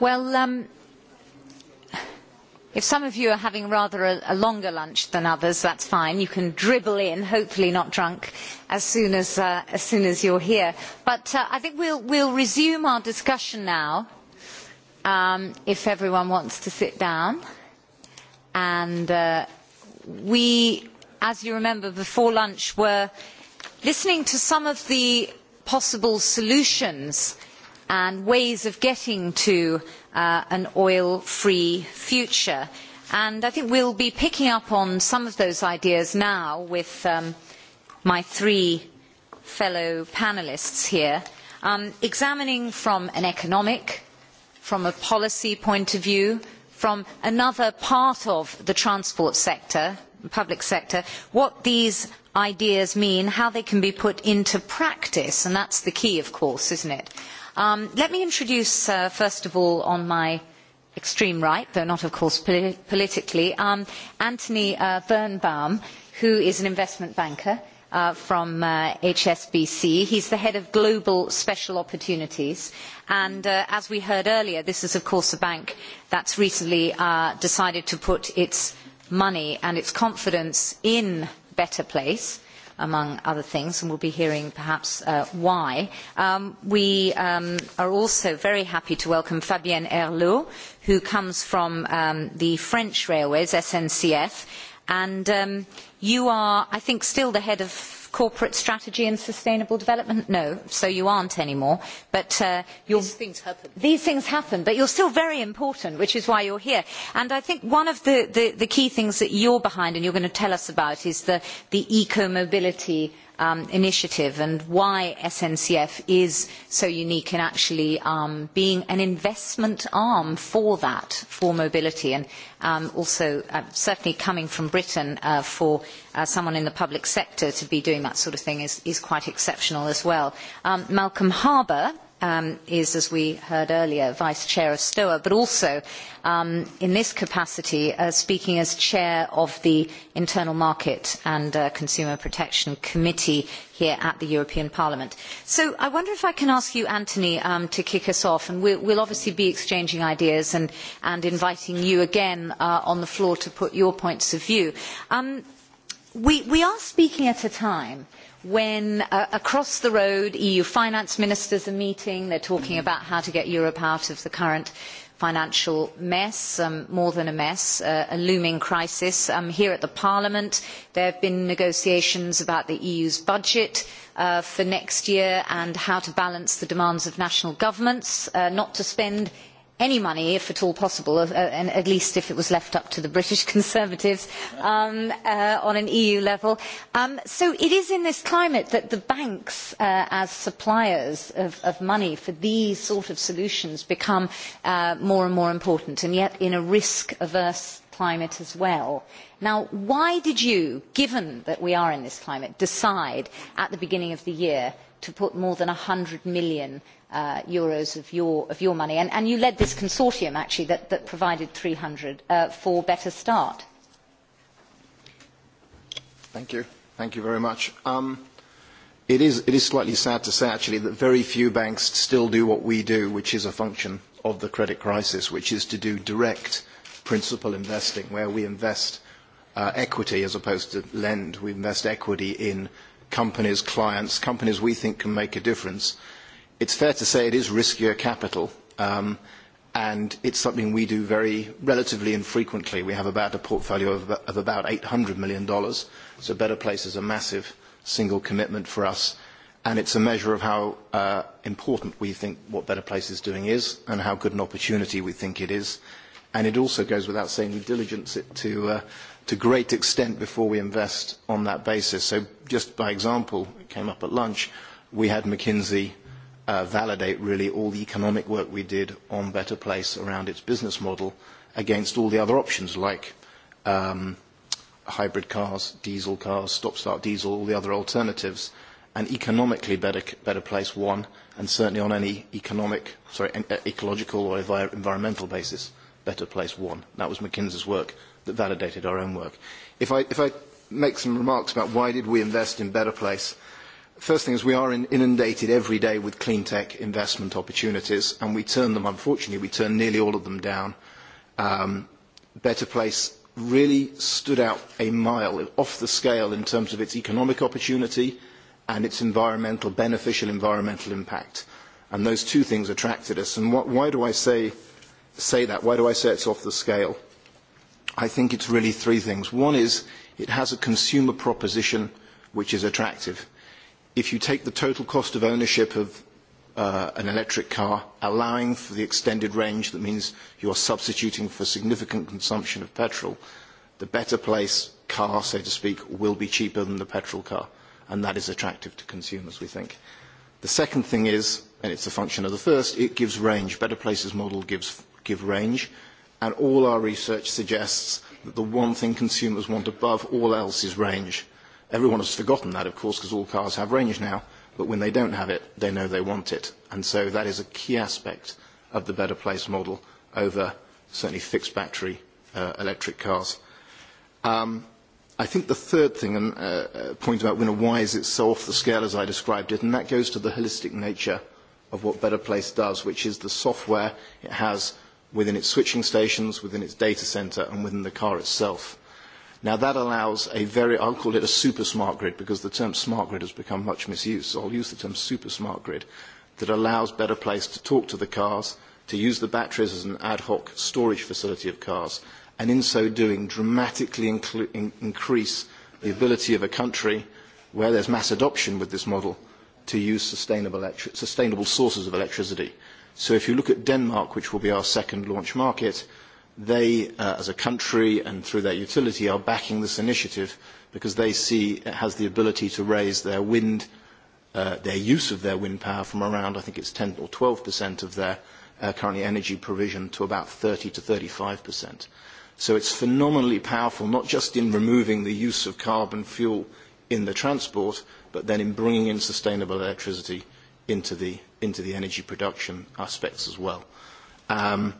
Well, if some of you are having rather a, a longer lunch than others, that's fine. You can dribble in, hopefully not drunk, as soon as, you as, soon as here. But I think we'll, we'll resume our discussion now, if everyone wants to sit down. And we, as you remember, before lunch were listening to some of the possible solutions – and ways of getting to an oil-free future. I think we will be picking up on some of those ideas now with my three fellow panellists here, examining from an economic, from a policy point of view, from another part of the transport sector, the public sector, what these ideas mean, how they can be put into practice, and that is the key, of course, isn't it? Um, let me introduce, uh, first of all, on my extreme right, though not, of course, politically, um, Anthony uh, Birnbaum, who is an investment banker from HSBC. He is the head of Global Special Opportunities. And as we heard earlier, this is, of course, a bank that has recently decided to put its money and its confidence in Better Place among other things, and we will be hearing perhaps why. we are also very happy to welcome Fabienne Herlot, who comes from the French Railways, SNCF, and you are, I think, still the head of corporate strategy and sustainable development? No, so you aren't anymore. But uh, you're, these things happen. These things happen, but you're still very important, which is why you're here. And I think one of the, the, the key things that you're behind and you're going to tell us about is the, the eco-mobility initiative and why SNCF is so unique in actually being an investment arm for that, for mobility, and also certainly coming from Britain for someone in the public sector to be doing that sort of thing is, quite exceptional as well. Malcolm Harbour is, as we heard earlier, Vice Chair of STOA, but also in this capacity speaking as Chair of the Internal Market and Consumer Protection Committee here at the European Parliament. So I wonder if I can ask you, Anthony, to kick us off, and we will obviously be exchanging ideas and, inviting you again on the floor to put your points of view. we, we are speaking at a time – when across the road EU finance ministers are meeting. They are talking about how to get Europe out of the current financial mess, more than a mess, a looming crisis. here at the Parliament, there have been negotiations about the EU's budget for next year and how to balance the demands of national governments, not to spend any money, if at all possible, and at least if it was left up to the British Conservatives on an EU level. so it is in this climate that the banks, as suppliers of, money for these sort of solutions, become more and more important, and yet in a risk-averse climate as well. Now, why did you, given that we are in this climate, decide at the beginning of the year to put more than 100 million uh, euros of your, of your money. And, and you led this consortium, actually, that, that provided 300 uh, for Better Start. Thank you. Thank you very much. Um, it, is, it is slightly sad to say, actually, that very few banks still do what we do, which is a function of the credit crisis, which is to do direct principal investing, where we invest uh, equity as opposed to lend. We invest equity in companies, clients, companies we think can make a difference. It's fair to say it is riskier capital, um, and it's something we do very relatively infrequently. We have about a portfolio of, of about $800 million, so Better Place is a massive single commitment for us, and it's a measure of how uh, important we think what Better Place is doing is and how good an opportunity we think it is. And it also goes without saying we diligence it to, uh, to great extent before we invest on that basis. So just by example, it came up at lunch, we had McKinsey uh, validate really all the economic work we did on Better Place around its business model against all the other options like hybrid cars, diesel cars, stop-start diesel, all the other alternatives. economically, Better, Place won, and certainly on any economic, sorry, ecological or environmental basis, Better Place won. That was McKinsey's work that validated our own work. If I, if I make some remarks about why did we invest in Better Place. First thing is we are inundated every day with clean tech investment opportunities, and we turn them, unfortunately, we turn nearly all of them down. Better Place really stood out a mile off the scale in terms of its economic opportunity and its environmental, beneficial environmental impact. And those two things attracted us. And why do I say, say that? Why do I say it's off the scale? I think it's really three things. One is It has a consumer proposition which is attractive. If you take the total cost of ownership of uh, an electric car, allowing for the extended range, that means you are substituting for significant consumption of petrol, the better place car, so to speak, will be cheaper than the petrol car. And that is attractive to consumers, we think. The second thing is, and it's a function of the first, it gives range. Better Places model gives give range. And all our research suggests that the one thing consumers want above all else is range. Everyone has forgotten that, of course, because all cars have range now, but when they don't have it, they know they want it. And so that is a key aspect of the Better Place model over certainly fixed battery uh, electric cars. Um, I think the third thing, and uh, point about Winner, why is it so off the scale as I described it, and that goes to the holistic nature of what Better Place does, which is the software it has within its switching stations, within its data center, and within the car itself. Now that allows a very, I'll call it a super smart grid because the term smart grid has become much misused, so I'll use the term super smart grid, that allows Better Place to talk to the cars, to use the batteries as an ad hoc storage facility of cars, and in so doing dramatically increase the ability of a country where there's mass adoption with this model to use sustainable, sustainable sources of electricity So if you look at Denmark, which will be our second launch market, they, as a country and through their utility, are backing this initiative because they see it has the ability to raise their wind, uh, their use of their wind power from around, I think it's 10 or 12% of their currently energy provision to about 30 to 35%. So it's phenomenally powerful, not just in removing the use of carbon fuel in the transport, but then in bringing in sustainable electricity into the into the energy production aspects as well. Um,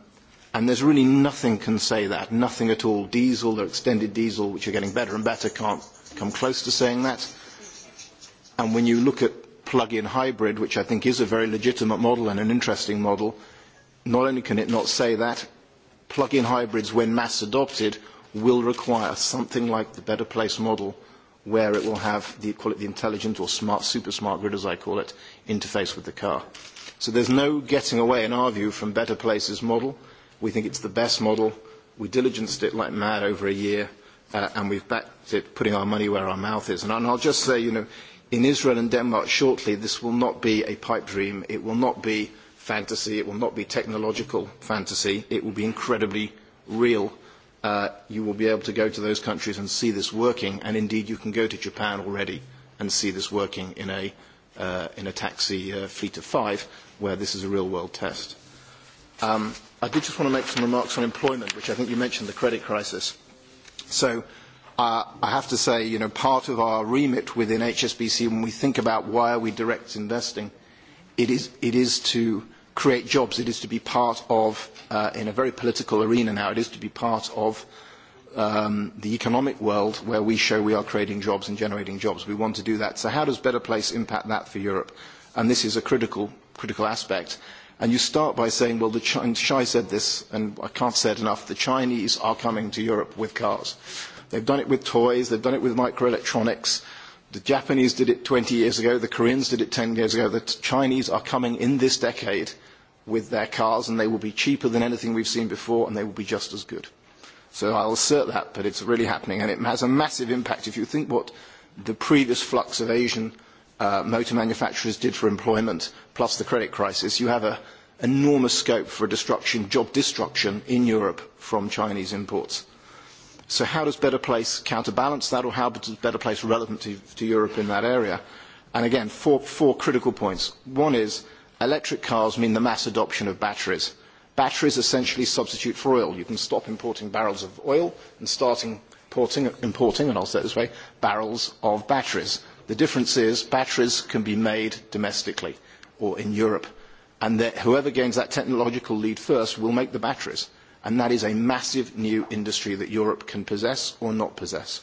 and there's really nothing can say that, nothing at all. Diesel or extended diesel, which are getting better and better, can't come close to saying that. And when you look at plug-in hybrid, which I think is a very legitimate model and an interesting model, not only can it not say that, plug-in hybrids, when mass adopted, will require something like the Better Place model – where it will have the, call it the intelligent or smart, super smart grid, as I call it, interface with the car. So there's no getting away, in our view, from Better Places model. We think it's the best model. We diligenced it like mad over a year, uh, and we've backed it, putting our money where our mouth is. And, and I'll just say, you know, in Israel and Denmark shortly, this will not be a pipe dream. It will not be fantasy. It will not be technological fantasy. It will be incredibly real you will be able to go to those countries and see this working, and indeed you can go to Japan already and see this working in a, uh, in a taxi uh, fleet of five, where this is a real-world test. Um, I did just want to make some remarks on employment, which I think you mentioned the credit crisis. So uh, I have to say, you know, part of our remit within HSBC, when we think about why are we direct investing, it is, it is to create jobs. It is to be part of, in a very political arena now, it is to be part of the economic world where we show we are creating jobs and generating jobs. We want to do that. So how does Better Place impact that for Europe? And this is a critical, critical aspect. And you start by saying, well, the Ch and Shai said this, and I can't say it enough, the Chinese are coming to Europe with cars. They've done it with toys, they've done it with microelectronics, The Japanese did it 20 years ago, the Koreans did it 10 years ago, the Chinese are coming in this decade with their cars and they will be cheaper than anything we've seen before and they will be just as good. So I'll assert that, but it's really happening and it has a massive impact. If you think what the previous flux of Asian uh, motor manufacturers did for employment, plus the credit crisis, you have an enormous scope for destruction, job destruction in Europe from Chinese imports So how does Better Place counterbalance that, or how does Better Place relevant to, to Europe in that area? And again, four, four critical points. One is electric cars mean the mass adoption of batteries. Batteries essentially substitute for oil. You can stop importing barrels of oil and starting importing, importing and I'll say it this way, barrels of batteries. The difference is batteries can be made domestically or in Europe, and that whoever gains that technological lead first will make the batteries and that is a massive new industry that Europe can possess or not possess.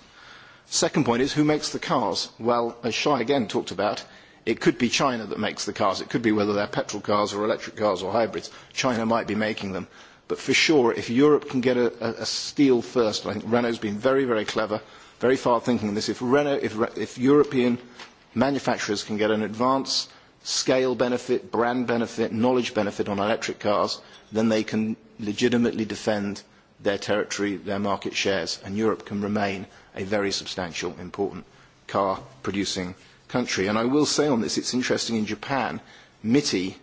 Second point is who makes the cars? Well, as Shai again talked about, it could be China that makes the cars. It could be whether they are petrol cars or electric cars or hybrids. China might be making them. But for sure, if Europe can get a, steal first, I think Renault's been very, very clever, very far thinking in this. If, Renault, if, if European manufacturers can get an advance scale benefit, brand benefit, knowledge benefit on electric cars, then they can legitimately defend their territory, their market shares, and Europe can remain a very substantial, important car producing country. I will say on this, it's interesting in Japan, MITI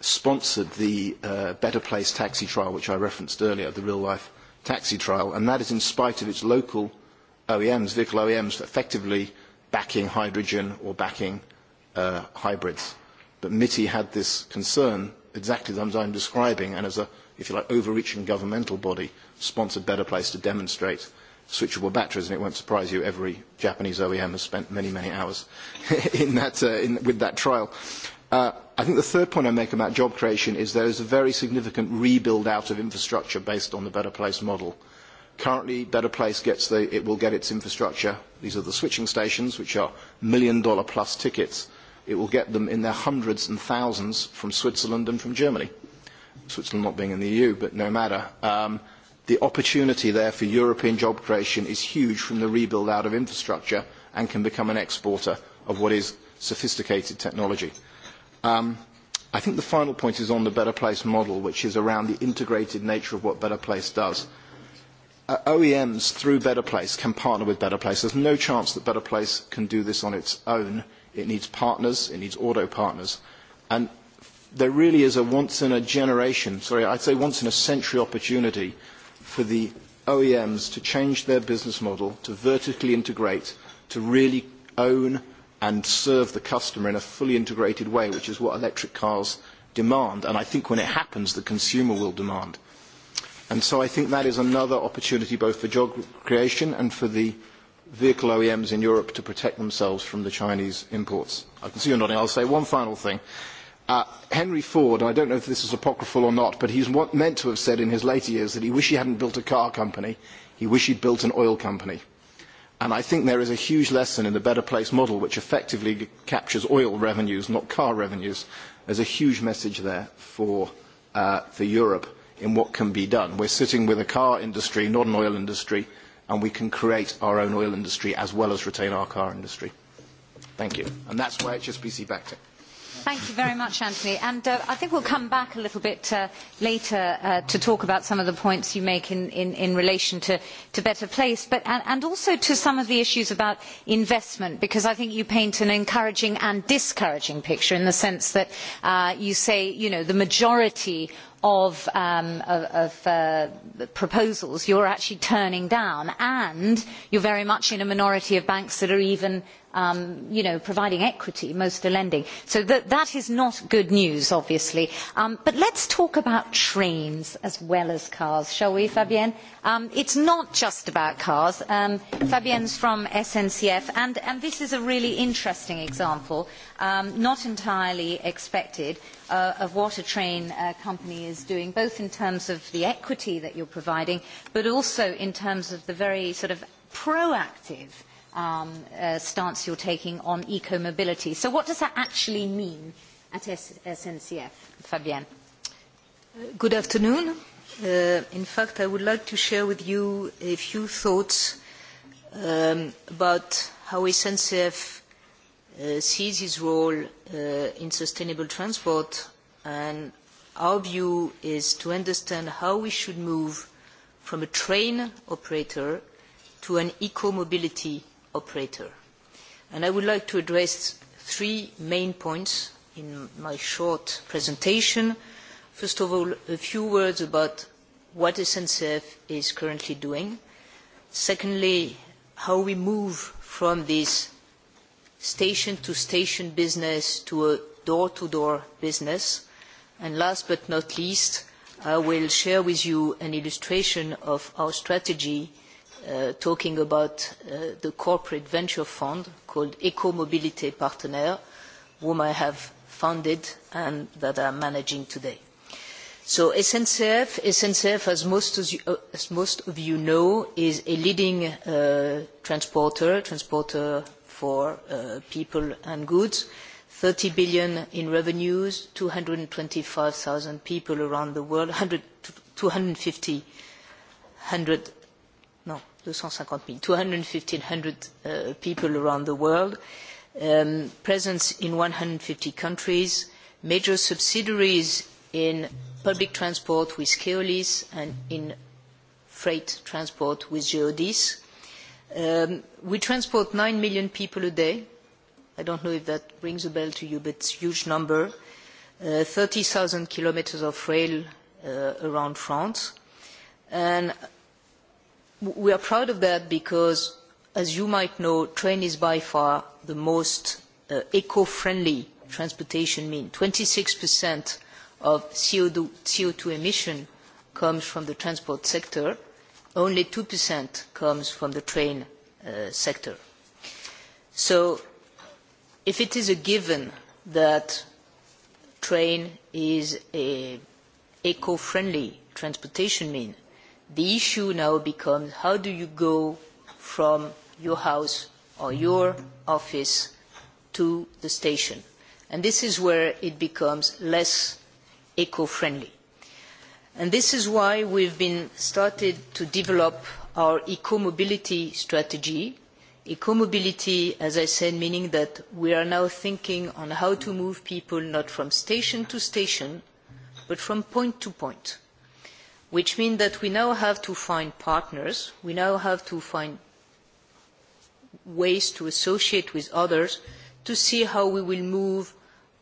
sponsored the Better Place taxi trial, which I referenced earlier, the real life taxi trial, and that is in spite of its local OEMs, vehicle OEMs, effectively backing hydrogen or backing hybrids. But MITI had this concern, exactly as I'm describing, and as a, if you like, overreaching governmental body, sponsored Better Place to demonstrate switchable batteries, and it won't surprise you, every Japanese OEM has spent many, many hours in that, uh, in, with that trial. Uh, I think the third point I make about job creation is there is a very significant rebuild out of infrastructure based on the Better Place model. Currently, Better Place gets the, it will get its infrastructure. These are the switching stations, which are million dollar plus tickets It will get them in their hundreds and thousands from Switzerland and from Germany. Switzerland not being in the EU, but no matter. Um, the opportunity there for European job creation is huge from the rebuild out of infrastructure and can become an exporter of what is sophisticated technology. Um, I think the final point is on the Better Place model, which is around the integrated nature of what Better Place does. Uh, OEMs through Better Place can partner with Better Place. There's no chance that Better Place can do this on its own. It needs partners. It needs auto partners. And there really is a once in a generation, sorry, I'd say once in a century opportunity for the OEMs to change their business model, to vertically integrate, to really own and serve the customer in a fully integrated way, which is what electric cars demand. And I think when it happens, the consumer will demand. And so I think that is another opportunity both for job creation and for the vehicle OEMs in Europe to protect themselves from the Chinese imports. I can see you're nodding. I'll say one final thing. Henry Ford, I don't know if this is apocryphal or not, but he's meant to have said in his later years that he wished he hadn't built a car company, he wished he'd built an oil company. And I think there is a huge lesson in the Better Place model, which effectively captures oil revenues, not car revenues. There's a huge message there for, uh, for Europe in what can be done. We're sitting with a car industry, not an oil industry, and we can create our own oil industry as well as retain our car industry. Thank you. And that's why HSBC backed it. Thank you very much, Anthony. And uh, I think we'll come back a little bit uh, later uh, to talk about some of the points you make in, in, in relation to, to Better Place, but, and, and also to some of the issues about investment, because I think you paint an encouraging and discouraging picture in the sense that uh, you say, you know, the majority of, proposals you're actually turning down, and you're very much in a minority of banks that are even um, you know, providing equity, most of the lending. So that, that is not good news, obviously. Um, but let's talk about trains as well as cars, shall we, Fabienne? Um, it's not just about cars. Um, Fabienne's from SNCF, and, and this is a really interesting example, um, not entirely expected, uh, of what a train uh, company is doing, both in terms of the equity that you're providing, but also in terms of the very sort of proactive – stance you are taking on eco-mobility. So what does that actually mean at SNCF? Fabienne. Good afternoon. in fact, I would like to share with you a few thoughts about how SNCF sees its role in sustainable transport and our view is to understand how we should move from a train operator to an eco-mobility operator. And I would like to address three main points in my short presentation. First of all, a few words about what SNCF is currently doing. Secondly, how we move from this station-to-station business to a door-to-door business. And last but not least, I will share with you an illustration of our strategy talking about the corporate venture fund called Mobility Partner, whom I have founded and that I am managing today. So SNCF, SNCF as, most of you, as most of you know, is a leading uh, transporter, transporter for uh, people and goods, 30 billion in revenues, 225,000 people around the world, 100, 250, 100 250 000, 2,500 uh, people around the world, um, presence in 150 countries, major subsidiaries in public transport with Keolis and in freight transport with Geodis. Um, we transport 9 million people a day. I don't know if that rings a bell to you, but it's a huge number. Uh, 30,000 kilometers of rail uh, around France. And we are proud of that because, as you might know, train is by far the most eco-friendly transportation mean. 26% of CO2 emission comes from the transport sector. Only 2% comes from the train sector. So if it is a given that train is an eco-friendly transportation means The issue now becomes how do you go from your house or your office to the station? And this is where it becomes less eco-friendly. And this is why we've been started to develop our eco-mobility strategy. Eco-mobility, as I said, meaning that we are now thinking on how to move people not from station to station, but from point to point which means that we now have to find partners, we now have to find ways to associate with others to see how we will move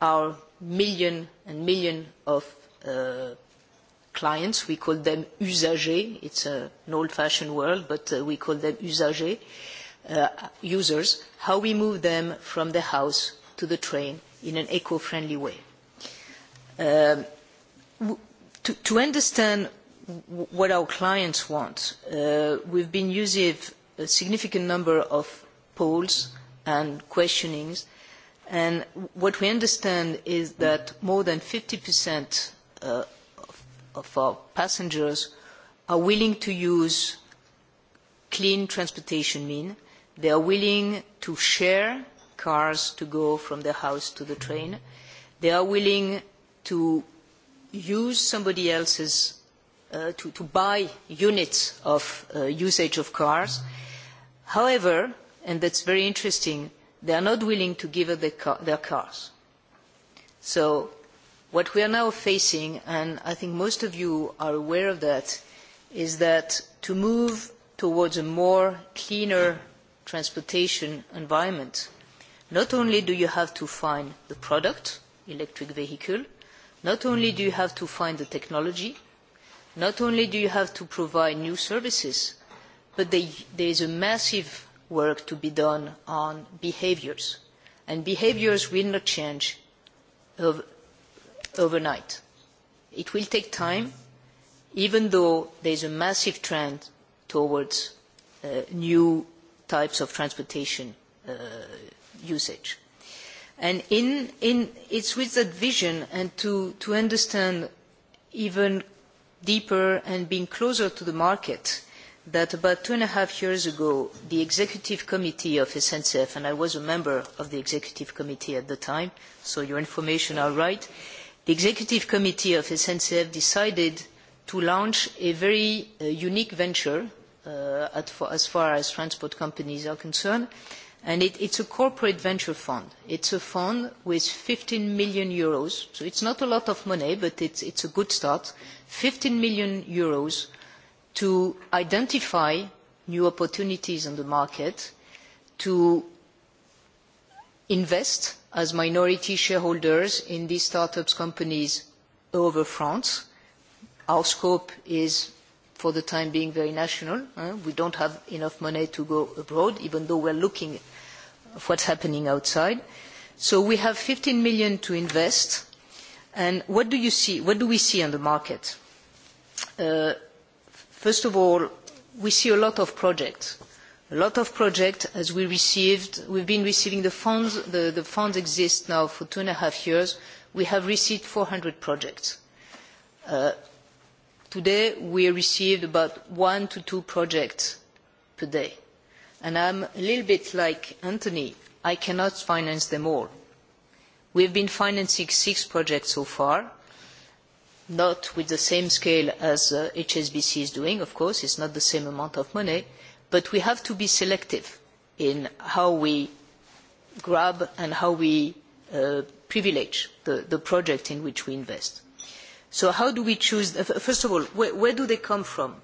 our million and million of uh, clients, we call them usagers, it's a, an old-fashioned word, but uh, we call them usagers, uh, users, how we move them from the house to the train in an eco-friendly way. Um, to, to understand what our clients want. Uh, we've been using a significant number of polls and questionings, and what we understand is that more than 50% uh, of, of our passengers are willing to use clean transportation means. They are willing to share cars to go from their house to the train. They are willing to use somebody else's to, buy units of usage of cars. However, and that's very interesting, they are not willing to give up their, cars. So what we are now facing, and I think most of you are aware of that, is that to move towards a more cleaner transportation environment, not only do you have to find the product, electric vehicle, not only do you have to find the technology, Not only do you have to provide new services, but there is a massive work to be done on behaviours. And behaviours will not change overnight. It will take time, even though there is a massive trend towards new types of transportation usage. And in, in, it's with that vision and to, to understand even deeper and being closer to the market that about two and a half years ago, the executive committee of SNCF, and I was a member of the executive committee at the time, so your information are right, the executive committee of SNCF decided to launch a very unique venture as far as transport companies are concerned, and it, it's a corporate venture fund. It's a fund with 15 million euros, so it's not a lot of money, but it it's a good start fifteen million to identify new opportunities on the market, to invest as minority shareholders in these startups companies over France. Our scope is, for the time being, very national. We don't have enough money to go abroad, even though we're looking at what's happening outside. So we have 15 million to invest. And what do you see? What do we see on the market? first of all, we see a lot of projects. A lot of projects as we received, we've been receiving the funds, the, the funds exist now for two and a half years. We have received 400 projects. Uh, today, we received about one to two projects per day. And I'm a little bit like Anthony. I cannot finance them all. We've been financing six projects so far not with the same scale as HSBC is doing, of course, it's not the same amount of money, but we have to be selective in how we grab and how we privilege the, project in which we invest. So how do we choose, first of all, where, do they come from?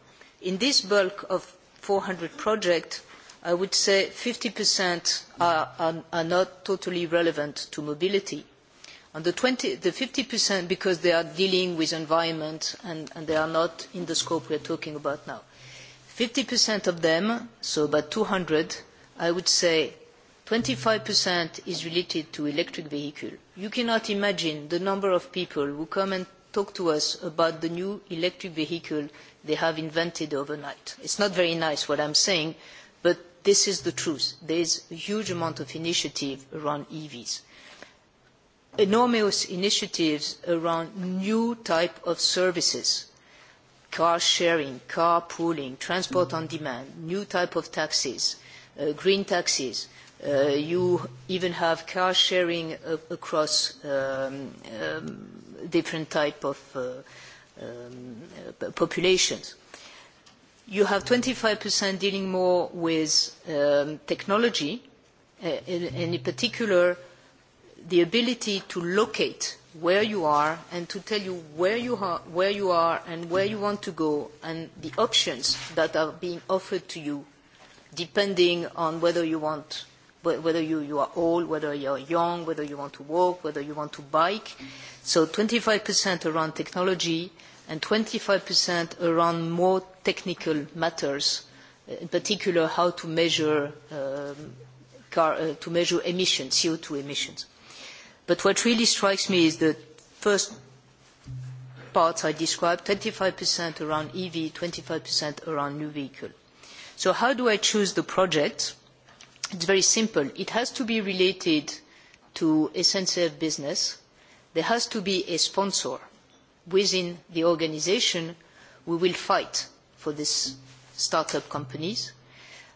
In this bulk of 400 projects, I would say 50% are not totally relevant to mobility On the, 20, the 50%, because they are dealing with environment and, and they are not in the scope we are talking about now. 50% of them, so about 200, I would say 25% is related to electric vehicle. You cannot imagine the number of people who come and talk to us about the new electric vehicle they have invented overnight. It's not very nice what I'm saying, but this is the truth. There is a huge amount of initiative around EVs enormous initiatives around new type of services, car sharing, car pooling, transport on demand, new type of taxis, uh, green taxis. Uh, you even have car sharing uh, across um, um, different type of uh, um, populations. You have 25% dealing more with um, technology, uh, and in particular the ability to locate where you are and to tell you where you are, where you are and where you want to go and the options that are being offered to you depending on whether you want whether you, you are old, whether you are young, whether you want to walk, whether you want to bike. So 25% around technology and 25% around more technical matters, in particular how to measure, um, car, uh, to measure emissions, CO2 emissions. But what really strikes me is the first part I described, 25% around EV, 25% around new vehicle. So how do I choose the project? It's very simple. It has to be related to SNCF business. There has to be a sponsor within the organization. We will fight for these startup companies.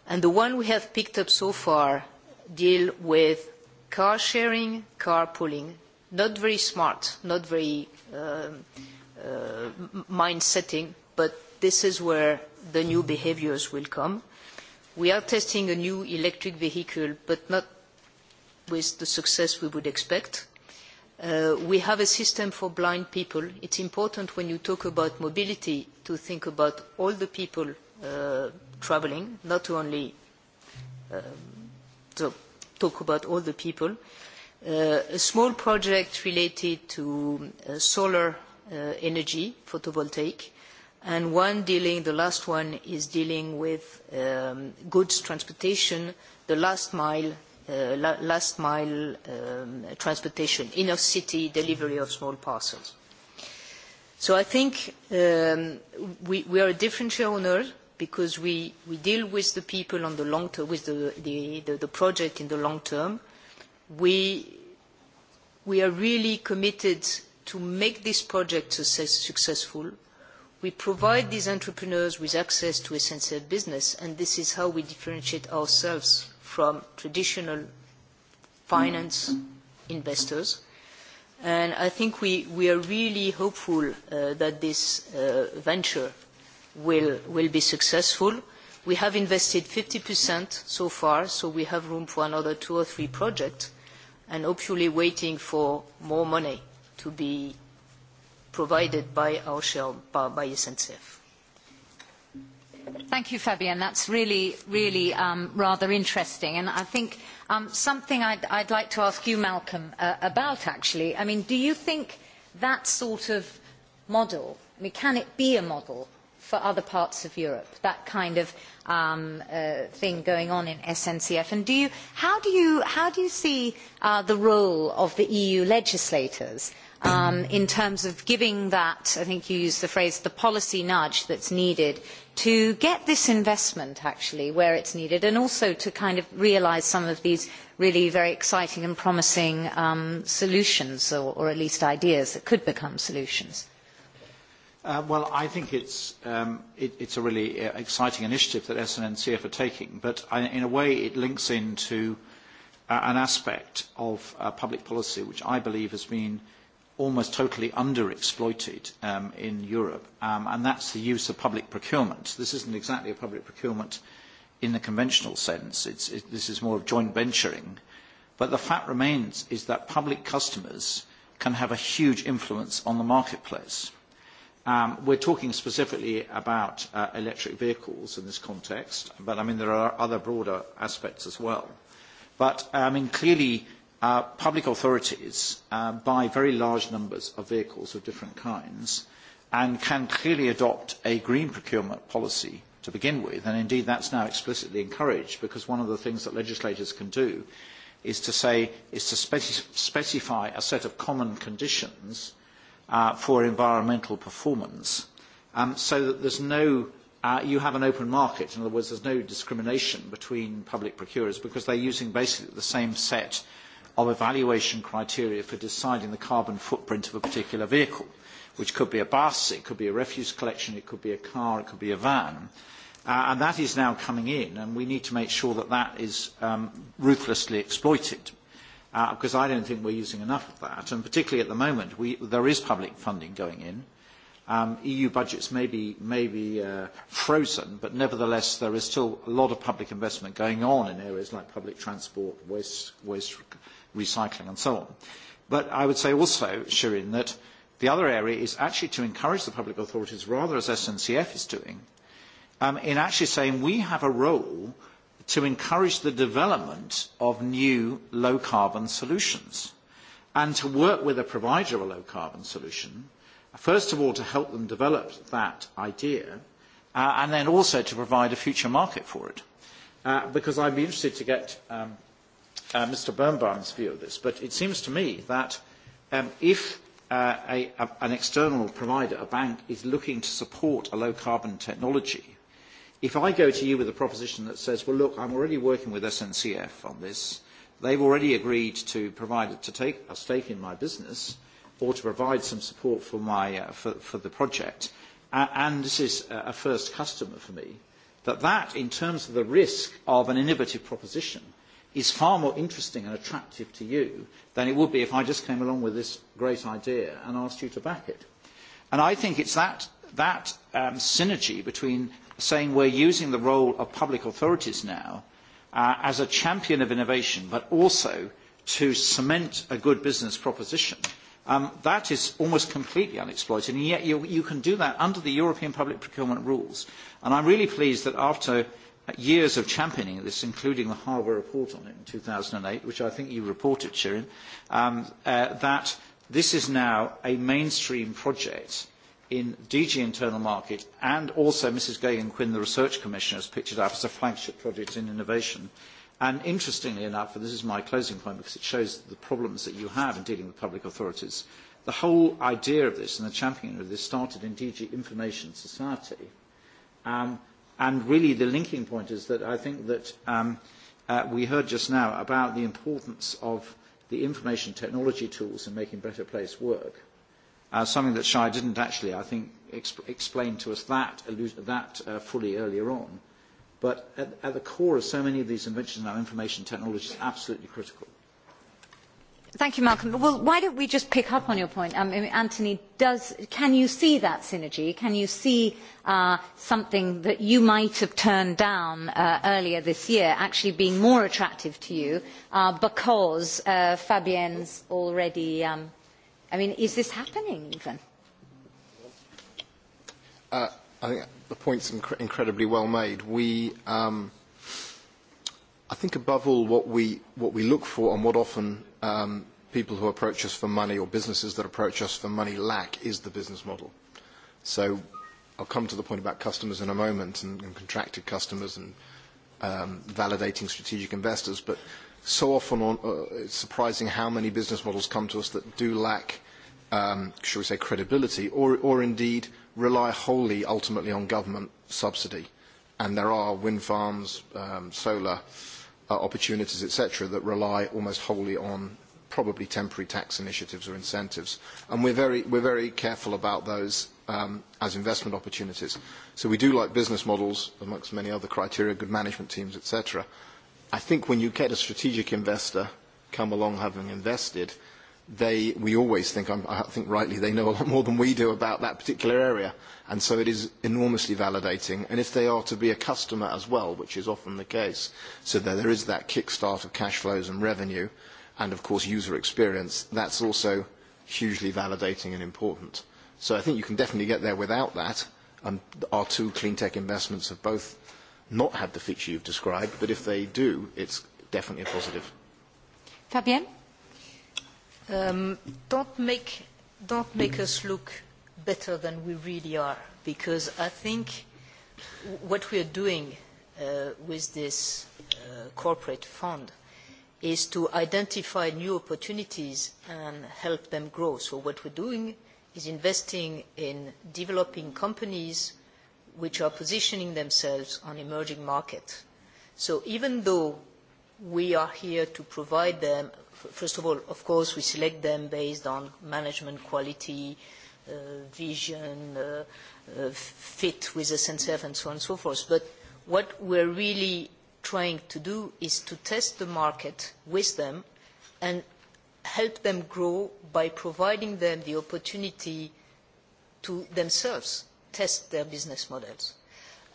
And the one we have picked up so far deal with car sharing, car pooling. Not very smart, not very mind setting, but this is where the new behaviours will come. We are testing a new electric vehicle, but not with the success we would expect. we have a system for blind people. It's important when you talk about mobility to think about all the people travelling, not only talk about all the people. a small project related to solar energy, photovoltaic, and one dealing, the last one is dealing with goods transportation, the last mile, last mile transportation, inner city delivery of small parcels. So I think we, we are a different shareholder because we, we deal with the people on the long term, with the, the, the, the project in the long term. We, we are really committed to make this project success, successful. We provide these entrepreneurs with access to essential business, and this is how we differentiate ourselves from traditional finance investors. And I think we, we are really hopeful uh, that this uh, venture will, will be successful. We have invested 50% so far, so we have room for another two or three projects, and hopefully waiting for more money to be provided by our share, by SNCF. Thank you, Fabienne. That's really, really rather interesting. And I think something I'd, like to ask you, Malcolm, about actually. I mean, do you think that sort of model, I mean, can it be a model for other parts of Europe, that kind of thing going on in SNCF? And do you, how, do you, how do you see the role of the EU legislators in terms of giving that, I think you used the phrase, the policy nudge that's needed to get this investment actually where it's needed and also to kind of realise some of these really very exciting and promising solutions or, or at least ideas that could become solutions? Well, I think it's a really exciting initiative that SNNCF are taking, but in a way, it links into an aspect of public policy which I believe has been almost totally underexploited in Europe, and that's the use of public procurement. This isn't exactly a public procurement in the conventional sense. This is more of joint venturing. But the fact remains is that public customers can have a huge influence on the marketplace Um, we're talking specifically about uh, electric vehicles in this context, but I mean there are other broader aspects as well. But I mean clearly, uh, public authorities uh, buy very large numbers of vehicles of different kinds, and can clearly adopt a green procurement policy to begin with, and indeed that's now explicitly encouraged because one of the things that legislators can do is to say is to specify a set of common conditions for environmental performance so that there's no you have an open market. In other words, there's no discrimination between public procurers because they're using basically the same set of evaluation criteria for deciding the carbon footprint of a particular vehicle, which could be a bus, it could be a refuse collection, it could be a car, it could be a van. and that is now coming in, and we need to make sure that that is ruthlessly exploited because I don't think we're using enough of that. And particularly at the moment, we, there is public funding going in. Um, EU budgets may be, may be uh, frozen, but nevertheless, there is still a lot of public investment going on in areas like public transport, waste, waste recycling, and so on. But I would say also, Shirin, that the other area is actually to encourage the public authorities, rather as SNCF is doing, um, in actually saying we have a role to encourage the development of new low-carbon solutions and to work with a provider of a low-carbon solution, first of all, to help them develop that idea, and then also to provide a future market for it. because I'd be interested to get Mr. Birnbaum's view of this, but it seems to me that if an external provider, a bank, is looking to support a low-carbon technology, If I go to you with a proposition that says, well, look, I'm already working with SNCF on this, they've already agreed to provide to take a stake in my business or to provide some support for, my, uh, for, for the project, uh, and this is a first customer for me, that that, in terms of the risk of an innovative proposition, is far more interesting and attractive to you than it would be if I just came along with this great idea and asked you to back it. And I think it's that, that um, synergy between saying we're using the role of public authorities now uh, as a champion of innovation, but also to cement a good business proposition, um, that is almost completely unexploited. And yet you, you can do that under the European public procurement rules. And I'm really pleased that after years of championing this, including the Harbour report on it in 2008, which I think you reported, Shirin, um, uh, that this is now a mainstream project in DG Internal Market and also Mrs. Gagan Quinn, the Research Commissioner, has picked it up as a flagship project in innovation. And interestingly enough, and this is my closing point because it shows the problems that you have in dealing with public authorities, the whole idea of this and the championing of this started in DG Information Society. Um, and really the linking point is that I think that um, uh, we heard just now about the importance of the information technology tools in making better place work uh, something that Shai didn't actually, I think, exp- explain to us that, that uh, fully earlier on. But at, at the core of so many of these inventions now, information technology is absolutely critical. Thank you, Malcolm. Well, why don't we just pick up on your point? Um, Anthony, does, can you see that synergy? Can you see uh, something that you might have turned down uh, earlier this year actually being more attractive to you uh, because uh, Fabienne's already um, I mean, is this happening even? Uh, I think the point's inc incredibly well made. We, um, I think above all, what we, what we look for and what often um, people who approach us for money or businesses that approach us for money lack is the business model. So I'll come to the point about customers in a moment and, and contracted customers and um, validating strategic investors, but so often on, uh, it's surprising how many business models come to us that do lack, um, shall we say, credibility or, or indeed rely wholly ultimately on government subsidy. And there are wind farms, um, solar uh, opportunities, etc., that rely almost wholly on probably temporary tax initiatives or incentives. And we're very, we're very careful about those um, as investment opportunities. So we do like business models, amongst many other criteria, good management teams, etc. I think when you get a strategic investor come along having invested, they, we always think, I think rightly, they know a lot more than we do about that particular area. And so it is enormously validating. And if they are to be a customer as well, which is often the case, so that there is that kickstart of cash flows and revenue, and of course user experience, that's also hugely validating and important. So I think you can definitely get there without that. And our two clean tech investments have both not have the feature you've described, but if they do, it's definitely a positive. Fabienne? Um, don't, make, don't make us look better than we really are, because I think what we are doing uh, with this uh, corporate fund is to identify new opportunities and help them grow. So what we're doing is investing in developing companies which are positioning themselves on emerging markets. So even though we are here to provide them, first of all, of course, we select them based on management quality, uh, vision, uh, uh, fit with SNCF and so on and so forth. But what we're really trying to do is to test the market with them and help them grow by providing them the opportunity to themselves test their business models.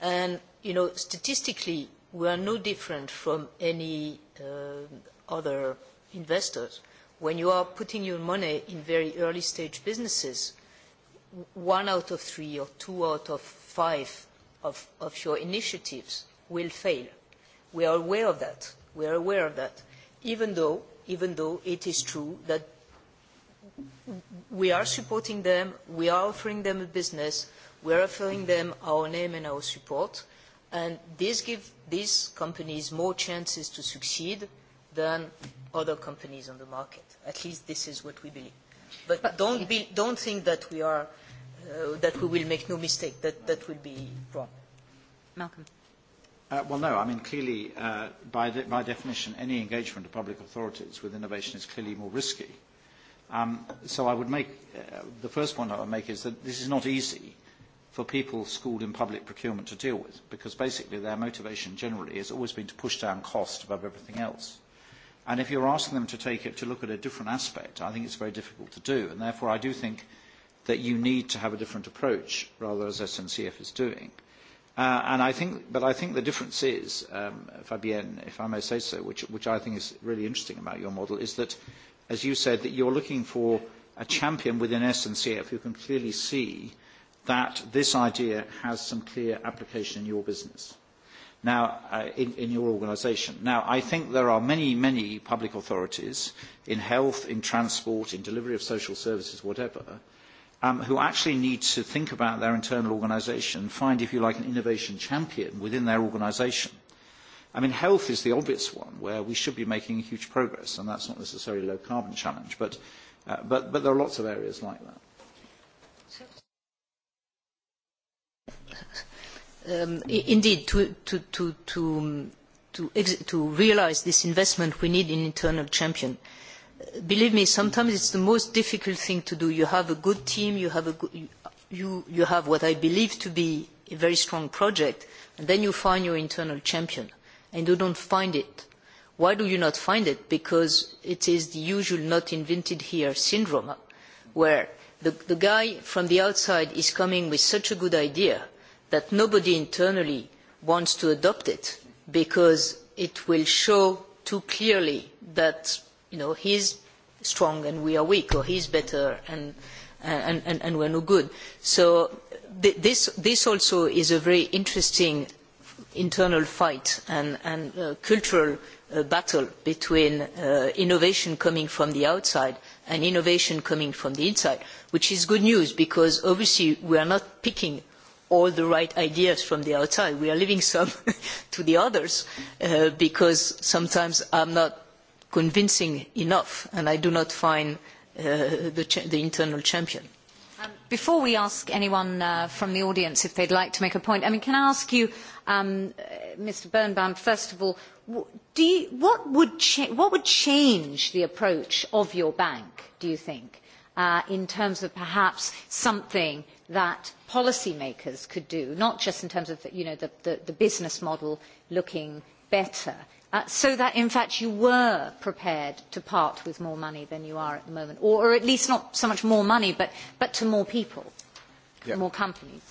And, you know, statistically, we are no different from any other investors. When you are putting your money in very early stage businesses, one out of three or two out of five of, of your initiatives will fail. We are aware of that. We are aware of that. Even though, even though it is true that we are supporting them, we are offering them a business, We are offering them our name and our support, and this gives these companies more chances to succeed than other companies on the market. At least this is what we believe. But, but don't, be, don't think that we are uh, that we will make no mistake. That that will be wrong. Malcolm. Uh, well, no. I mean, clearly, uh, by, de- by definition, any engagement of public authorities with innovation is clearly more risky. Um, so I would make uh, the first point I would make is that this is not easy for people schooled in public procurement to deal with, because basically their motivation generally has always been to push down cost above everything else. And if you're asking them to take it to look at a different aspect, I think it's very difficult to do. And therefore, I do think that you need to have a different approach, rather as SNCF is doing. Uh, and I think, but I think the difference is, um, Fabienne, if I may say so, which, which I think is really interesting about your model, is that, as you said, that you're looking for a champion within SNCF who can clearly see that this idea has some clear application in your business, now, uh, in, in your organisation. Now, I think there are many, many public authorities in health, in transport, in delivery of social services, whatever, um, who actually need to think about their internal organisation, find, if you like, an innovation champion within their organisation. I mean, health is the obvious one where we should be making huge progress, and that's not necessarily a low carbon challenge, but, uh, but, but there are lots of areas like that. indeed, to, to, to, to, to, ex to realize this investment, we need an internal champion. Believe me, sometimes it's the most difficult thing to do. You have a good team, you have, a good, you, you have what I believe to be a very strong project, and then you find your internal champion, and you don't find it. Why do you not find it? Because it is the usual not invented here syndrome, where the, the guy from the outside is coming with such a good idea, that nobody internally wants to adopt it because it will show too clearly that you know he's strong and we are weak or he's better and and, and, and we're no good. So th this, this also is a very interesting internal fight and, and uh, cultural uh, battle between uh, innovation coming from the outside and innovation coming from the inside, which is good news because obviously we are not picking all the right ideas from the outside. We are leaving some to the others because sometimes I am not convincing enough and I do not find the, internal champion. before we ask anyone from the audience if they'd like to make a point, I mean, can I ask you, Mr. Birnbaum, first of all, what, would what would change the approach of your bank, do you think, in terms of perhaps something – that policymakers could do, not just in terms of the, you know, the, the, the business model looking better, uh, so that in fact you were prepared to part with more money than you are at the moment, or, or at least not so much more money, but, but to more people, yeah. more companies?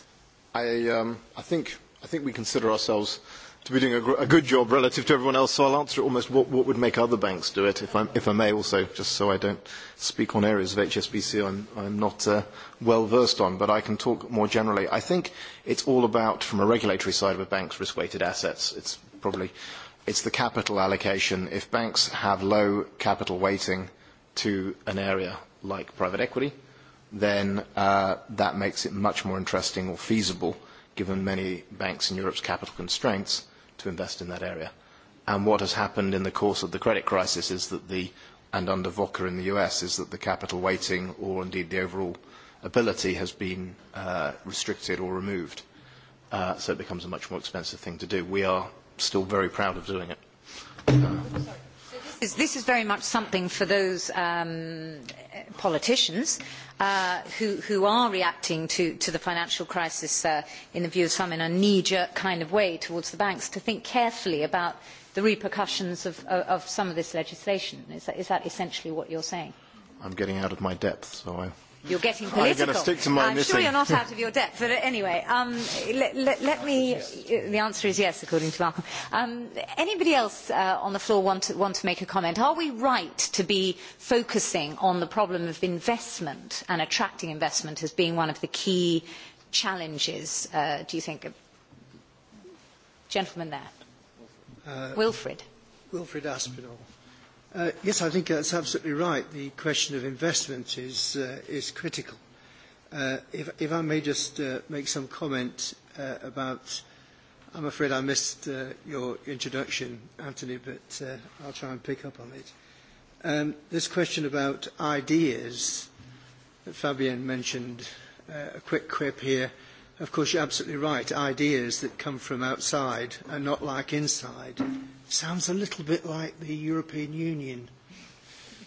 I, um, I, think, I think we consider ourselves – to be doing a, a good job relative to everyone else, so I'll answer almost what, what would make other banks do it, if, I'm, if I may also, just so I don't speak on areas of HSBC I'm, I'm not uh, well versed on, but I can talk more generally. I think it's all about, from a regulatory side of a bank's risk-weighted assets, it's probably, it's the capital allocation. If banks have low capital weighting to an area like private equity, then uh, that makes it much more interesting or feasible given many banks in Europe's capital constraints to invest in that area. And what has happened in the course of the credit crisis is that the, and under VOCA in the US, is that the capital weighting or indeed the overall ability has been uh, restricted or removed. Uh, so it becomes a much more expensive thing to do. We are still very proud of doing it. Uh, this is very much something for those politicians who, are reacting to, the financial crisis in the view of some in a knee-jerk kind of way towards the banks to think carefully about the repercussions of, some of this legislation. Is that, is that essentially what you're saying? I'm getting out of my depth, so I You're getting political. I'm stick to my I'm sure you're not out of your depth, but anyway, um, let, let, let me. The answer is yes, according to Malcolm. Um, anybody else uh, on the floor want to, want to make a comment? Are we right to be focusing on the problem of investment and attracting investment as being one of the key challenges? Uh, do you think, gentleman there, uh, Wilfred? Wilfred Aspinall yes, I think that's absolutely right. The question of investment is, uh, is critical. Uh, if, if I may just uh, make some comment uh, about, I'm afraid I missed uh, your introduction, Anthony, but uh, I'll try and pick up on it. Um, this question about ideas that Fabian mentioned, uh, a quick quip here – Of course, you're absolutely right. Ideas that come from outside are not like inside. Sounds a little bit like the European Union.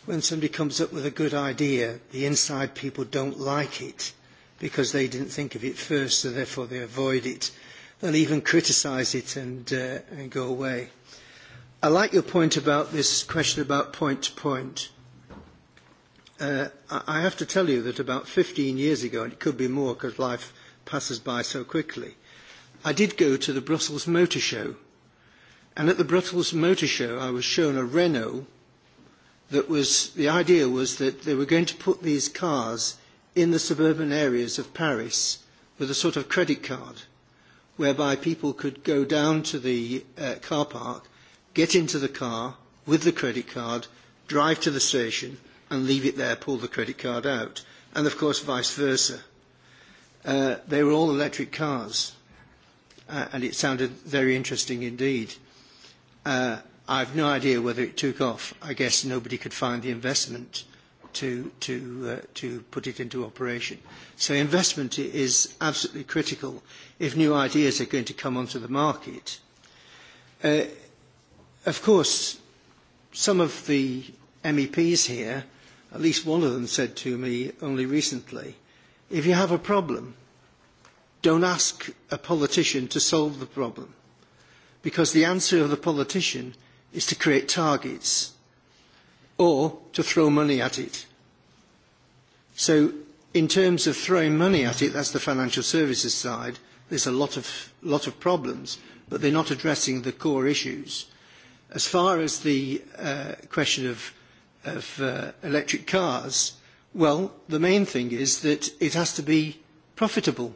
When somebody comes up with a good idea, the inside people don't like it because they didn't think of it first, so therefore they avoid it. They'll even criticise it and, uh, and go away. I like your point about this question about point to point. Uh, I have to tell you that about 15 years ago, and it could be more because life passes by so quickly. I did go to the Brussels Motor Show, and at the Brussels Motor Show, I was shown a Renault that was the idea was that they were going to put these cars in the suburban areas of Paris with a sort of credit card, whereby people could go down to the uh, car park, get into the car with the credit card, drive to the station, and leave it there, pull the credit card out, and of course vice versa they were all electric cars, uh, and it sounded very interesting indeed. Uh, have no idea whether it took off. I guess nobody could find the investment to, to, uh, to put it into operation. So investment is absolutely critical if new ideas are going to come onto the market. Uh, of course, some of the MEPs here, at least one of them said to me only recently, If you have a problem, don't ask a politician to solve the problem, because the answer of the politician is to create targets or to throw money at it. So in terms of throwing money at it, that's the financial services side, there's a lot of, lot of problems, but they're not addressing the core issues. As far as the uh, question of, of uh, electric cars, Well, the main thing is that it has to be profitable.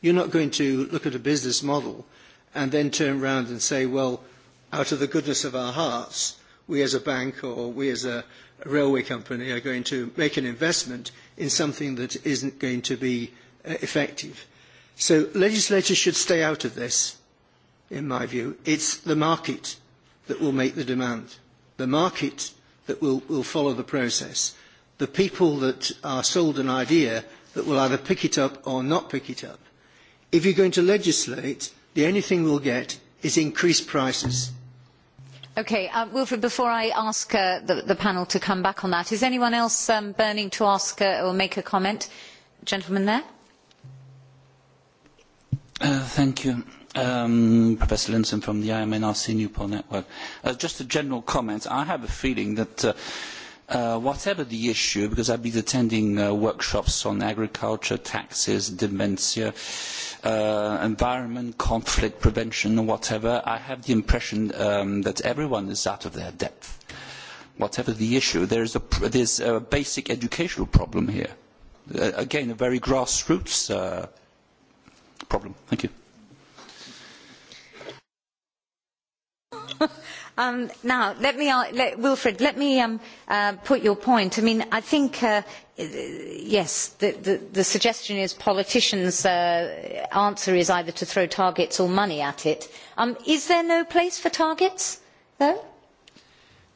You're not going to look at a business model and then turn around and say, well, out of the goodness of our hearts, we as a bank or we as a railway company are going to make an investment in something that isn't going to be effective. So legislators should stay out of this, in my view. It's the market that will make the demand, the market that will, will follow the process the people that are sold an idea that will either pick it up or not pick it up. If you're going to legislate, the only thing we'll get is increased prices. Okay, uh, Wilfred, before I ask uh, the, the panel to come back on that, is anyone else um, burning to ask uh, or make a comment? Gentleman there. Uh, thank you. Um, Professor Linson from the IMNRC Newport Network. Uh, just a general comment. I have a feeling that uh, whatever the issue, because I've been attending uh, workshops on agriculture, taxes, dementia, uh, environment, conflict prevention, whatever, I have the impression um, that everyone is out of their depth. Whatever the issue, is a, there's a basic educational problem here. Uh, again, a very grassroots uh, problem. Thank you now, let me, let, Wilfred, let me um, uh, put your point. I mean, I think, uh, yes, the, the, the suggestion is politicians' uh, answer is either to throw targets or money at it. Um, is there no place for targets, though?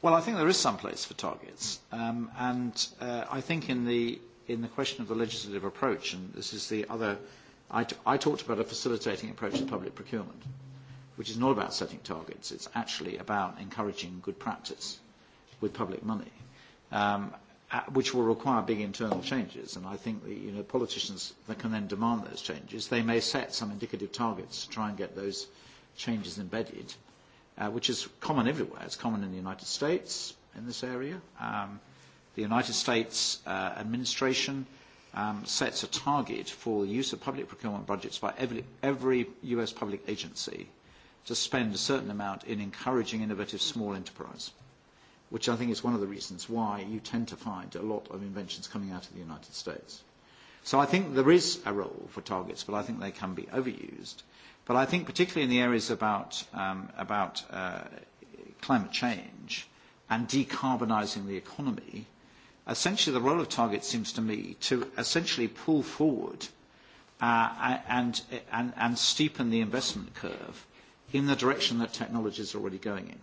Well, I think there is some place for targets. Um, and uh, I think in the, in the question of the legislative approach, and this is the other, I, t- I talked about a facilitating approach to public procurement which is not about setting targets, it's actually about encouraging good practice with public money, um, which will require big internal changes. And I think the you know, politicians that can then demand those changes, they may set some indicative targets to try and get those changes embedded, uh, which is common everywhere. It's common in the United States in this area. Um, the United States uh, administration um, sets a target for the use of public procurement budgets by every, every US public agency to spend a certain amount in encouraging innovative small enterprise, which I think is one of the reasons why you tend to find a lot of inventions coming out of the United States. So I think there is a role for targets, but I think they can be overused. But I think particularly in the areas about, um, about uh, climate change and decarbonising the economy, essentially the role of targets seems to me to essentially pull forward uh, and, and, and steepen the investment curve in the direction that technology is already going in.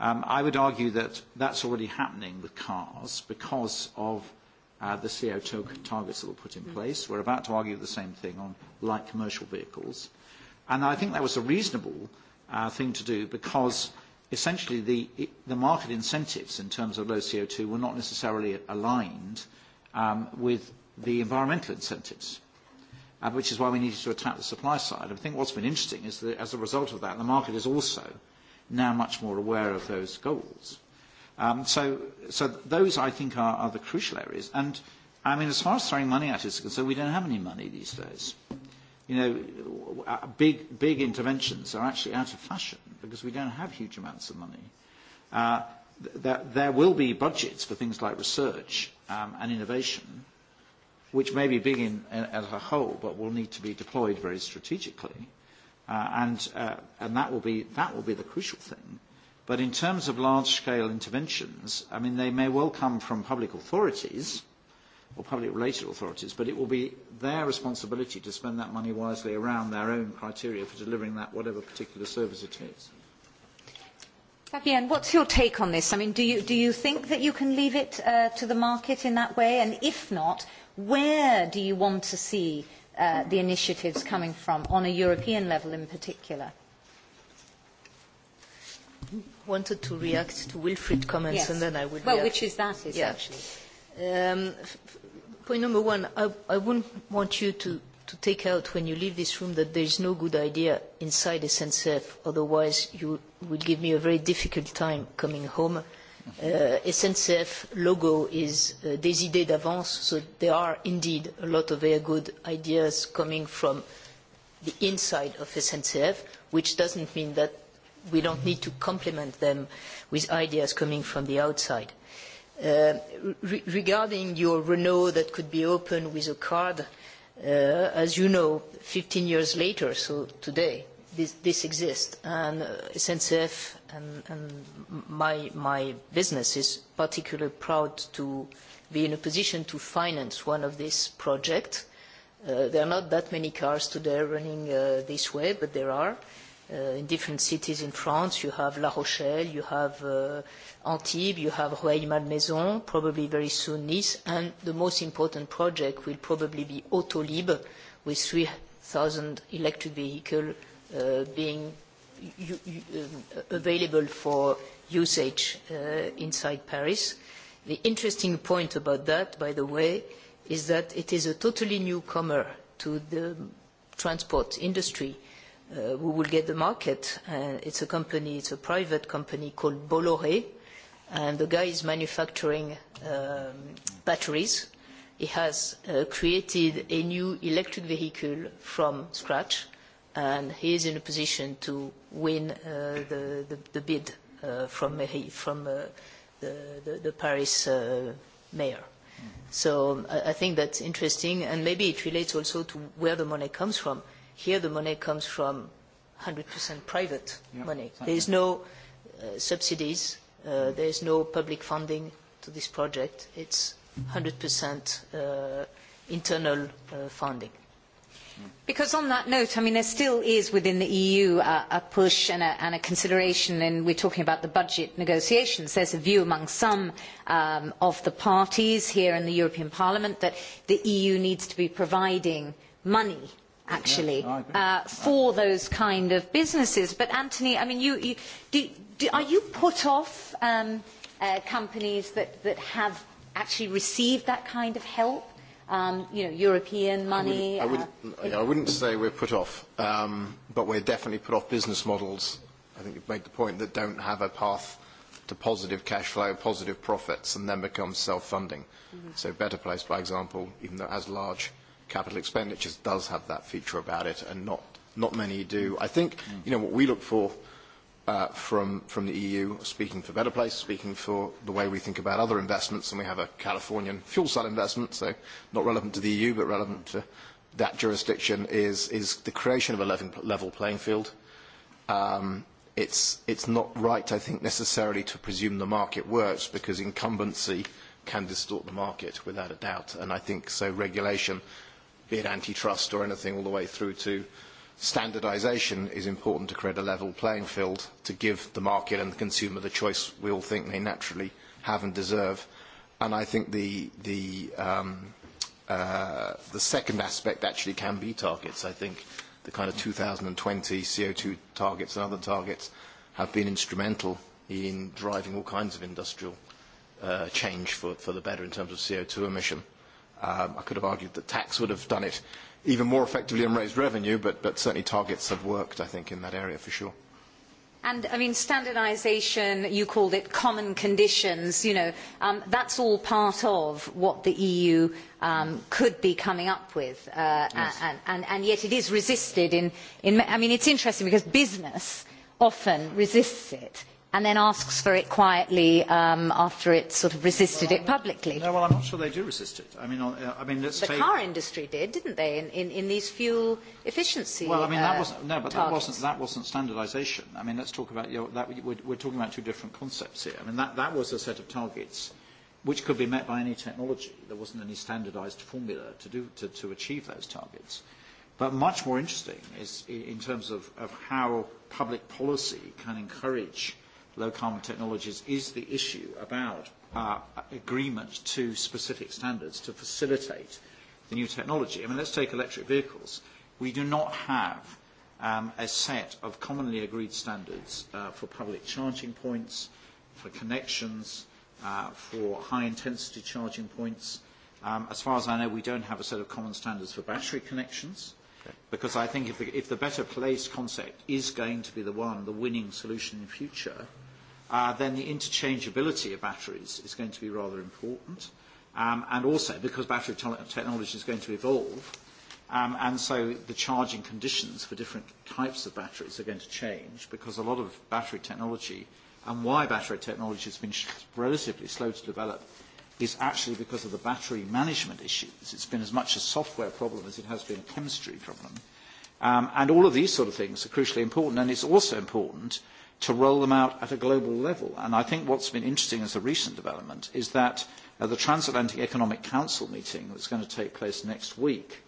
Um, I would argue that that's already happening with cars because of uh, the CO2 targets that were put in place. We're about to argue the same thing on light commercial vehicles. And I think that was a reasonable uh, thing to do because essentially the, the market incentives in terms of low CO2 were not necessarily aligned um, with the environmental incentives uh, which is why we needed to attack the supply side. I think what's been interesting is that as a result of that, the market is also now much more aware of those goals. Um, so, so those, I think, are, are the crucial areas. And, I mean, as far as throwing money at it is concerned, we don't have any money these days. You know, big, big interventions are actually out of fashion because we don't have huge amounts of money. Uh, that there will be budgets for things like research um, and innovation, which may be big in, in, as a whole, but will need to be deployed very strategically, uh, and, uh, and that, will be, that will be the crucial thing. But in terms of large-scale interventions, I mean, they may well come from public authorities or public-related authorities, but it will be their responsibility to spend that money wisely around their own criteria for delivering that whatever particular service it is. Fabienne, what's your take on this? I mean, do you, do you think that you can leave it uh, to the market in that way? And if not, where do you want to see uh, the initiatives coming from, on a European level in particular? wanted to react to Wilfried's comments yes. and then I would Well, react. which is that is yeah. actually. Um, point number one, I, I wouldn't want you to to take out when you leave this room that there is no good idea inside SNCF, otherwise you will give me a very difficult time coming home. Uh, SNCF logo is uh, des idées d'avance, so there are indeed a lot of very good ideas coming from the inside of SNCF, which doesn't mean that we don't need to complement them with ideas coming from the outside. Uh, re regarding your Renault that could be open with a card, uh, as you know, fifteen years later, so today, this, this exists. And uh, SNCF and, and my, my business is particularly proud to be in a position to finance one of these projects. Uh, there are not that many cars today running uh, this way, but there are. Uh, uh, in different cities in France. You have La Rochelle, you have uh, Antibes, you have Rueil-Malmaison, probably very soon Nice, and the most important project will probably be Autolib, with 3,000 electric vehicles uh, being available for usage uh, inside Paris. The interesting point about that, by the way, is that it is a totally newcomer to the transport industry we will get the market. it's a company, it's a private company called Bolloré, and the guy is manufacturing batteries. He has created a new electric vehicle from scratch, and he is in a position to win the, the, the bid from, the, the, the Paris mayor. So I, I think that's interesting, and maybe it relates also to where the money comes from Here the money comes from 100% private money. There is no uh, subsidies, uh, there is no public funding to this project. It's 100% uh, internal uh, funding. Because on that note, I mean, there still is within the EU a, a push and a, and a consideration, and we're talking about the budget negotiations. There's a view among some um, of the parties here in the European Parliament that the EU needs to be providing money actually, for those kind of businesses. But Anthony, I mean, you, you, do, do, are you put off um, uh, companies that, that have actually received that kind of help? Um, you know, European money. I wouldn't, I wouldn't, uh, I wouldn't say we're put off, um, but we're definitely put off business models. I think you've made the point that don't have a path to positive cash flow, positive profits, and then become self-funding. So Better Place, by example, even though it has large, capital expenditures does have that feature about it, and not not many do. I think you know what we look for uh, from from the EU, speaking for Better Place, speaking for the way we think about other investments, and we have a Californian fuel cell investment, so not relevant to the EU, but relevant to that jurisdiction, is is the creation of a level, level playing field. Um, it's it's not right, I think, necessarily to presume the market works because incumbency can distort the market without a doubt, and I think so regulation be it antitrust or anything all the way through to standardisation is important to create a level playing field to give the market and the consumer the choice we all think they naturally have and deserve. And I think the, the, um, uh, the second aspect actually can be targets. I think the kind of 2020 CO2 targets and other targets have been instrumental in driving all kinds of industrial uh, change for, for the better in terms of CO2 emission Um, I could have argued that tax would have done it even more effectively and raised revenue, but, but certainly targets have worked, I think, in that area for sure. And I mean, standardisation, you called it common conditions, you know, um, that's all part of what the EU um, could be coming up with. Uh, yes. and, and, and yet it is resisted in, in, I mean, it's interesting because business often resists it and then asks for it quietly um after it sort of resisted it publicly. No, well, I'm not sure they do resist it. I mean, I mean, let's the take... car industry did, didn't they, in, in, in these fuel efficiency? Well, I mean, that wasn't no, but that wasn't that wasn't standardisation. I mean, let's talk about you know, that. We're, we're talking about two different concepts here. I mean, that that was a set of targets which could be met by any technology. There wasn't any standardised formula to do to, to achieve those targets. But much more interesting is in terms of, of how public policy can encourage low carbon technologies is the issue about uh, agreement to specific standards to facilitate the new technology. I mean, let's take electric vehicles. We do not have um, a set of commonly agreed standards uh, for public charging points, for connections, uh, for high intensity charging points. Um, as far as I know, we don't have a set of common standards for battery connections because I think if the, if the better place concept is going to be the one, the winning solution in future, then the interchangeability of batteries is going to be rather important. and also because battery technology is going to evolve, um and so the charging conditions for different types of batteries are going to change because a lot of battery technology and why battery technology has been relatively slow to develop is actually because of the battery management issues. It's been as much a software problem as it has been a chemistry problem. and all of these sort of things are crucially important, and it's also important to roll them out at a global level. And I think what's been interesting as a recent development is that at the Transatlantic Economic Council meeting that's going to take place next week,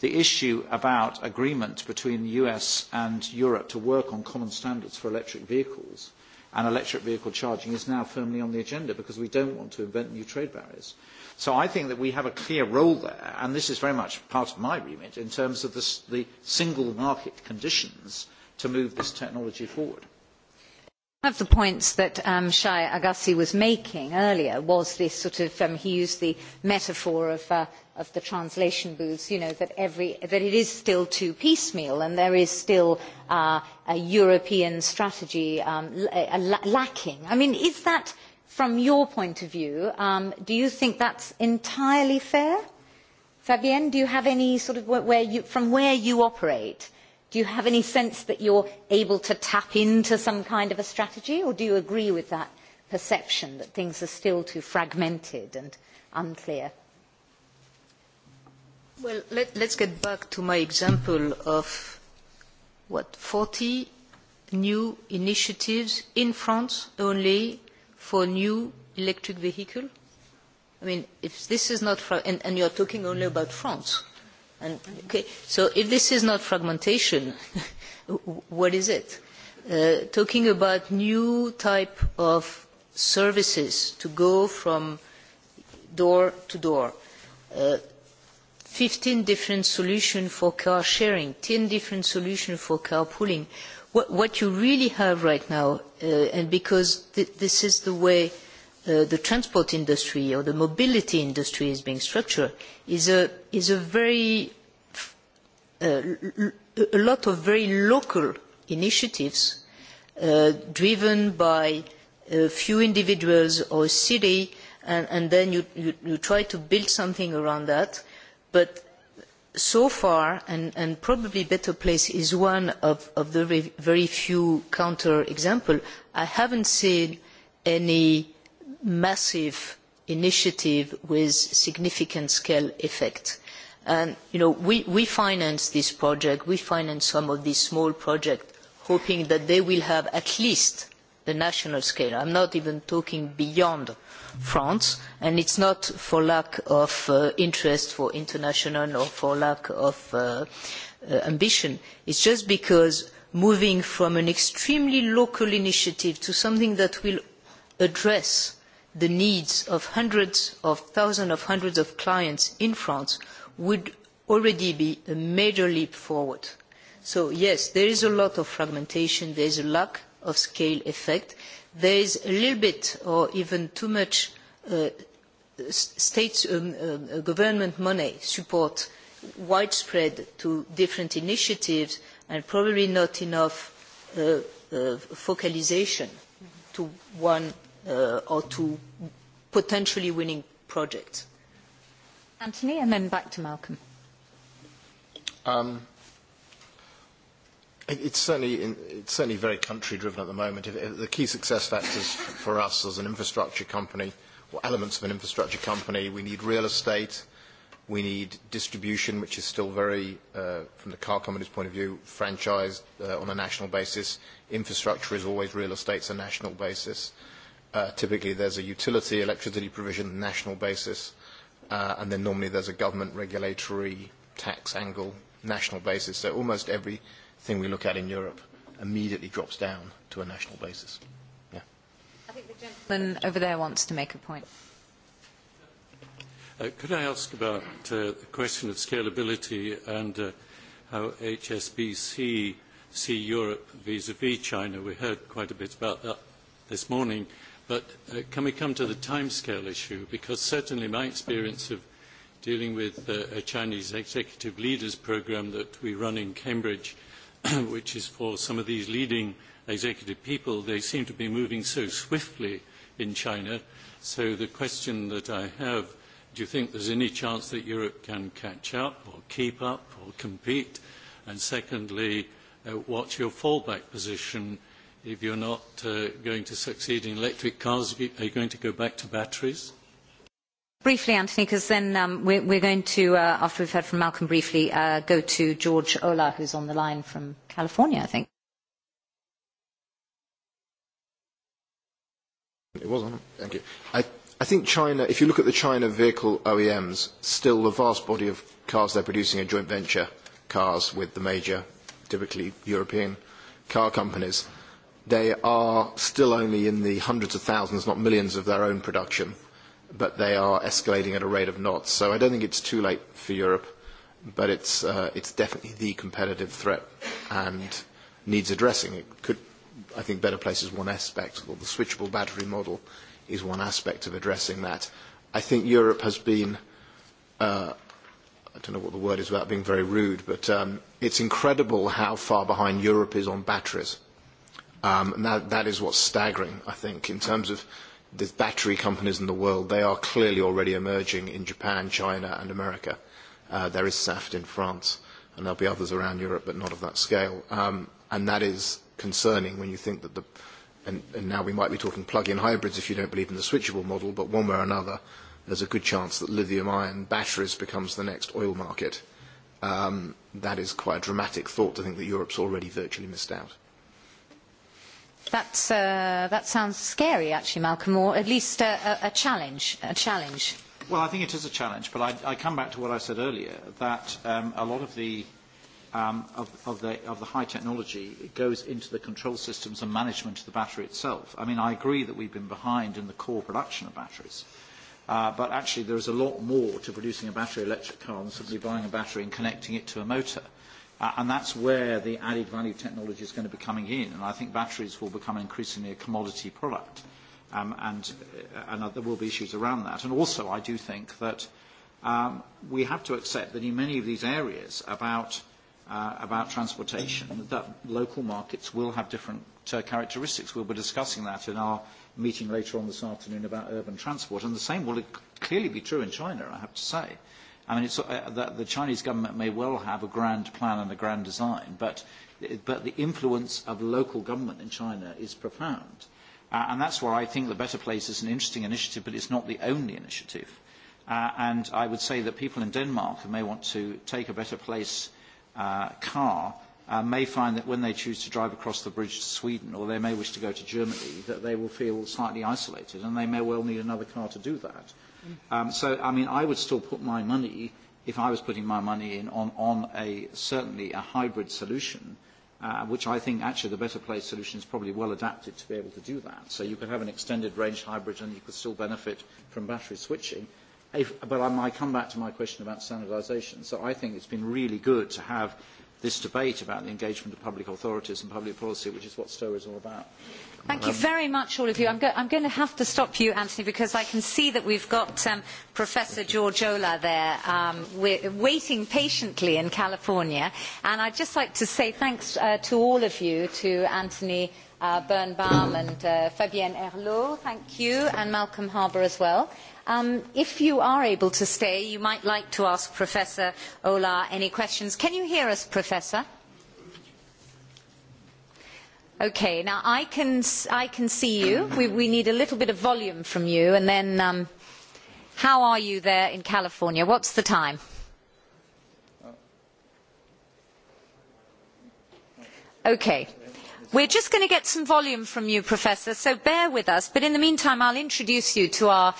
the issue about agreement between the US and Europe to work on common standards for electric vehicles and electric vehicle charging is now firmly on the agenda because we don't want to invent new trade barriers. So I think that we have a clear role there, and this is very much part of my remit in terms of the, the single market conditions to move this technology forward. One of the points that um, Shai Agassi was making earlier was this sort of, um, he used the metaphor of, uh, of the translation booths, you know, that, every, that it is still too piecemeal and there is still uh, a European strategy um, lacking. I mean, is that, from your point of view, um, do you think that's entirely fair? Fabienne, do you have any sort of, where you, from where you operate, Do you have any sense that you're able to tap into some kind of a strategy, or do you agree with that perception that things are still too fragmented and unclear? Well, let, let's get back to my example of what 40 new initiatives in France only for new electric vehicle. I mean, if this is not, and, and you're talking only about France And, okay, so if this is not fragmentation, what is it? Uh, talking about new type of services to go from door to door. Uh, 15 different solutions for car sharing, 10 different solutions for carpooling. What, what you really have right now, uh, and because th this is the way the transport industry or the mobility industry is being structured is a, is a very, a lot of very local initiatives driven by a few individuals or a city, and, and then you, you, you try to build something around that. But so far, and, and probably Better Place is one of, of the very few counter examples, I haven't seen any massive initiative with significant scale effect. And, you know, we, we finance this project, we finance some of these small projects, hoping that they will have at least the national scale. I'm not even talking beyond France, and it's not for lack of interest for international or for lack of ambition. It's just because moving from an extremely local initiative to something that will address the needs of hundreds of thousands of hundreds of clients in France would already be a major leap forward. So yes, there is a lot of fragmentation, there is a lack of scale effect, there is a little bit or even too much state government money support widespread to different initiatives and probably not enough focalisation to one or to potentially winning projects. Anthony, and then back to Malcolm. Um, it, it's certainly in, it's certainly very country driven at the moment. If, if the key success factors for us as an infrastructure company, or elements of an infrastructure company, we need real estate. We need distribution, which is still very, uh, from the car company's point of view, franchised uh, on a national basis. Infrastructure is always real estate's a national basis. Uh, typically there's a utility electricity provision national basis, uh, and then normally there's a government regulatory tax angle national basis. So almost everything we look at in Europe immediately drops down to a national basis. Yeah. I think the gentleman over there wants to make a point. Uh, could I ask about uh, the question of scalability and uh, how HSBC see Europe vis a vis China? We heard quite a bit about that this morning. But uh, can we come to the timescale issue? Because certainly my experience of dealing with uh, a Chinese executive leaders program that we run in Cambridge, which is for some of these leading executive people, they seem to be moving so swiftly in China. So the question that I have, do you think there's any chance that Europe can catch up or keep up or compete? And secondly, uh, what's your fallback position if you're not uh, going to succeed in electric cars, are you going to go back to batteries? Briefly, Anthony, because then um, we're, we're going to, uh, after we've heard from Malcolm briefly, uh, go to George Ola, who's on the line from California, I think. It was on. Thank you. I, I think China, if you look at the China vehicle OEMs, still the vast body of cars they're producing are joint venture cars with the major, typically European car companies They are still only in the hundreds of thousands, not millions, of their own production, but they are escalating at a rate of knots. So I don't think it's too late for Europe, but it's, uh, it's definitely the competitive threat and needs addressing. It could, I think Better Place is one aspect, or the switchable battery model is one aspect of addressing that. I think Europe has been, uh, I don't know what the word is without being very rude, but um, it's incredible how far behind Europe is on batteries Um, and that, that is what's staggering, I think, in terms of the battery companies in the world. They are clearly already emerging in Japan, China, and America. Uh, there is SAFT in France, and there'll be others around Europe, but not of that scale. Um, and that is concerning when you think that the and, and now we might be talking plug-in hybrids if you don't believe in the switchable model, but one way or another, there's a good chance that lithium-ion batteries becomes the next oil market. Um, that is quite a dramatic thought to think that Europe's already virtually missed out. That's, uh, that sounds scary, actually, Malcolm, or at least a, a, a challenge. A challenge. Well, I think it is a challenge, but I, I come back to what I said earlier, that um, a lot of the, um, of, of, the, of the high technology goes into the control systems and management of the battery itself. I mean, I agree that we've been behind in the core production of batteries, uh, but actually there is a lot more to producing a battery electric car than simply buying a battery and connecting it to a motor and that's where the added value technology is going to be coming in. And I think batteries will become increasingly a commodity product. Um, and, and there will be issues around that. And also, I do think that um, we have to accept that in many of these areas about, uh, about transportation, that local markets will have different uh, characteristics. We'll be discussing that in our meeting later on this afternoon about urban transport. And the same will clearly be true in China, I have to say I mean, it's, uh, the, the Chinese government may well have a grand plan and a grand design, but, but the influence of local government in China is profound. Uh, and that's why I think the Better Place is an interesting initiative, but it's not the only initiative. Uh, and I would say that people in Denmark who may want to take a Better Place uh, car uh, may find that when they choose to drive across the bridge to Sweden or they may wish to go to Germany, that they will feel slightly isolated and they may well need another car to do that Um, so, I mean, I would still put my money, if I was putting my money in, on, on a certainly a hybrid solution, uh, which I think actually the better place solution is probably well adapted to be able to do that. So you could have an extended range hybrid and you could still benefit from battery switching. If, but I might come back to my question about standardisation. So I think it's been really good to have this debate about the engagement of public authorities and public policy, which is what STOA is all about. Thank you very much, all of you. I'm, go I'm going to have to stop you, Anthony, because I can see that we've got um, Professor George Ola there um, we're waiting patiently in California. And I'd just like to say thanks uh, to all of you, to Anthony uh, Birnbaum and uh, Fabienne Herlot, thank you, and Malcolm Harbour as well. Um, if you are able to stay, you might like to ask Professor Ola any questions. Can you hear us, Professor? Okay, now I can, I can see you. We, we need a little bit of volume from you. And then, um, how are you there in California? What's the time? Okay. We are just going to get some volume from you, Professor, so bear with us. But in the meantime, I will introduce you to our,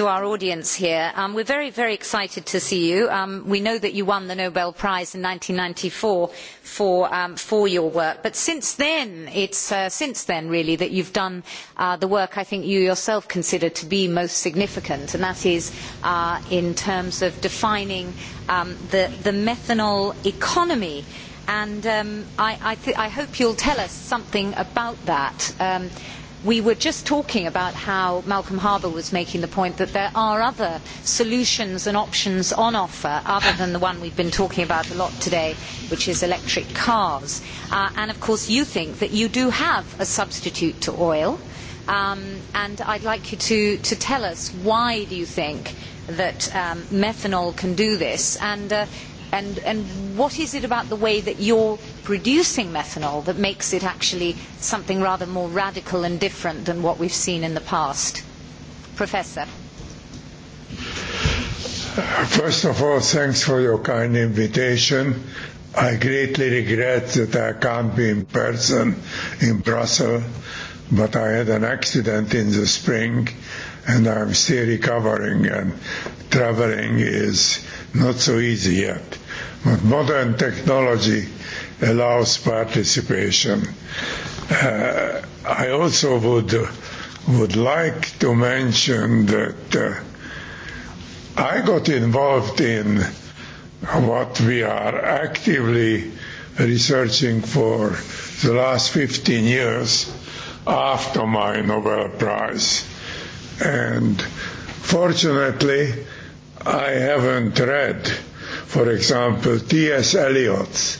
audience here. We are very, very excited to see you. we know that you won the Nobel Prize in ninety four for your work. But since then, it's since then, really, that you have done the work I think you yourself consider to be most significant, and that is in terms of defining the methanol economy and um, I, I, th- I hope you'll tell us something about that. Um, we were just talking about how Malcolm Harbour was making the point that there are other solutions and options on offer other than the one we've been talking about a lot today, which is electric cars. Uh, and of course, you think that you do have a substitute to oil. Um, and I'd like you to, to tell us why do you think that um, methanol can do this, and uh, And, and what is it about the way that you're producing methanol that makes it actually something rather more radical and different than what we've seen in the past? Professor. First of all, thanks for your kind invitation. I greatly regret that I can't be in person in Brussels, but I had an accident in the spring and I'm still recovering and traveling is not so easy yet. But modern technology allows participation. Uh, I also would would like to mention that uh, I got involved in what we are actively researching for the last 15 years after my Nobel Prize. And fortunately, I haven't read For example, T.S. Eliot,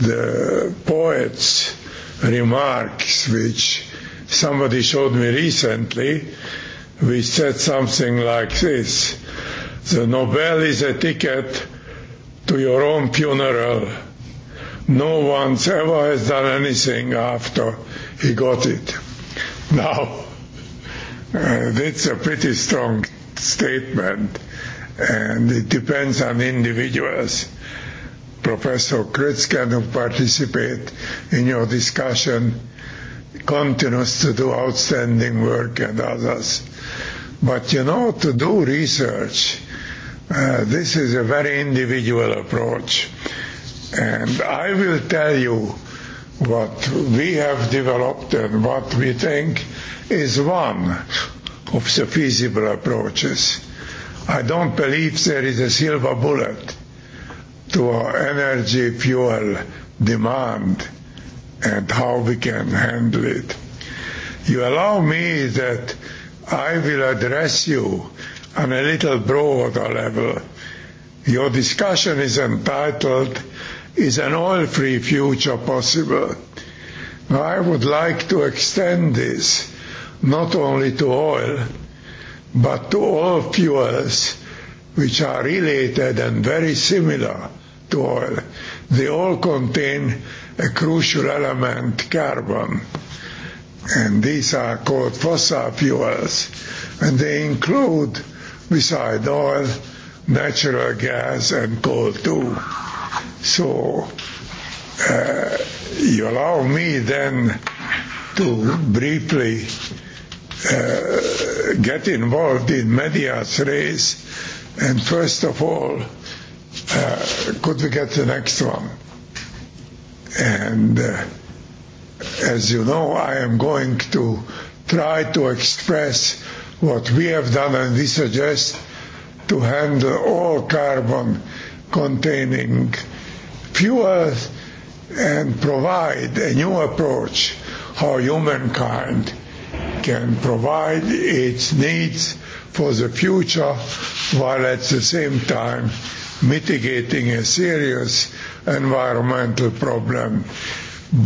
the poet's remarks, which somebody showed me recently, which said something like this The Nobel is a ticket to your own funeral. No one ever has done anything after he got it. Now, uh, that's a pretty strong statement and it depends on individuals. Professor Kritz can participate in your discussion, continues to do outstanding work and others. But you know, to do research, uh, this is a very individual approach. And I will tell you what we have developed and what we think is one of the feasible approaches I don't believe there is a silver bullet to our energy fuel demand and how we can handle it. You allow me that I will address you on a little broader level. Your discussion is entitled, Is an Oil-Free Future Possible? Now, I would like to extend this not only to oil, But to all fuels which are related and very similar to oil, they all contain a crucial element, carbon. And these are called fossil fuels. And they include, beside oil, natural gas and coal too. So, uh, you allow me then to briefly uh, get involved in medias res, and first of all, uh, could we get the next one? And uh, as you know, I am going to try to express what we have done, and we suggest to handle all carbon containing fuels and provide a new approach how humankind can provide its needs for the future while at the same time mitigating a serious environmental problem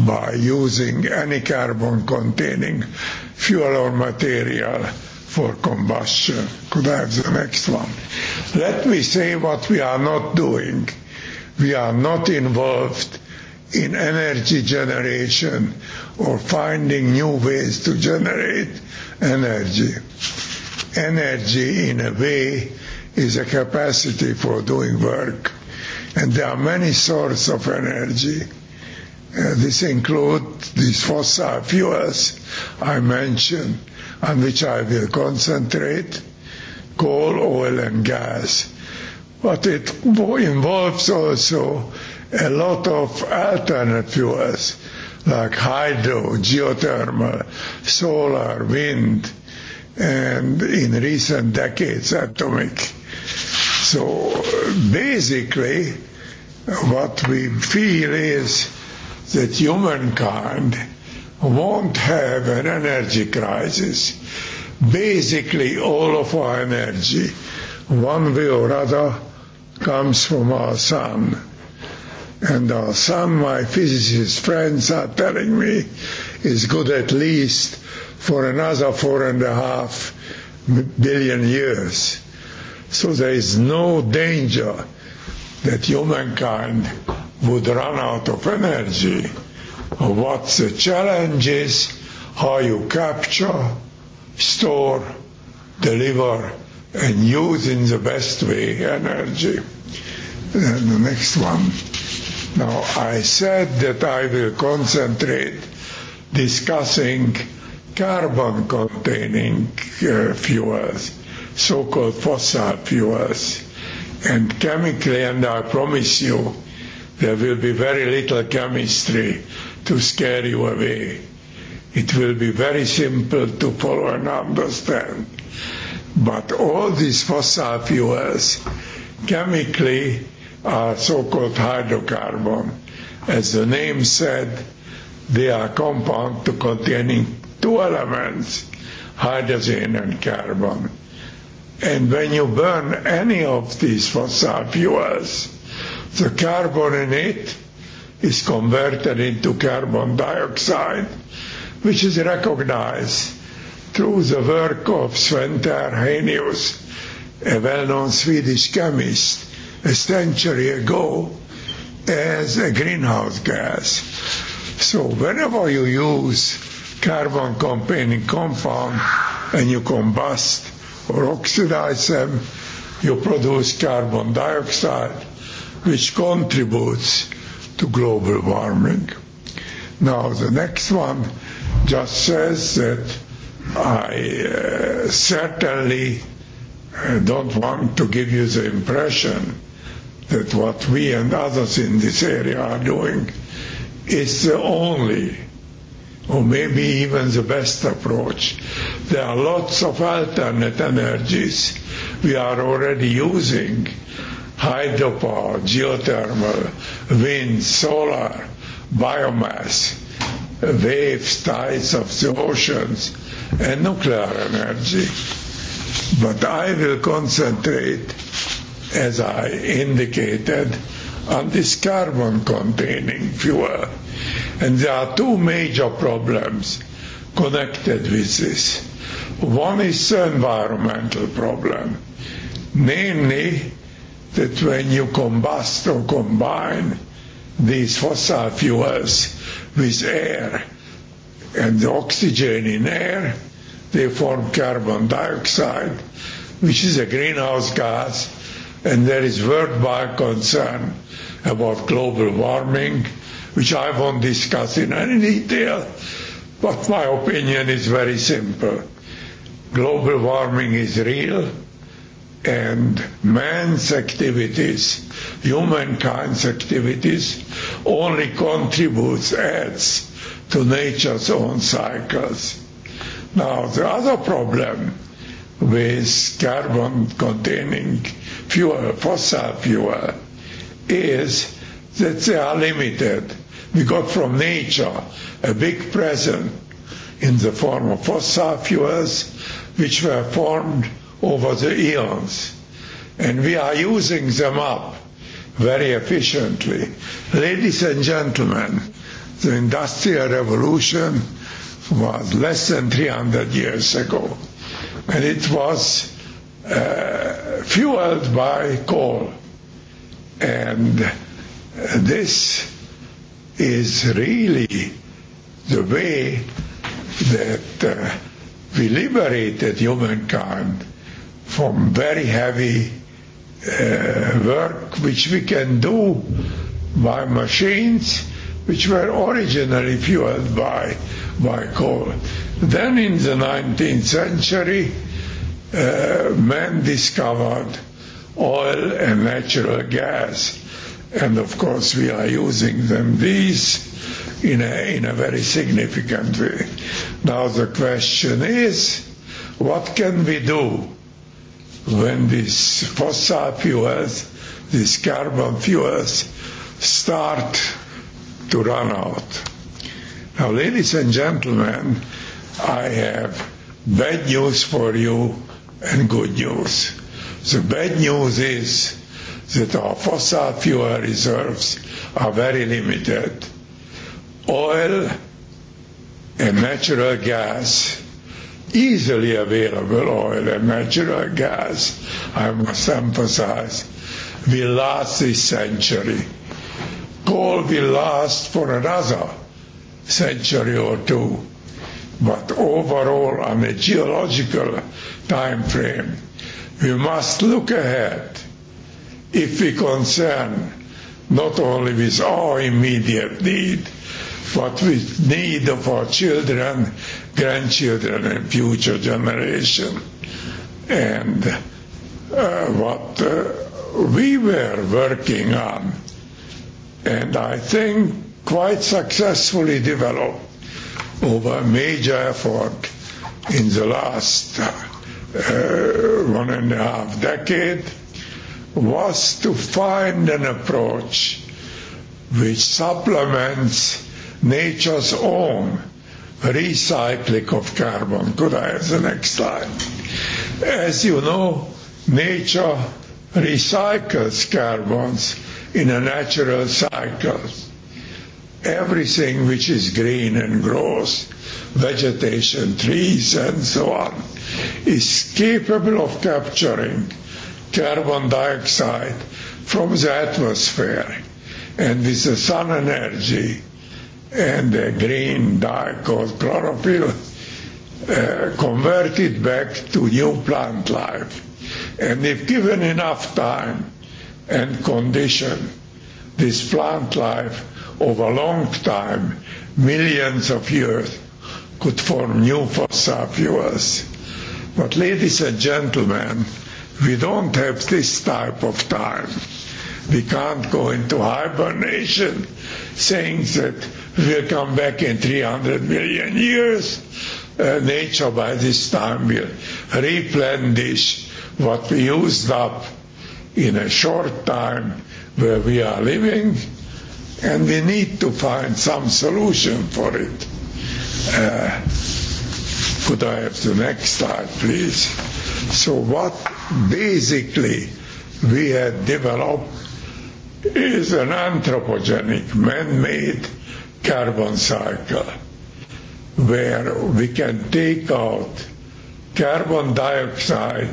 by using any carbon containing fuel or material for combustion. Could I have the next one? Let me say what we are not doing. We are not involved in energy generation or finding new ways to generate energy. Energy, in a way, is a capacity for doing work. And there are many sources of energy. Uh, this includes these fossil fuels I mentioned, on which I will concentrate, coal, oil and gas. But it involves also a lot of alternate fuels like hydro, geothermal, solar, wind, and in recent decades, atomic. So basically, what we feel is that humankind won't have an energy crisis. Basically, all of our energy, one way or other, comes from our sun and uh, some my physicist friends are telling me is good at least for another four and a half billion years. So there is no danger that humankind would run out of energy. What the challenge is how you capture, store, deliver, and use in the best way energy. And the next one. Now, I said that I will concentrate discussing carbon containing uh, fuels, so called fossil fuels, and chemically, and I promise you, there will be very little chemistry to scare you away. It will be very simple to follow and understand. But all these fossil fuels, chemically, are so-called hydrocarbon. As the name said, they are compound to containing two elements, hydrogen and carbon. And when you burn any of these fossil fuels, the carbon in it is converted into carbon dioxide, which is recognized through the work of Sven Terhenius, a well-known Swedish chemist a century ago as a greenhouse gas. So whenever you use carbon containing compound and you combust or oxidize them, you produce carbon dioxide, which contributes to global warming. Now, the next one just says that I uh, certainly don't want to give you the impression that what we and others in this area are doing is the only or maybe even the best approach. There are lots of alternate energies we are already using hydropower, geothermal, wind, solar, biomass, waves, tides of the oceans, and nuclear energy. But I will concentrate as I indicated, on this carbon-containing fuel. And there are two major problems connected with this. One is the environmental problem, namely that when you combust or combine these fossil fuels with air and the oxygen in air, they form carbon dioxide, which is a greenhouse gas and there is worldwide concern about global warming, which I won't discuss in any detail, but my opinion is very simple. Global warming is real, and man's activities, humankind's activities, only contributes, adds to nature's own cycles. Now, the other problem with carbon containing fewer, fossil fuel, is that they are limited. We got from nature a big present in the form of fossil fuels, which were formed over the eons. And we are using them up very efficiently. Ladies and gentlemen, the Industrial Revolution was less than 300 years ago. And it was uh, fueled by coal. And this is really the way that uh, we liberated humankind from very heavy uh, work which we can do by machines which were originally fueled by, by coal. Then in the 19th century, uh, man discovered oil and natural gas. And of course, we are using them these in a, in a very significant way. Now, the question is what can we do when these fossil fuels, these carbon fuels, start to run out? Now, ladies and gentlemen, I have bad news for you and good news. The bad news is that our fossil fuel reserves are very limited. Oil and natural gas, easily available oil and natural gas, I must emphasize, will last this century. Coal will last for another century or two but overall on a geological time frame, we must look ahead if we concern not only with our immediate need, but with need of our children, grandchildren and future generation. And uh, what uh, we were working on, and I think quite successfully developed, over a major effort in the last uh, one and a half decade was to find an approach which supplements nature's own recycling of carbon. Could I have the next slide? As you know, nature recycles carbons in a natural cycle everything which is green and grows, vegetation, trees, and so on, is capable of capturing carbon dioxide from the atmosphere. And with the sun energy and the green dye called chlorophyll, uh, converted back to new plant life. And if given enough time and condition, this plant life over a long time, millions of years, could form new fossil fuels. But ladies and gentlemen, we don't have this type of time. We can't go into hibernation saying that we'll come back in 300 million years. Uh, nature by this time will replenish what we used up in a short time where we are living and we need to find some solution for it. Uh, could I have the next slide, please? So what basically we had developed is an anthropogenic, man-made carbon cycle where we can take out carbon dioxide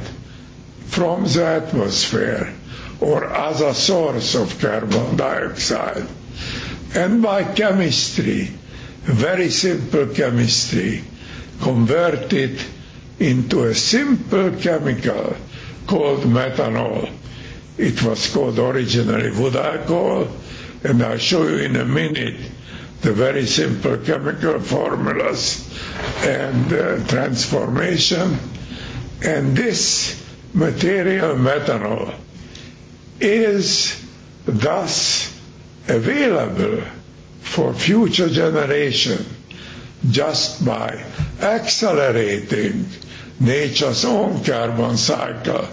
from the atmosphere or other source of carbon dioxide And by chemistry, very simple chemistry, converted into a simple chemical called methanol. It was called originally wood alcohol, and I'll show you in a minute the very simple chemical formulas and uh, transformation. And this material methanol is thus available for future generation just by accelerating nature's own carbon cycle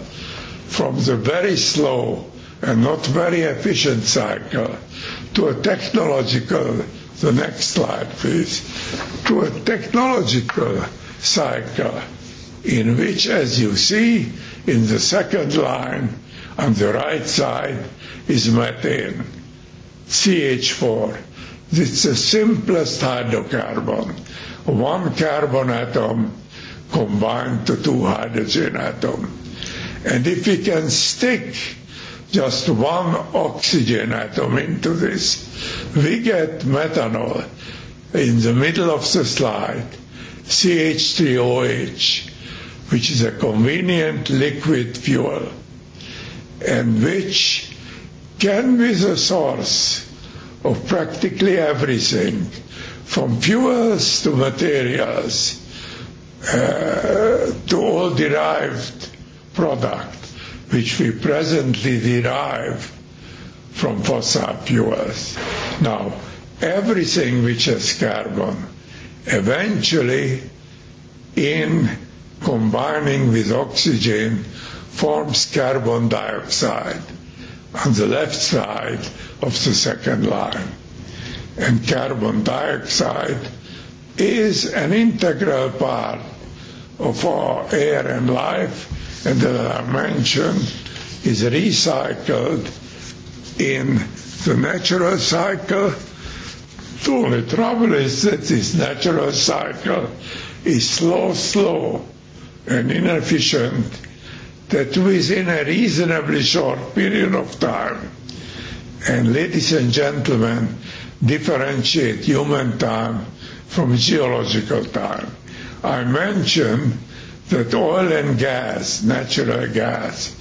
from the very slow and not very efficient cycle to a technological, the next slide please, to a technological cycle in which, as you see in the second line on the right side, is methane CH4. It's the simplest hydrocarbon. One carbon atom combined to two hydrogen atoms. And if we can stick just one oxygen atom into this, we get methanol in the middle of the slide, CH3OH, which is a convenient liquid fuel and which can be the source of practically everything, from fuels to materials uh, to all derived product, which we presently derive from fossil fuels. Now, everything which has carbon eventually in combining with oxygen forms carbon dioxide on the left side of the second line. And carbon dioxide is an integral part of our air and life, and as I mentioned, is recycled in the natural cycle. The only trouble is that this natural cycle is slow, slow, and inefficient that within a reasonably short period of time, and ladies and gentlemen, differentiate human time from geological time. I mentioned that oil and gas, natural gas,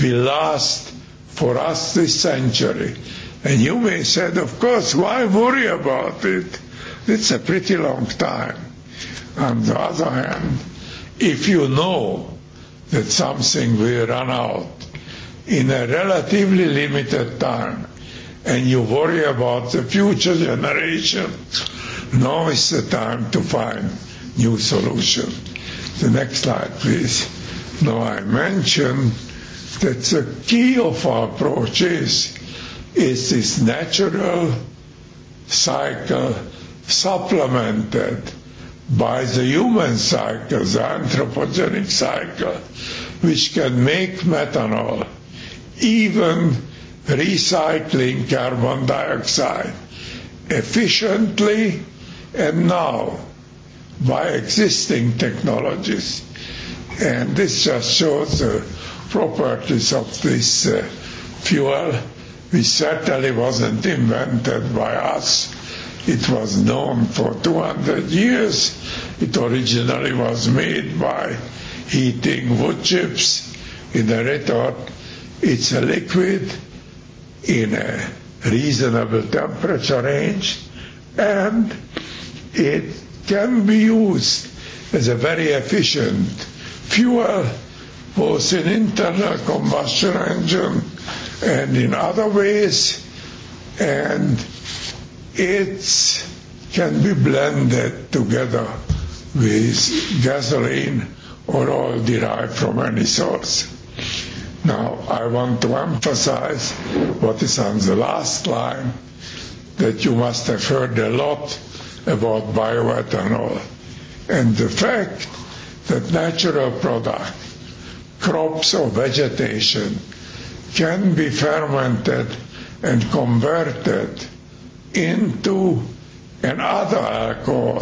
will last for us this century. And you may said, of course, why worry about it? It's a pretty long time. On the other hand, if you know that something will run out in a relatively limited time and you worry about the future generation, now is the time to find new solution. The next slide, please. Now I mentioned that the key of our approach is, is this natural cycle supplemented by the human cycle, the anthropogenic cycle, which can make methanol, even recycling carbon dioxide efficiently and now by existing technologies. And this just shows the properties of this uh, fuel, which certainly wasn't invented by us It was known for 200 years. It originally was made by heating wood chips in a retort. It's a liquid in a reasonable temperature range and it can be used as a very efficient fuel both in internal combustion engine and in other ways and it can be blended together with gasoline or oil derived from any source. Now, I want to emphasize what is on the last line that you must have heard a lot about bioethanol and the fact that natural product, crops or vegetation, can be fermented and converted into another alcohol,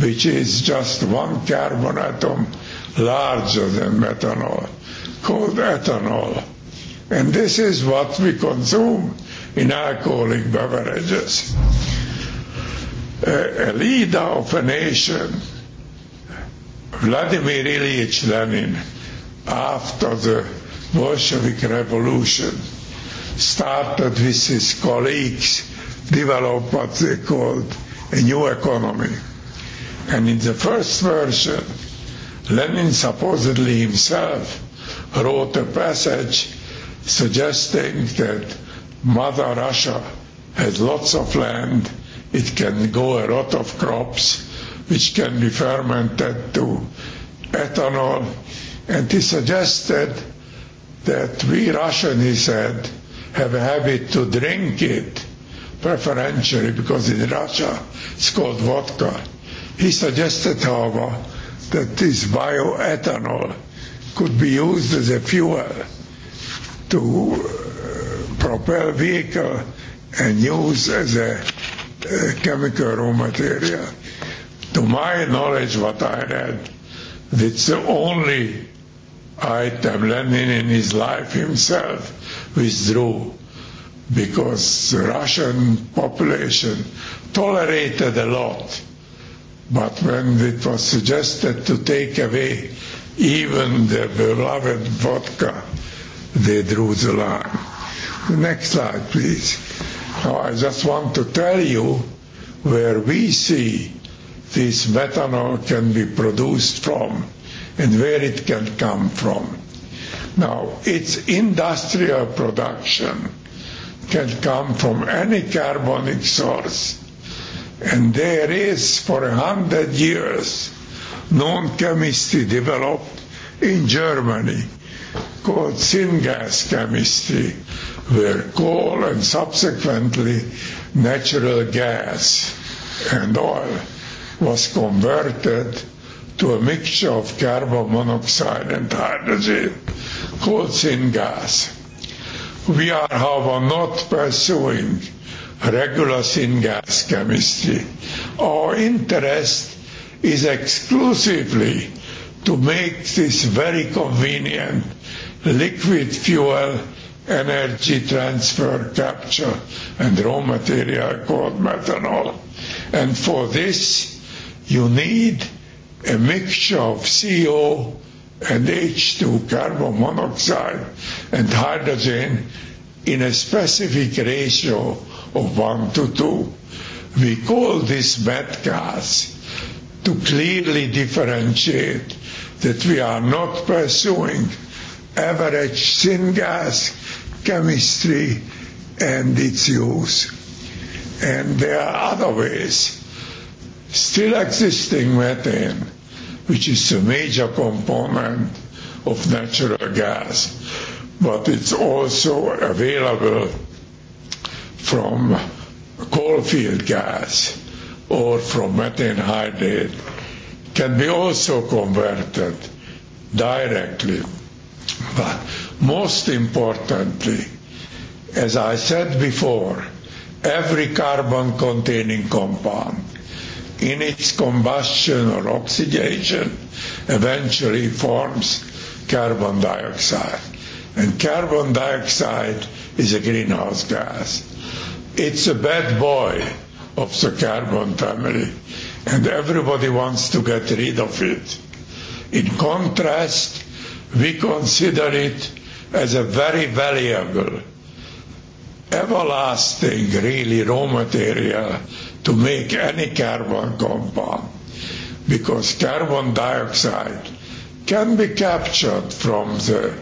which is just one carbon atom larger than methanol, called ethanol. And this is what we consume in alcoholic beverages. A, a leader of a nation, Vladimir Ilyich Lenin, after the Bolshevik Revolution, started with his colleagues develop what they called a new economy. And in the first version, Lenin supposedly himself wrote a passage suggesting that Mother Russia has lots of land, it can grow a lot of crops, which can be fermented to ethanol, and he suggested that we Russians, he said, have a habit to drink it preferentially because in Russia it's called vodka. He suggested, however, that this bioethanol could be used as a fuel to uh, propel vehicle and use as a, a chemical raw material. To my knowledge, what I read, it's the only item Lenin in his life himself withdrew because the Russian population tolerated a lot. But when it was suggested to take away even the beloved vodka, they drew the line. The next slide, please. Now, I just want to tell you where we see this methanol can be produced from and where it can come from. Now, it's industrial production can come from any carbonic source. And there is for a hundred years known chemistry developed in Germany called syngas chemistry, where coal and subsequently natural gas and oil was converted to a mixture of carbon monoxide and hydrogen called syngas we are, however, not pursuing regular syngas chemistry. Our interest is exclusively to make this very convenient liquid fuel energy transfer capture and raw material called methanol. And for this, you need a mixture of CO and H2 carbon monoxide and hydrogen in a specific ratio of 1 to 2. We call this math gas to clearly differentiate that we are not pursuing average syngas chemistry and its use. And there are other ways. Still existing methane, which is a major component of natural gas, but it's also available from coalfield gas or from methane hydrate can be also converted directly. But most importantly, as I said before, every carbon containing compound in its combustion or oxidation eventually forms carbon dioxide. And carbon dioxide is a greenhouse gas. It's a bad boy of the carbon family, and everybody wants to get rid of it. In contrast, we consider it as a very valuable, everlasting, really raw material to make any carbon compound because carbon dioxide can be captured from the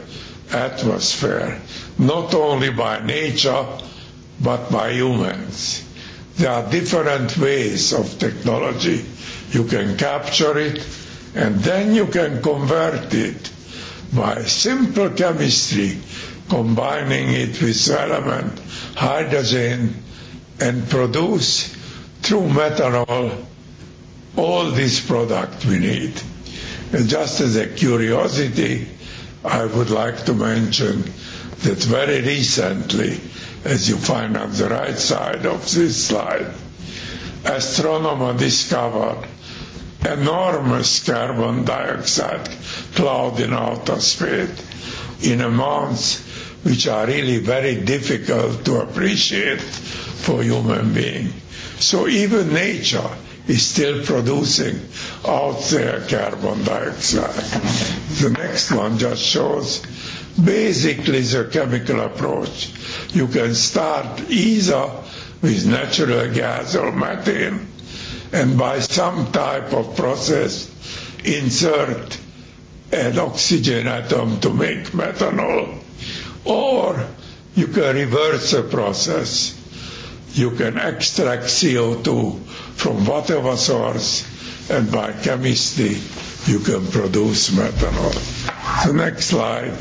atmosphere, not only by nature, but by humans. There are different ways of technology. You can capture it, and then you can convert it by simple chemistry, combining it with element hydrogen, and produce through methanol all this product we need. And just as a curiosity, I would like to mention that very recently, as you find on the right side of this slide, astronomers discovered enormous carbon dioxide cloud in outer space in amounts which are really very difficult to appreciate for human being. So even nature is still producing out there carbon dioxide. The next one just shows basically the chemical approach. You can start either with natural gas or methane and by some type of process insert an oxygen atom to make methanol or you can reverse the process. You can extract CO2 from whatever source and by chemistry you can produce methanol. The next slide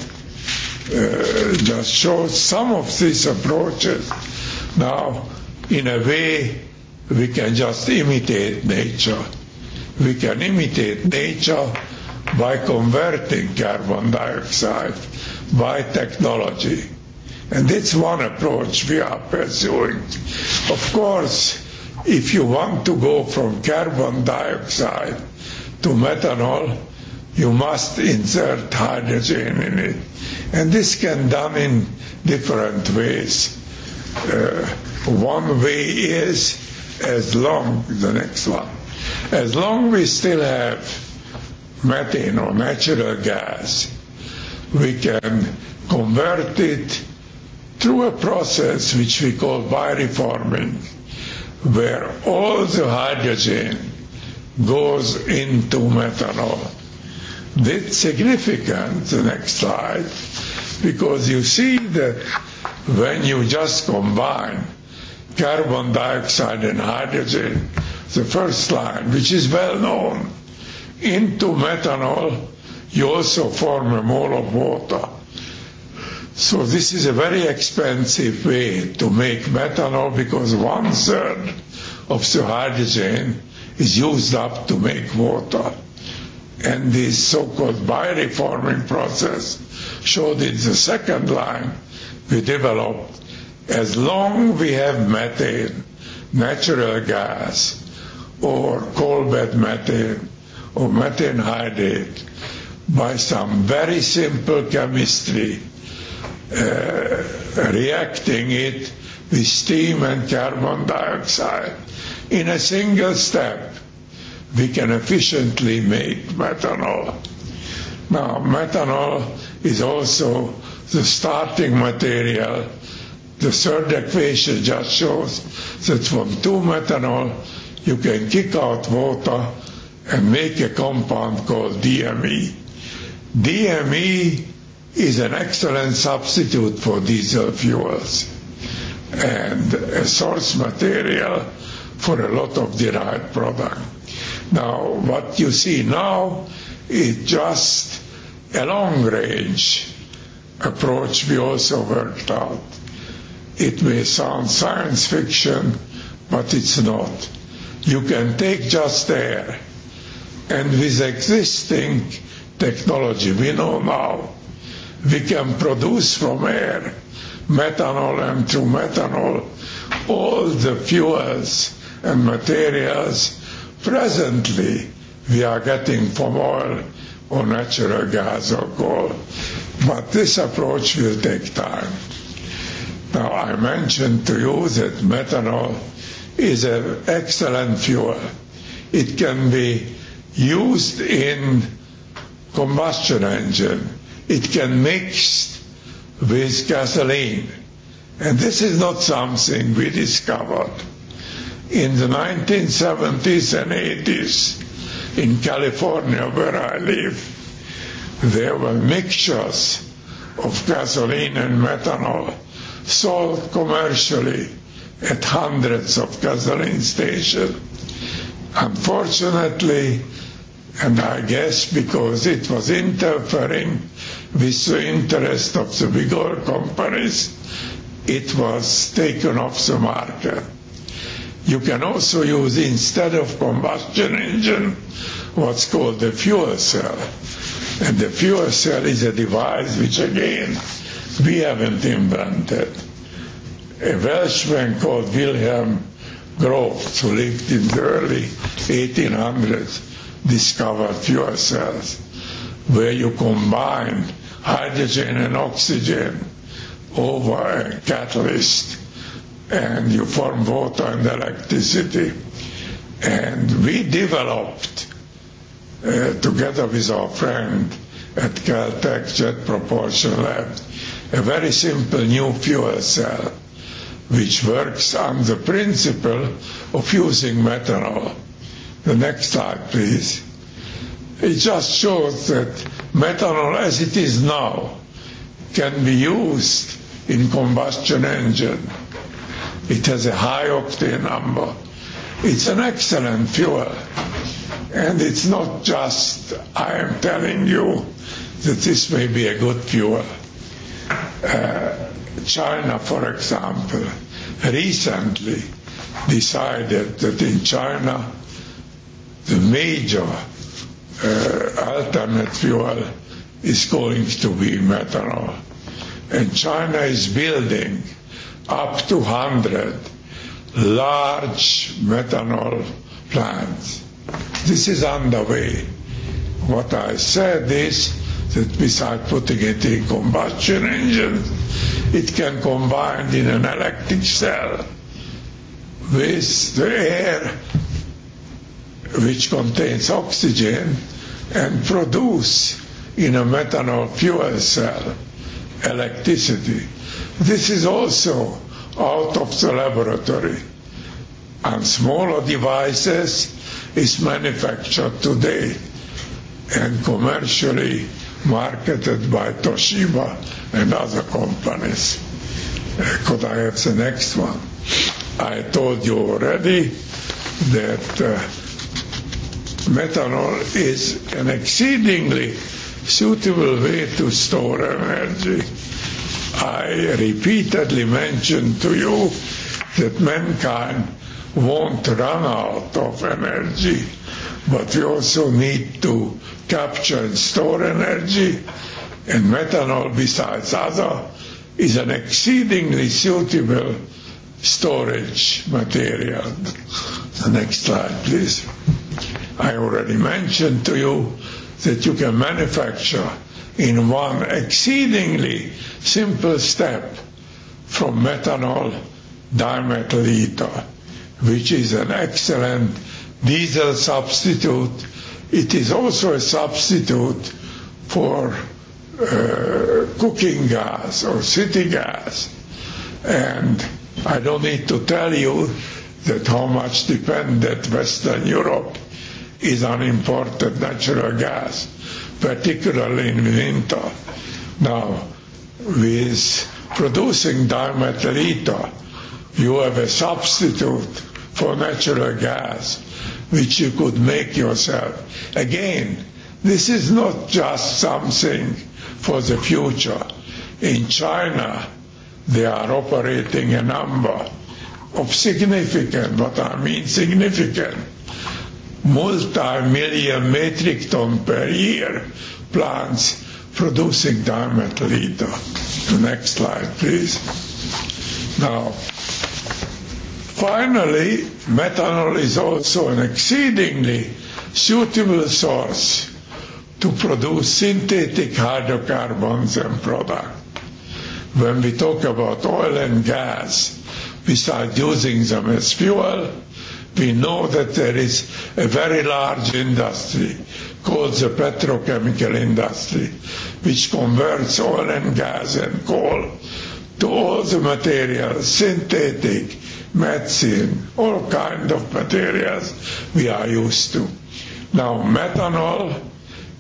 uh, just shows some of these approaches. Now, in a way, we can just imitate nature. We can imitate nature by converting carbon dioxide by technology. And that's one approach we are pursuing. Of course, If you want to go from carbon dioxide to methanol, you must insert hydrogen in it. And this can done in different ways. Uh, one way is as long, the next one, as long we still have methane or natural gas, we can convert it through a process which we call bioreforming where all the hydrogen goes into methanol. That's significant, the next slide, because you see that when you just combine carbon dioxide and hydrogen, the first line, which is well known, into methanol, you also form a mole of water. So this is a very expensive way to make methanol because one third of the hydrogen is used up to make water. And this so-called bioreforming process showed in the second line we developed as long we have methane, natural gas, or coal bed methane, or methane hydrate, by some very simple chemistry, uh, reacting it with steam and carbon dioxide. In a single step, we can efficiently make methanol. Now, methanol is also the starting material. The third equation just shows that from two methanol, you can kick out water and make a compound called DME. DME is an excellent substitute for diesel fuels and a source material for a lot of derived product. Now, what you see now is just a long-range approach we also worked out. It may sound science fiction, but it's not. You can take just air, and with existing technology we know now, we can produce from air methanol and through methanol all the fuels and materials presently we are getting from oil or natural gas or coal. But this approach will take time. Now I mentioned to you that methanol is an excellent fuel. It can be used in combustion engine it can mix with gasoline. And this is not something we discovered. In the 1970s and 80s, in California, where I live, there were mixtures of gasoline and methanol sold commercially at hundreds of gasoline stations. Unfortunately, and I guess because it was interfering with the interest of the bigger companies, it was taken off the market. You can also use, instead of combustion engine, what's called the fuel cell. And the fuel cell is a device which, again, we haven't invented. A Welshman called Wilhelm Grove, who lived in the early 1800s, discovered fuel cells, where you combine hydrogen and oxygen over a catalyst and you form water and electricity. And we developed, uh, together with our friend at Caltech Jet Propulsion Lab, a very simple new fuel cell which works on the principle of using methanol. The next slide, please. It just shows that methanol, as it is now, can be used in combustion engine. It has a high octane number. It's an excellent fuel. And it's not just I am telling you that this may be a good fuel. Uh, China, for example, recently decided that in China the major uh alternate fuel is going to be methanol. And China is building up to 100 large methanol plants. This is underway. What I said is that besides putting it in combustion engines, it can combine in an electric cell with the air which contains oxygen and produce in a methanol fuel cell electricity. This is also out of the laboratory. And smaller devices is manufactured today and commercially marketed by Toshiba and other companies. Could I have the next one? I told you already that uh, methanol is an exceedingly suitable way to store energy. I repeatedly mentioned to you that mankind won't run out of energy, but we also need to capture and store energy, and methanol, besides other, is an exceedingly suitable storage material. The next slide, please. I already mentioned to you that you can manufacture in one exceedingly simple step from methanol dimethyl ether, which is an excellent diesel substitute. It is also a substitute for uh, cooking gas or city gas. And I don't need to tell you that how much dependent Western Europe is on imported natural gas, particularly in winter. Now, with producing dimethyl ether, you have a substitute for natural gas, which you could make yourself. Again, this is not just something for the future. In China, they are operating a number of significant, what I mean significant. Multi-million metric ton per year plants producing diamond leader. The next slide, please. Now, finally, methanol is also an exceedingly suitable source to produce synthetic hydrocarbons and product. When we talk about oil and gas, we start using them as fuel, we know that there is a very large industry called the petrochemical industry, which converts oil and gas and coal to all the materials, synthetic, medicine, all kinds of materials we are used to. Now, methanol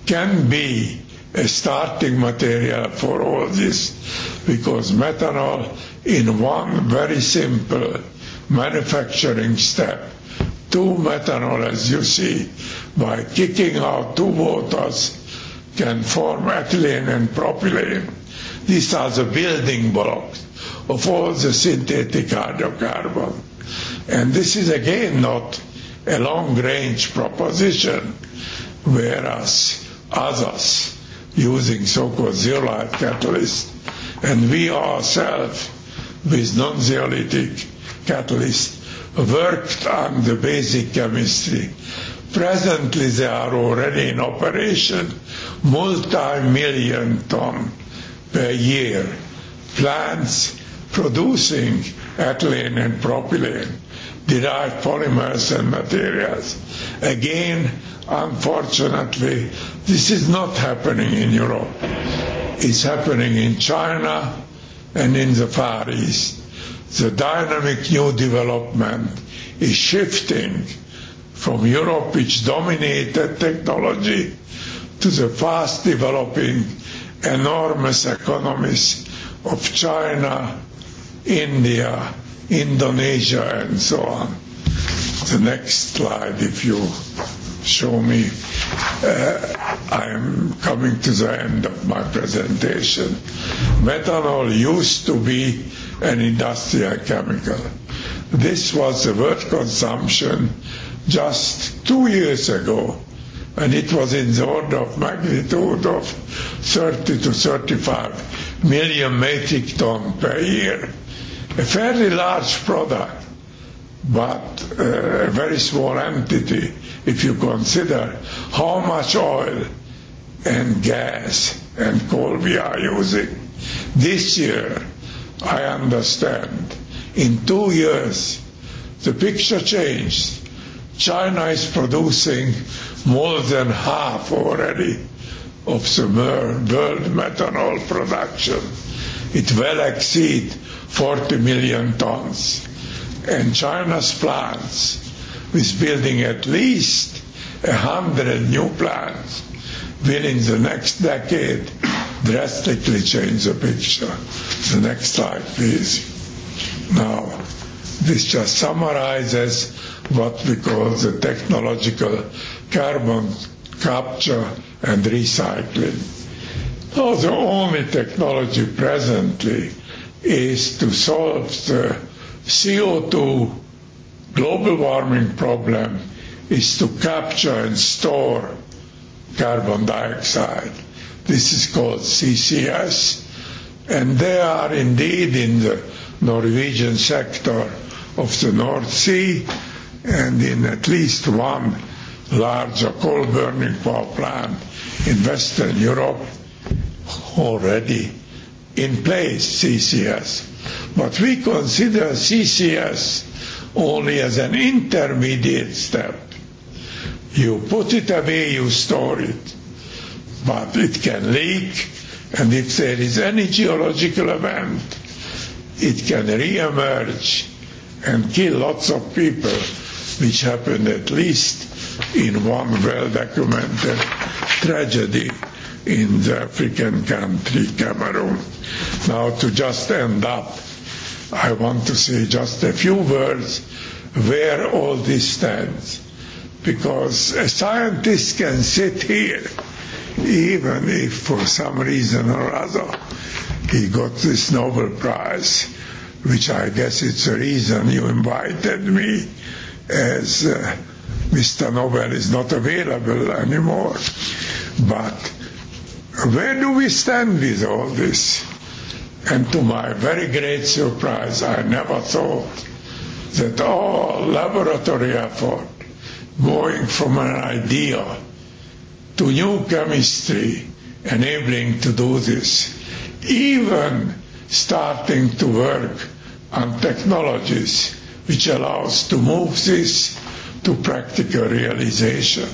can be a starting material for all this because methanol in one very simple manufacturing step. Two methanol, as you see, by kicking out two waters can form ethylene and propylene. These are the building blocks of all the synthetic hydrocarbon. And this is again not a long range proposition, whereas others using so-called zeolite catalysts and we ourselves with non-zeolitic catalysts worked on the basic chemistry. Presently they are already in operation multi-million ton per year plants producing ethylene and propylene derived polymers and materials. Again, unfortunately, this is not happening in Europe. It's happening in China, and in the Far East, the dynamic new development is shifting from Europe, which dominated technology, to the fast developing enormous economies of China, India, Indonesia, and so on. The next slide, if you show me. Uh, I'm coming to the end of my presentation. Methanol used to be an industrial chemical. This was the world consumption just two years ago, and it was in the order of magnitude of 30 to 35 million metric ton per year. A fairly large product, but uh, a very small entity if you consider how much oil and gas and coal we are using. This year, I understand, in two years, the picture changed. China is producing more than half already of the world methanol production. It will exceed 40 million tons. And China's plants with building at least a hundred new plants will in the next decade drastically change the picture. The next slide, please. Now, this just summarizes what we call the technological carbon capture and recycling. Now, the only technology presently is to solve the CO2 global warming problem is to capture and store carbon dioxide. This is called CCS. And they are indeed in the Norwegian sector of the North Sea and in at least one larger coal burning power plant in Western Europe already in place, CCS. But we consider CCS only as an intermediate step. You put it away, you store it, but it can leak, and if there is any geological event, it can re-emerge and kill lots of people, which happened at least in one well-documented tragedy in the African country, Cameroon. Now to just end up I want to say just a few words where all this stands. Because a scientist can sit here, even if for some reason or other he got this Nobel Prize, which I guess it's the reason you invited me, as uh, Mr. Nobel is not available anymore. But where do we stand with all this? And to my very great surprise, I never thought that all laboratory effort going from an idea to new chemistry enabling to do this, even starting to work on technologies which allows to move this to practical realization.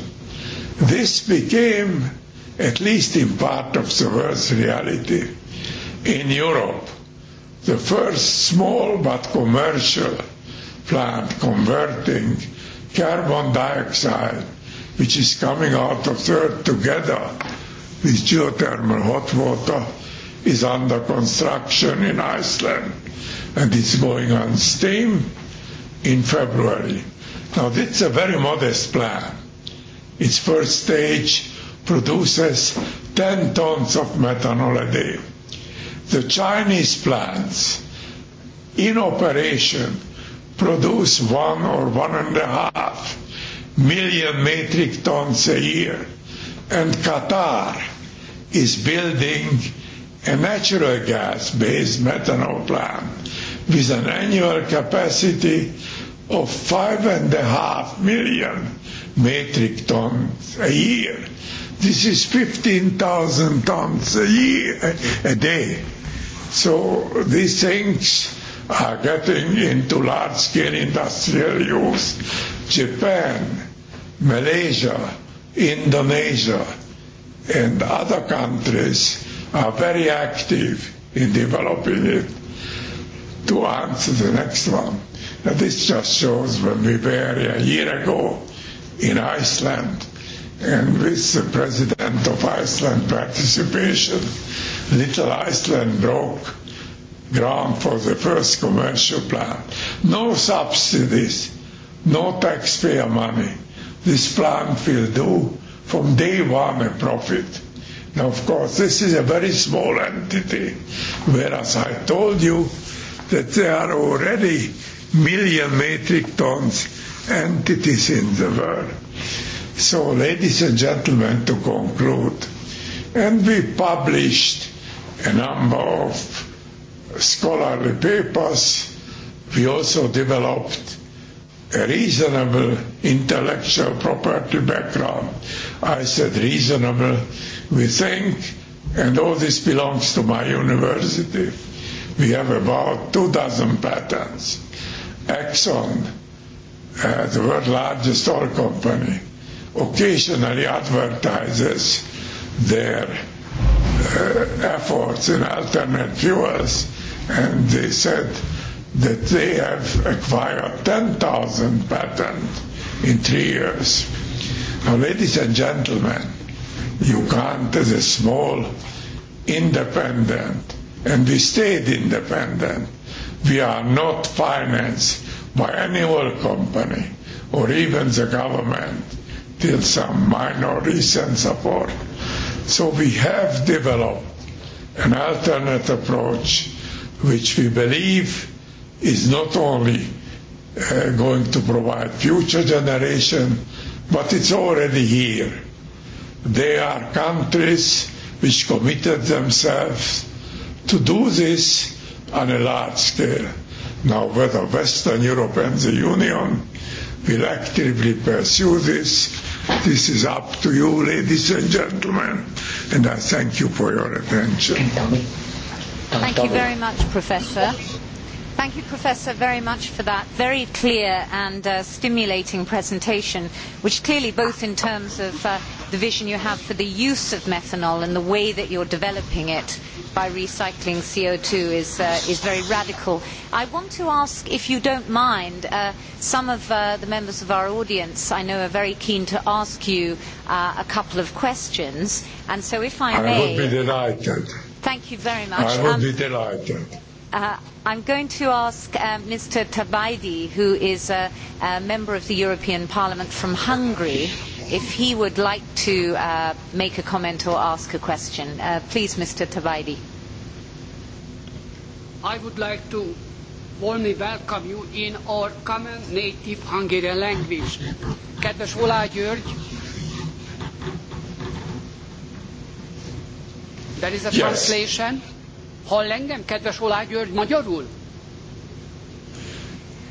This became, at least in part of the world's reality, in Europe, the first small but commercial plant converting carbon dioxide, which is coming out of the earth together with geothermal hot water, is under construction in Iceland and it's going on steam in February. Now, this is a very modest plan. Its first stage produces 10 tons of methanol a day the Chinese plants in operation produce one or one and a half million metric tons a year. And Qatar is building a natural gas based methanol plant with an annual capacity of five and a half million metric tons a year. This is 15,000 tons a year, a day. So these things are getting into large scale industrial use. Japan, Malaysia, Indonesia, and other countries are very active in developing it. To answer the next one, now this just shows when we were a year ago in Iceland And with the president of Iceland participation, Little Iceland broke ground for the first commercial plant. No subsidies, no taxpayer money. This plant will do from day one a profit. Now, of course, this is a very small entity, whereas I told you that there are already million metric tons entities in the world. So, ladies and gentlemen, to conclude, and we published a number of scholarly papers. We also developed a reasonable intellectual property background. I said reasonable, we think, and all this belongs to my university. We have about two dozen patents. Exxon, uh, the world's largest oil company, occasionally advertises their uh, efforts in alternate fuels, and they said that they have acquired 10,000 patents in three years. Now, ladies and gentlemen, you can't, as a small, independent, and we stayed independent, we are not financed by any oil company or even the government still some minorities and support. So we have developed an alternate approach which we believe is not only uh, going to provide future generation, but it's already here. They are countries which committed themselves to do this on a large scale. Now, whether Western Europe and the Union will actively pursue this This is up to you, ladies and gentlemen, and I thank you for your attention. Thank you very much, Professor. Thank you, Professor, very much for that very clear and uh, stimulating presentation, which clearly, both in terms of uh, the vision you have for the use of methanol and the way that you're developing it by recycling CO2 is, uh, is very radical. I want to ask, if you don't mind, uh, some of uh, the members of our audience I know are very keen to ask you uh, a couple of questions, and so if I, I may... I would be delighted. Thank you very much. I would be delighted I am going to ask Mr. Tabajdi, who is a, member of the European Parliament from Hungary, if he would like to make a comment or ask a question. please, Mr. Tabajdi. I would like to warmly welcome you in our common native Hungarian language. Kedves Olá György, there is a translation. Hall engem, kedves Olá György, magyarul?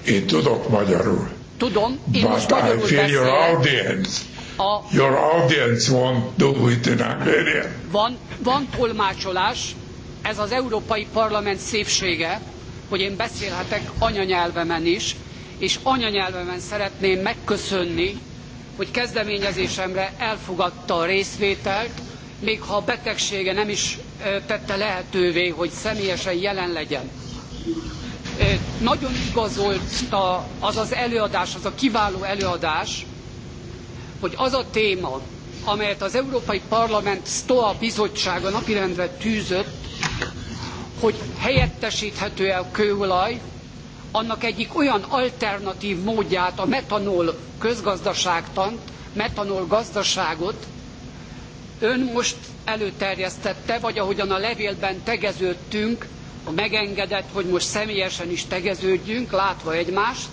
Én tudok magyarul. Tudom, én But most magyarul I feel your audience. A... Your audience won't do it in Hungarian. Van, van tolmácsolás, ez az Európai Parlament szépsége, hogy én beszélhetek anyanyelvemen is, és anyanyelvemen szeretném megköszönni, hogy kezdeményezésemre elfogadta a részvételt, még ha a betegsége nem is tette lehetővé, hogy személyesen jelen legyen. Nagyon igazolta az az előadás, az a kiváló előadás, hogy az a téma, amelyet az Európai Parlament STOA bizottsága napirendre tűzött, hogy helyettesíthető-e a kőolaj, annak egyik olyan alternatív módját, a metanol közgazdaságtant, metanol gazdaságot, Ön most előterjesztette, vagy ahogyan a levélben tegeződtünk, megengedett, hogy most személyesen is tegeződjünk, látva egymást.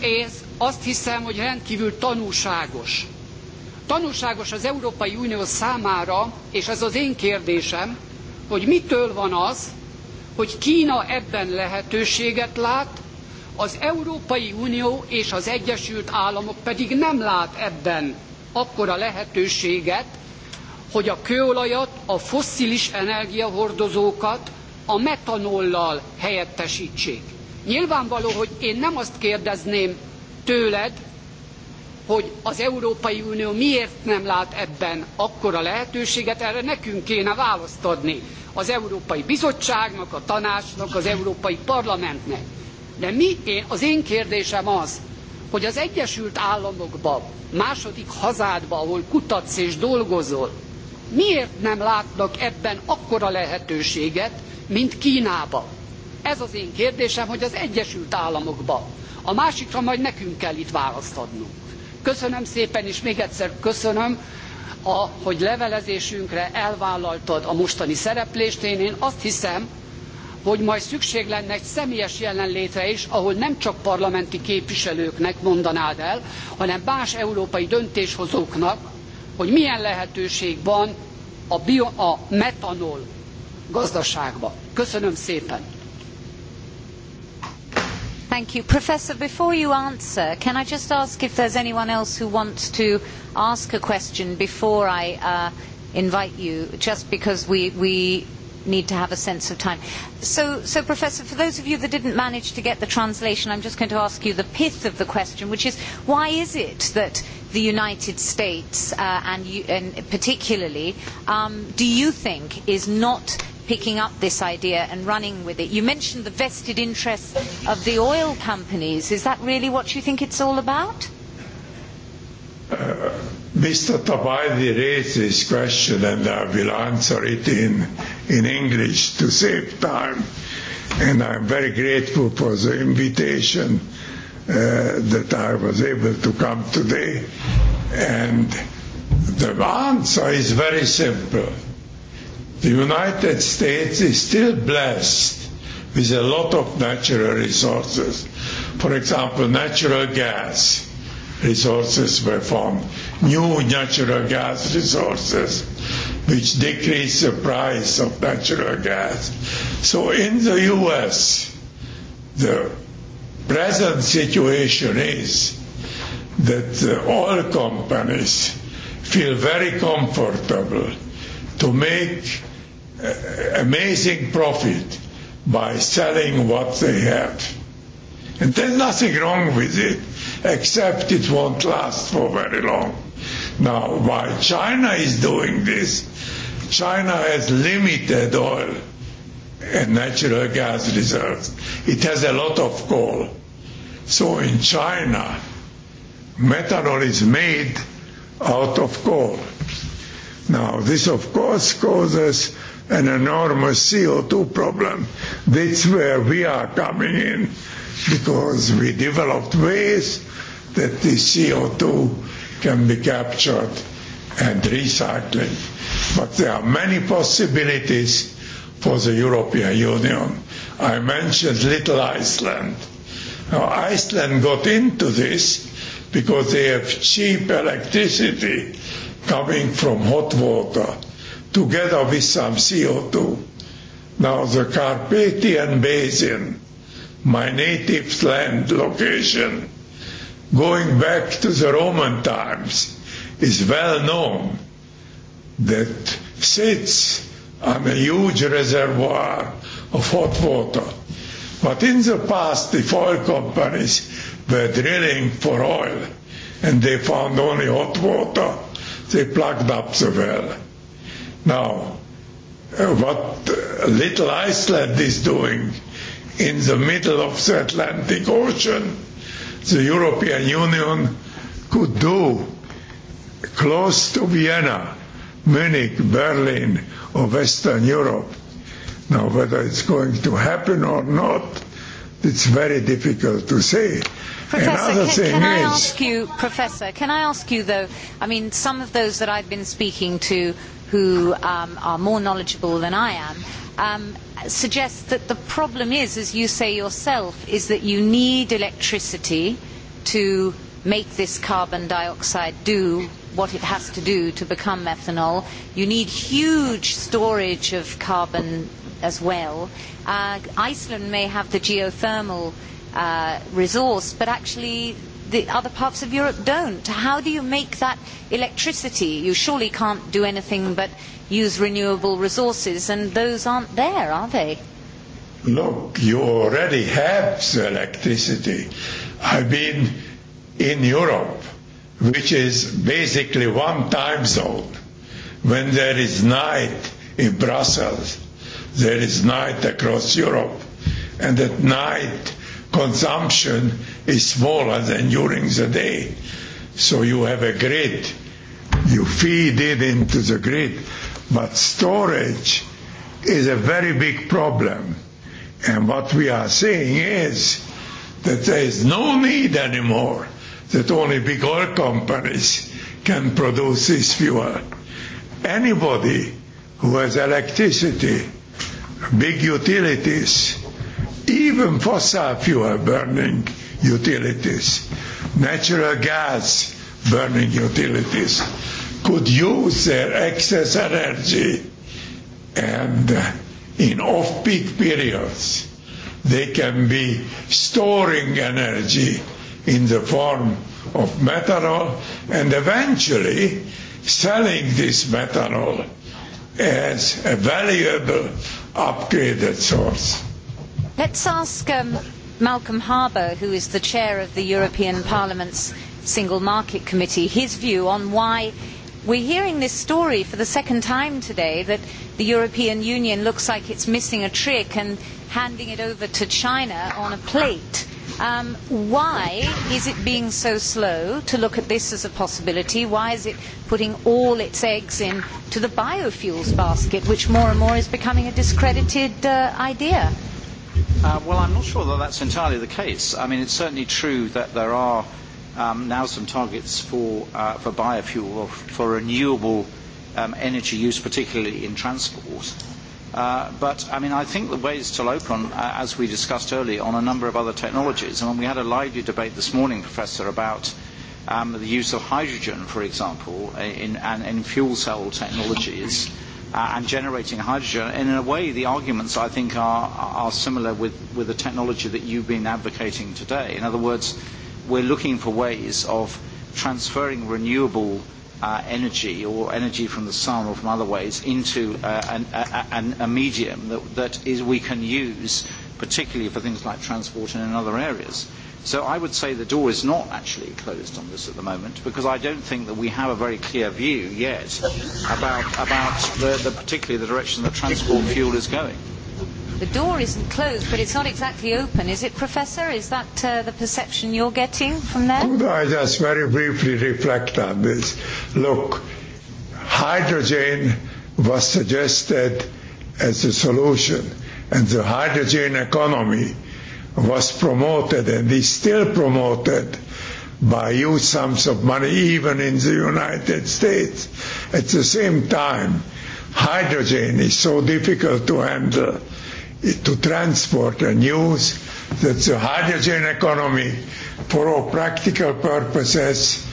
És azt hiszem, hogy rendkívül tanúságos. Tanúságos az Európai Unió számára, és ez az én kérdésem, hogy mitől van az, hogy Kína ebben lehetőséget lát, az Európai Unió és az Egyesült Államok pedig nem lát ebben akkora lehetőséget, hogy a kőolajat, a fosszilis energiahordozókat a metanollal helyettesítsék. Nyilvánvaló, hogy én nem azt kérdezném tőled, hogy az Európai Unió miért nem lát ebben akkora lehetőséget, erre nekünk kéne választ adni az Európai Bizottságnak, a tanácsnak, az Európai Parlamentnek. De mi, az én kérdésem az, hogy az Egyesült Államokban, második hazádban, ahol kutatsz és dolgozol, miért nem látnak ebben akkora lehetőséget, mint Kínában? Ez az én kérdésem, hogy az Egyesült Államokban. A másikra majd nekünk kell itt választ adnunk. Köszönöm szépen, és még egyszer köszönöm, hogy levelezésünkre elvállaltad a mostani szereplést. Én, én azt hiszem, hogy majd szükség lenne egy személyes jelenlétre is, ahol nem csak parlamenti képviselőknek mondanád el, hanem más európai döntéshozóknak, hogy milyen lehetőség van a, bio, a metanol gazdaságban. Köszönöm szépen! Thank you. Professor, before you answer, can I just ask if there's anyone else who wants to ask a question before I uh, invite you, just because we, we need to have a sense of time. So, so Professor, for those of you that didn't manage to get the translation, I'm just going to ask you the pith of the question, which is why is it that the United States, uh, and, you, and particularly, um, do you think is not picking up this idea and running with it? You mentioned the vested interests of the oil companies. Is that really what you think it's all about? Mr. Tabaydi raised this question, and I will answer it in in English to save time. And I'm very grateful for the invitation uh, that I was able to come today. And the answer is very simple. The United States is still blessed with a lot of natural resources. For example, natural gas resources were formed, new natural gas resources which decrease the price of natural gas. So in the US, the present situation is that the oil companies feel very comfortable to make amazing profit by selling what they have. And there's nothing wrong with it, except it won't last for very long. Now, why China is doing this, China has limited oil and natural gas reserves. It has a lot of coal. So in China, methanol is made out of coal. Now, this of course causes an enormous CO2 problem. That's where we are coming in because we developed ways that the CO2 can be captured and recycling. But there are many possibilities for the European Union. I mentioned Little Iceland. Now, Iceland got into this because they have cheap electricity coming from hot water together with some CO2. Now, the Carpathian Basin, my native land location, going back to the Roman times, is well known that sits on a huge reservoir of hot water. But in the past, the oil companies were drilling for oil and they found only hot water. They plugged up the well. Now, what little Iceland is doing in the middle of the Atlantic Ocean the European Union could do close to Vienna, Munich, Berlin, or Western Europe. Now, whether it's going to happen or not, it's very difficult to say. Professor, can, can I ask you, Professor, can I ask you though, I mean, some of those that I've been speaking to who are more knowledgeable than I am, suggests that the problem is, as you say yourself, is that you need electricity to make this carbon dioxide do what it has to do to become methanol. You need huge storage of carbon as well. Iceland may have the geothermal resource, but actually the other parts of Europe don't. How do you make that electricity? You surely can't do anything but use renewable resources, and those aren't there, are they? Look, you already have the electricity. I been in Europe, which is basically one time zone, when there is night in Brussels, there is night across Europe, and at night consumption is smaller than during the day. So you have a grid, you feed it into the grid, but storage is a very big problem. And what we are seeing is that there is no need anymore that only big oil companies can produce this fuel. Anybody who has electricity, big utilities, even fossil fuel burning utilities, natural gas burning utilities could use their excess energy and in off-peak periods they can be storing energy in the form of methanol and eventually selling this methanol as a valuable upgraded source. Let's ask Malcolm Harbour, who is the chair of the European Parliament's Single Market Committee, his view on why we are hearing this story for the second time today that the European Union looks like it is missing a trick and handing it over to China on a plate. why is it being so slow to look at this as a possibility? Why is it putting all its eggs into the biofuels basket, which more and more is becoming a discredited idea? well, I'm not sure that that's entirely the case. I mean, it's certainly true that there are um, now some targets for, uh, for biofuel or for renewable um, energy use, particularly in transport. Uh, but, I mean, I think the way is still open uh, as we discussed earlier, on a number of other technologies. I mean, we had a lively debate this morning, Professor, about um, the use of hydrogen, for example, in, and in fuel cell technologies and generating hydrogen. And in a way, the arguments, I think, are, are similar with, with the technology that you've been advocating today. In other words, we're looking for ways of transferring renewable uh, energy or energy from the sun or from other ways into uh, an, a, a, a medium that, that is, we can use, particularly for things like transport and in other areas. So I would say the door is not actually closed on this at the moment because I don't think that we have a very clear view yet about, about the, the, particularly the direction that transport fuel is going. The door isn't closed, but it's not exactly open, is it, Professor? Is that uh, the perception you're getting from there? Could I just very briefly reflect on this? Look, hydrogen was suggested as a solution, and the hydrogen economy was promoted and is still promoted by huge sums of money, even in the United States. At the same time, hydrogen is so difficult to handle, to transport and use, that the hydrogen economy, for all practical purposes,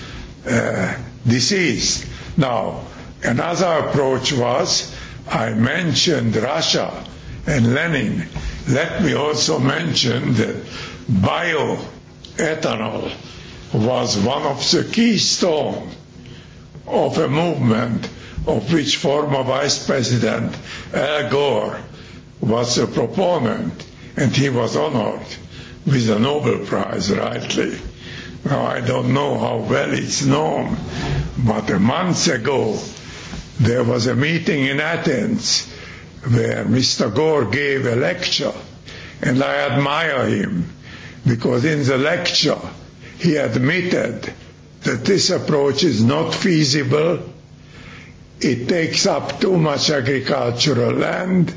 uh, diseased. Now, another approach was, I mentioned Russia and Lenin. Let me also mention that bioethanol was one of the keystone of a movement of which former Vice President Al Gore was a proponent, and he was honored with a Nobel Prize, rightly. Now, I don't know how well it's known, but a month ago there was a meeting in Athens where Mr. Gore gave a lecture, and I admire him because in the lecture he admitted that this approach is not feasible, it takes up too much agricultural land,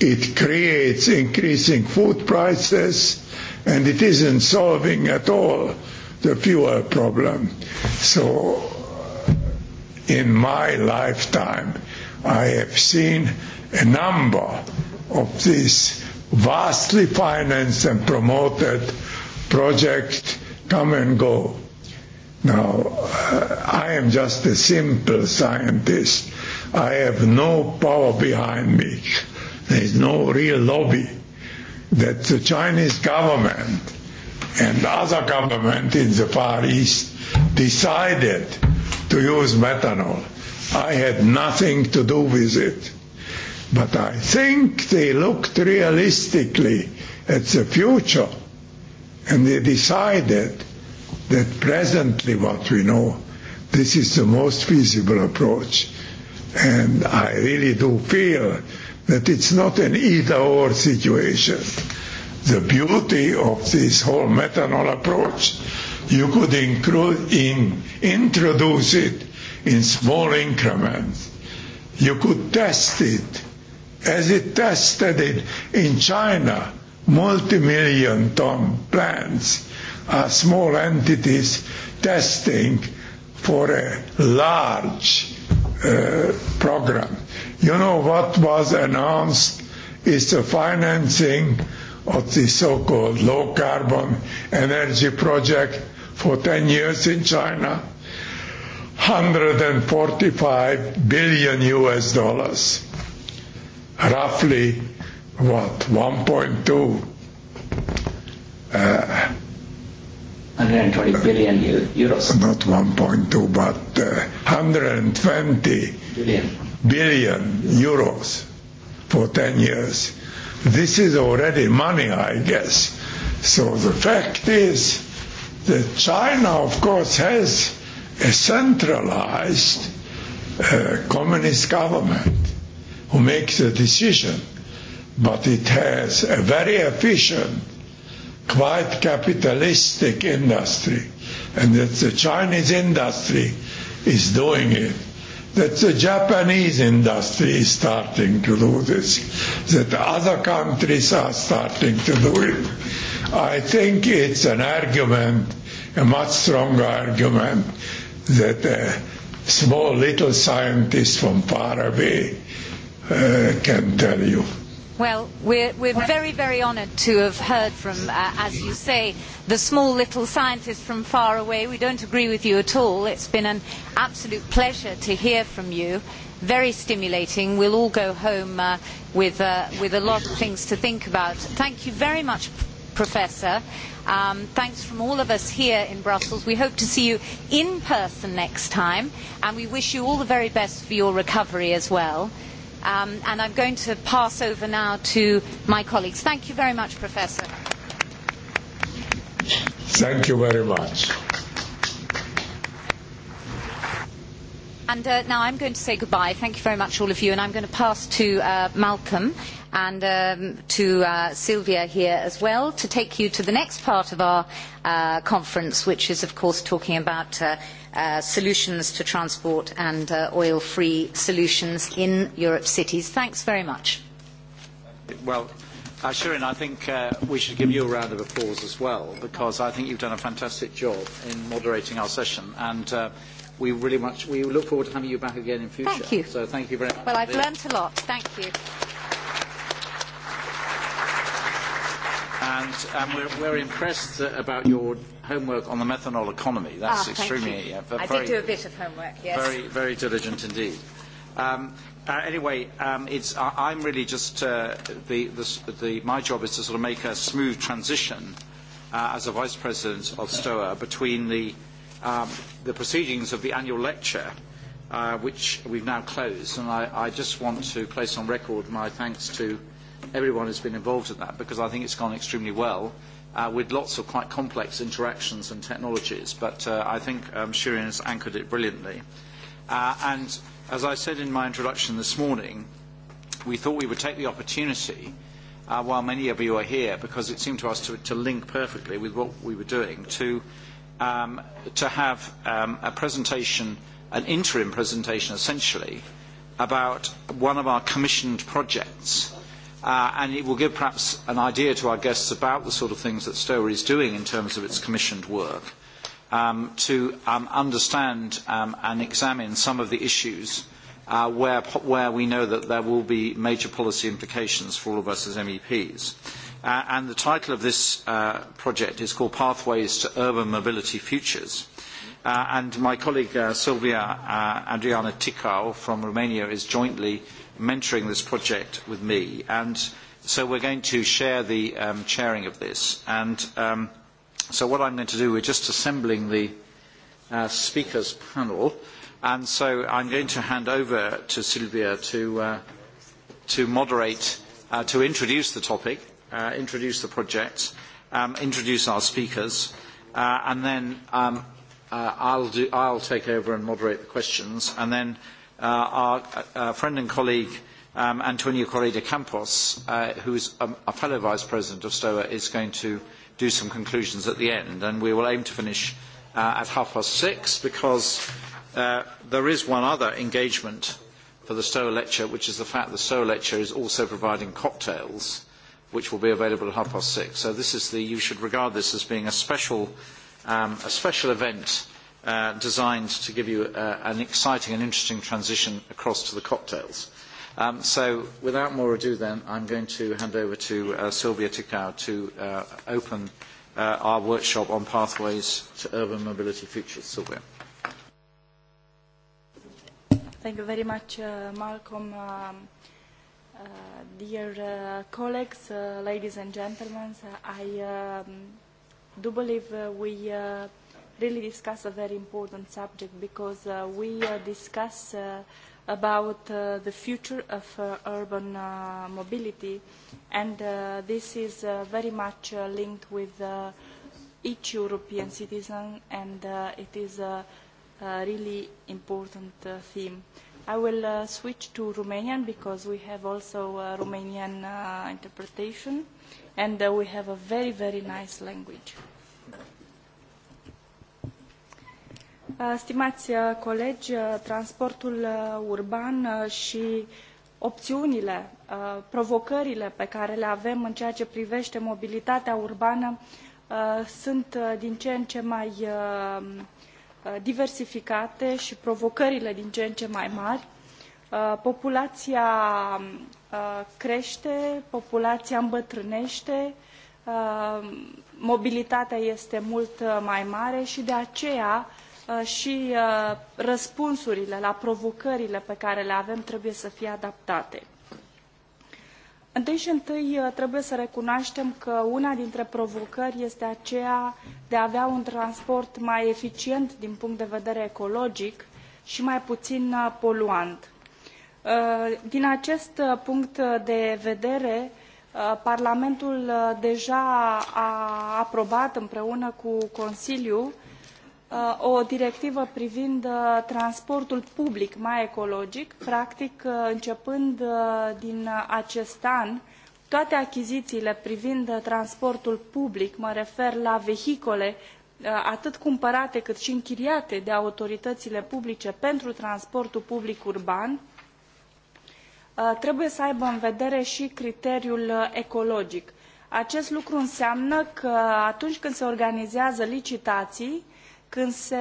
it creates increasing food prices, and it isn't solving at all the fuel problem. So in my lifetime, I have seen a number of these vastly financed and promoted projects come and go. Now, uh, I am just a simple scientist. I have no power behind me. There is no real lobby. That the Chinese government and other government in the Far East decided to use methanol. I had nothing to do with it. But I think they looked realistically at the future and they decided that presently what we know, this is the most feasible approach. And I really do feel that it's not an either or situation. The beauty of this whole methanol approach, you could include in, introduce it in small increments. You could test it as it tested it in China, multi-million ton plants are small entities testing for a large uh, program. You know what was announced is the financing of the so-called low carbon energy project for 10 years in China, 145 billion US dollars roughly what 1.2 uh, 120 billion euros. Not 1.2, but uh, 120 billion. billion euros for 10 years. This is already money, I guess. So the fact is that China, of course, has a centralized uh, communist government who makes the decision, but it has a very efficient, quite capitalistic industry, and that the Chinese industry is doing it. That the Japanese industry is starting to do this, that other countries are starting to do it. I think it's an argument, a much stronger argument, that a small little scientist from far away can tell you. Well, we're, we're very, very honoured to have heard from, uh, as you say, the small little scientist from far away. We don't agree with you at all. It's been an absolute pleasure to hear from you. Very stimulating. We'll all go home uh, with, uh, with a lot of things to think about. Thank you very much, Professor. Um, thanks from all of us here in Brussels. We hope to see you in person next time, and we wish you all the very best for your recovery as well. Um, and I'm going to pass over now to my colleagues. Thank you very much, Professor. Thank you very much. And uh, now I'm going to say goodbye. Thank you very much, all of you. And I'm going to pass to uh, Malcolm and um, to uh, Sylvia here as well to take you to the next part of our uh, conference, which is, of course, talking about uh, solutions to transport and oil-free solutions in Europe's cities. Thanks very much. Well, Shirin, I think we should give you a round of applause as well, because I think you've done a fantastic job in moderating our session. And we really much we look forward to having you back again in future. Thank you. So thank you very much. Well, I've learned a lot. Thank you. and um, we're, we're impressed about your homework on the methanol economy. That's extremely. uh very, I did do a bit of homework. Yes. Very, very diligent indeed. Um, uh, anyway, um, it's, uh I'm really just uh, the, the, the, my job is to sort of make a smooth transition uh, as a vice president of STOA between the um, the proceedings of the annual lecture uh, which we've now closed, and I, I just want to place on record my thanks to everyone has been involved in that because I think it's gone extremely well uh, with lots of quite complex interactions and technologies. But uh, I think um, Shirin has anchored it brilliantly. Uh, and as I said in my introduction this morning, we thought we would take the opportunity uh, while many of you are here because it seemed to us to, to link perfectly with what we were doing to um, to have um, a presentation, an interim presentation essentially, about one of our commissioned projects and it will give perhaps an idea to our guests about the sort of things that STOA is doing in terms of its commissioned work to understand and examine some of the issues where we know that there will be major policy implications for all of us as MEPs. And the title of this project is called Pathways to Urban Mobility Futures. And my colleague Silvia Adriana Ticau from Romania is jointly mentoring this project with me. And so we're going to share the um, chairing of this. And um, so what I'm going to do, we're just assembling the uh, speakers panel. And so I'm going to hand over to Sylvia to, uh, to moderate, uh, to introduce the topic, uh, introduce the project, um, introduce our speakers, uh, and then um, uh, I'll, do, I'll take over and moderate the questions. And then our friend and colleague Antonio Correa de Campos, who is a fellow Vice President of STOA, is going to do some conclusions at the end. And we will aim to finish at half past six because there is one other engagement for the STOA lecture, which is the fact the STOA lecture is also providing cocktails, which will be available at half past six. So this is the, you should regard this as being a special, um, a special event designed to give you an exciting and interesting transition across to the cocktails. Um so without more ado then, I'm going to hand over to uh Sylvia Tikau to uh open uh our workshop on pathways to urban mobility futures. Sylvia. Thank you very much, Malcolm. dear colleagues, ladies and gentlemen, I do believe uh we uh really discuss a very important subject because uh, we uh, discuss uh, about uh, the future of uh, urban uh, mobility and uh, this is uh, very much uh, linked with uh, each European citizen and uh, it is a, a really important uh, theme. I will uh, switch to Romanian because we have also a Romanian uh, interpretation and uh, we have a very, very nice language. Stimați colegi, transportul urban și opțiunile, provocările pe care le avem în ceea ce privește mobilitatea urbană sunt din ce în ce mai diversificate și provocările din ce în ce mai mari. Populația crește, populația îmbătrânește, mobilitatea este mult mai mare și de aceea și răspunsurile la provocările pe care le avem trebuie să fie adaptate. Întâi și întâi trebuie să recunoaștem că una dintre provocări este aceea de a avea un transport mai eficient din punct de vedere ecologic și mai puțin poluant. Din acest punct de vedere, Parlamentul deja a aprobat împreună cu Consiliul o directivă privind transportul public mai ecologic. Practic, începând din acest an, toate achizițiile privind transportul public, mă refer la vehicole atât cumpărate cât și închiriate de autoritățile publice pentru transportul public urban, trebuie să aibă în vedere și criteriul ecologic. Acest lucru înseamnă că atunci când se organizează licitații, când se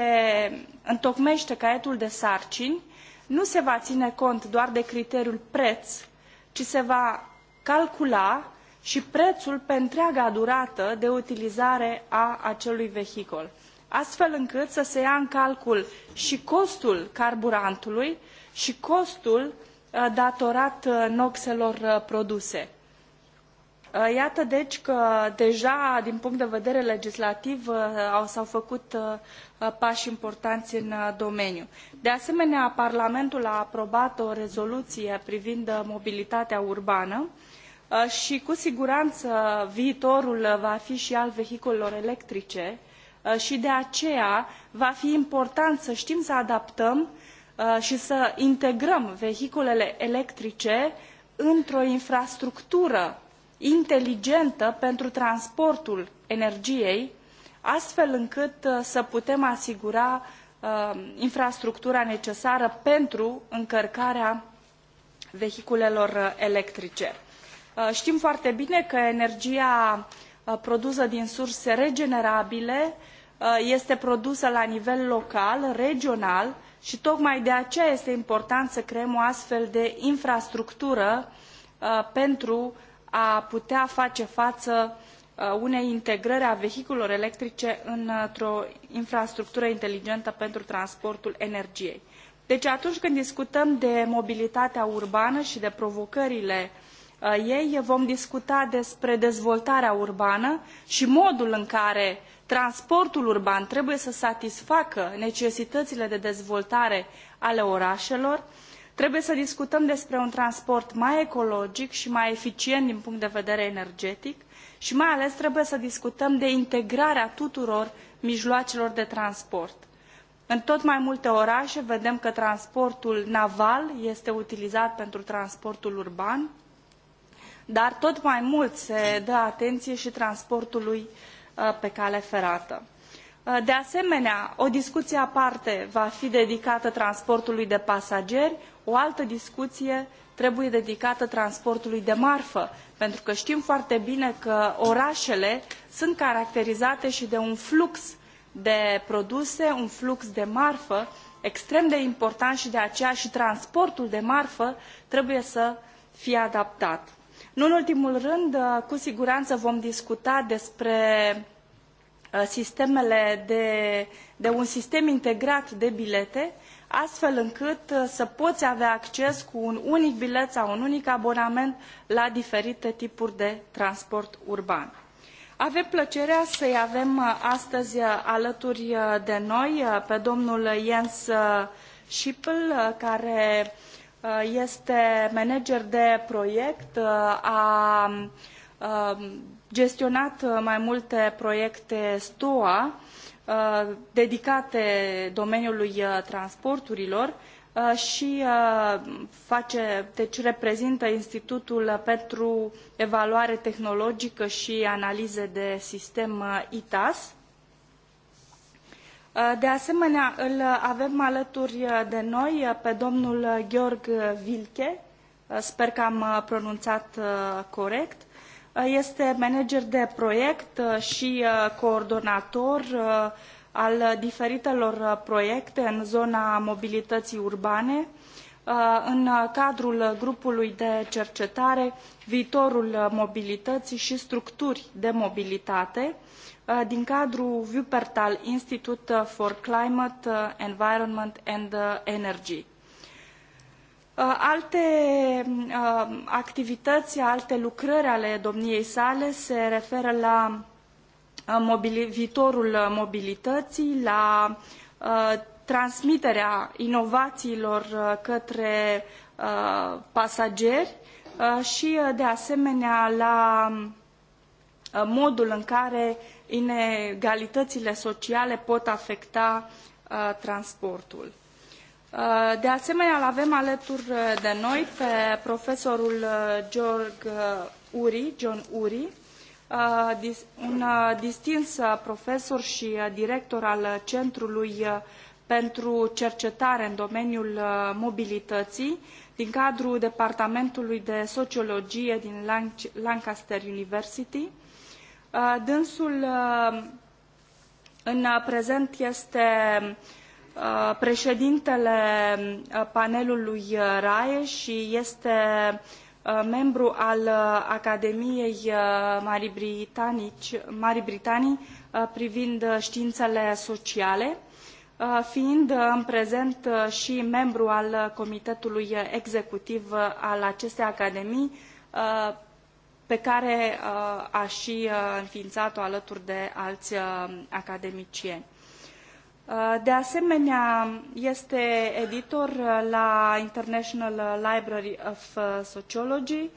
întocmește caietul de sarcini, nu se va ține cont doar de criteriul preț, ci se va calcula și prețul pe întreaga durată de utilizare a acelui vehicol, astfel încât să se ia în calcul și costul carburantului și costul datorat noxelor produse. Iată deci că deja din punct de vedere legislativ s-au făcut pași importanți în domeniu. De asemenea, Parlamentul a aprobat o rezoluție privind mobilitatea urbană și cu siguranță viitorul va fi și al vehiculelor electrice și de aceea va fi important să știm să adaptăm și să integrăm vehiculele electrice într-o infrastructură inteligentă pentru transportul energiei, astfel încât să putem asigura infrastructura necesară pentru încărcarea vehiculelor electrice. Știm foarte bine că energia produsă din surse regenerabile este produsă la nivel local, regional și tocmai de aceea este important să creăm o astfel de infrastructură pentru a putea face față unei integrări a vehiculelor electrice într-o infrastructură inteligentă pentru transportul energiei. Deci atunci când discutăm de mobilitatea urbană și de provocările ei, vom discuta despre dezvoltarea urbană și modul în care transportul urban trebuie să satisfacă necesitățile de dezvoltare ale orașelor, uh, Trebuie să discutăm despre un transport mai ecologic și mai eficient din punct de vedere energetic și mai ales trebuie să discutăm de integrarea tuturor mijloacelor de transport. În tot mai multe orașe vedem că transportul naval este utilizat pentru transportul urban, dar tot mai mult se dă atenție și transportului pe cale ferată. De asemenea, o discuție aparte va fi dedicată transportului de pasageri, o altă discuție trebuie dedicată transportului de marfă, pentru că știm foarte bine că orașele sunt caracterizate și de un flux de produse, un flux de marfă extrem de important și de aceea și transportul de marfă trebuie să fie adaptat. Nu în ultimul rând, cu siguranță vom discuta despre sistemele de, de un sistem integrat de bilete, astfel încât să poți avea acces cu un unic bilet sau un unic abonament la diferite tipuri de transport urban. Avem plăcerea să-i avem astăzi alături de noi pe domnul Jens Schippel, care este manager de proiect a gestionat mai multe proiecte STOA dedicate domeniului transporturilor și face, deci reprezintă Institutul pentru Evaluare Tehnologică și Analize de Sistem ITAS. De asemenea, îl avem alături de noi pe domnul Gheorg Vilche, sper că am pronunțat corect, este manager de proiect și coordonator al diferitelor proiecte în zona mobilității urbane în cadrul grupului de cercetare Viitorul mobilității și structuri de mobilitate din cadrul Wuppertal Institute for Climate, Environment and Energy Alte activități, alte lucrări ale domniei sale se referă la viitorul mobilității, la transmiterea inovațiilor către pasageri și, de asemenea, la modul în care inegalitățile sociale pot afecta transportul. De asemenea, îl avem alături de noi pe profesorul Georg Uri, John Uri, un distins profesor și director al Centrului pentru Cercetare în domeniul mobilității din cadrul Departamentului de Sociologie din Lancaster University. Dânsul în prezent este uh, președintele panelului RAE și este membru al Academiei Marii Britanici, Marii Britanii privind științele sociale, fiind în prezent și membru al Comitetului Executiv al acestei academii, pe care a și înființat-o alături de alți academicieni De asemenea, este editor la International Library of Sociology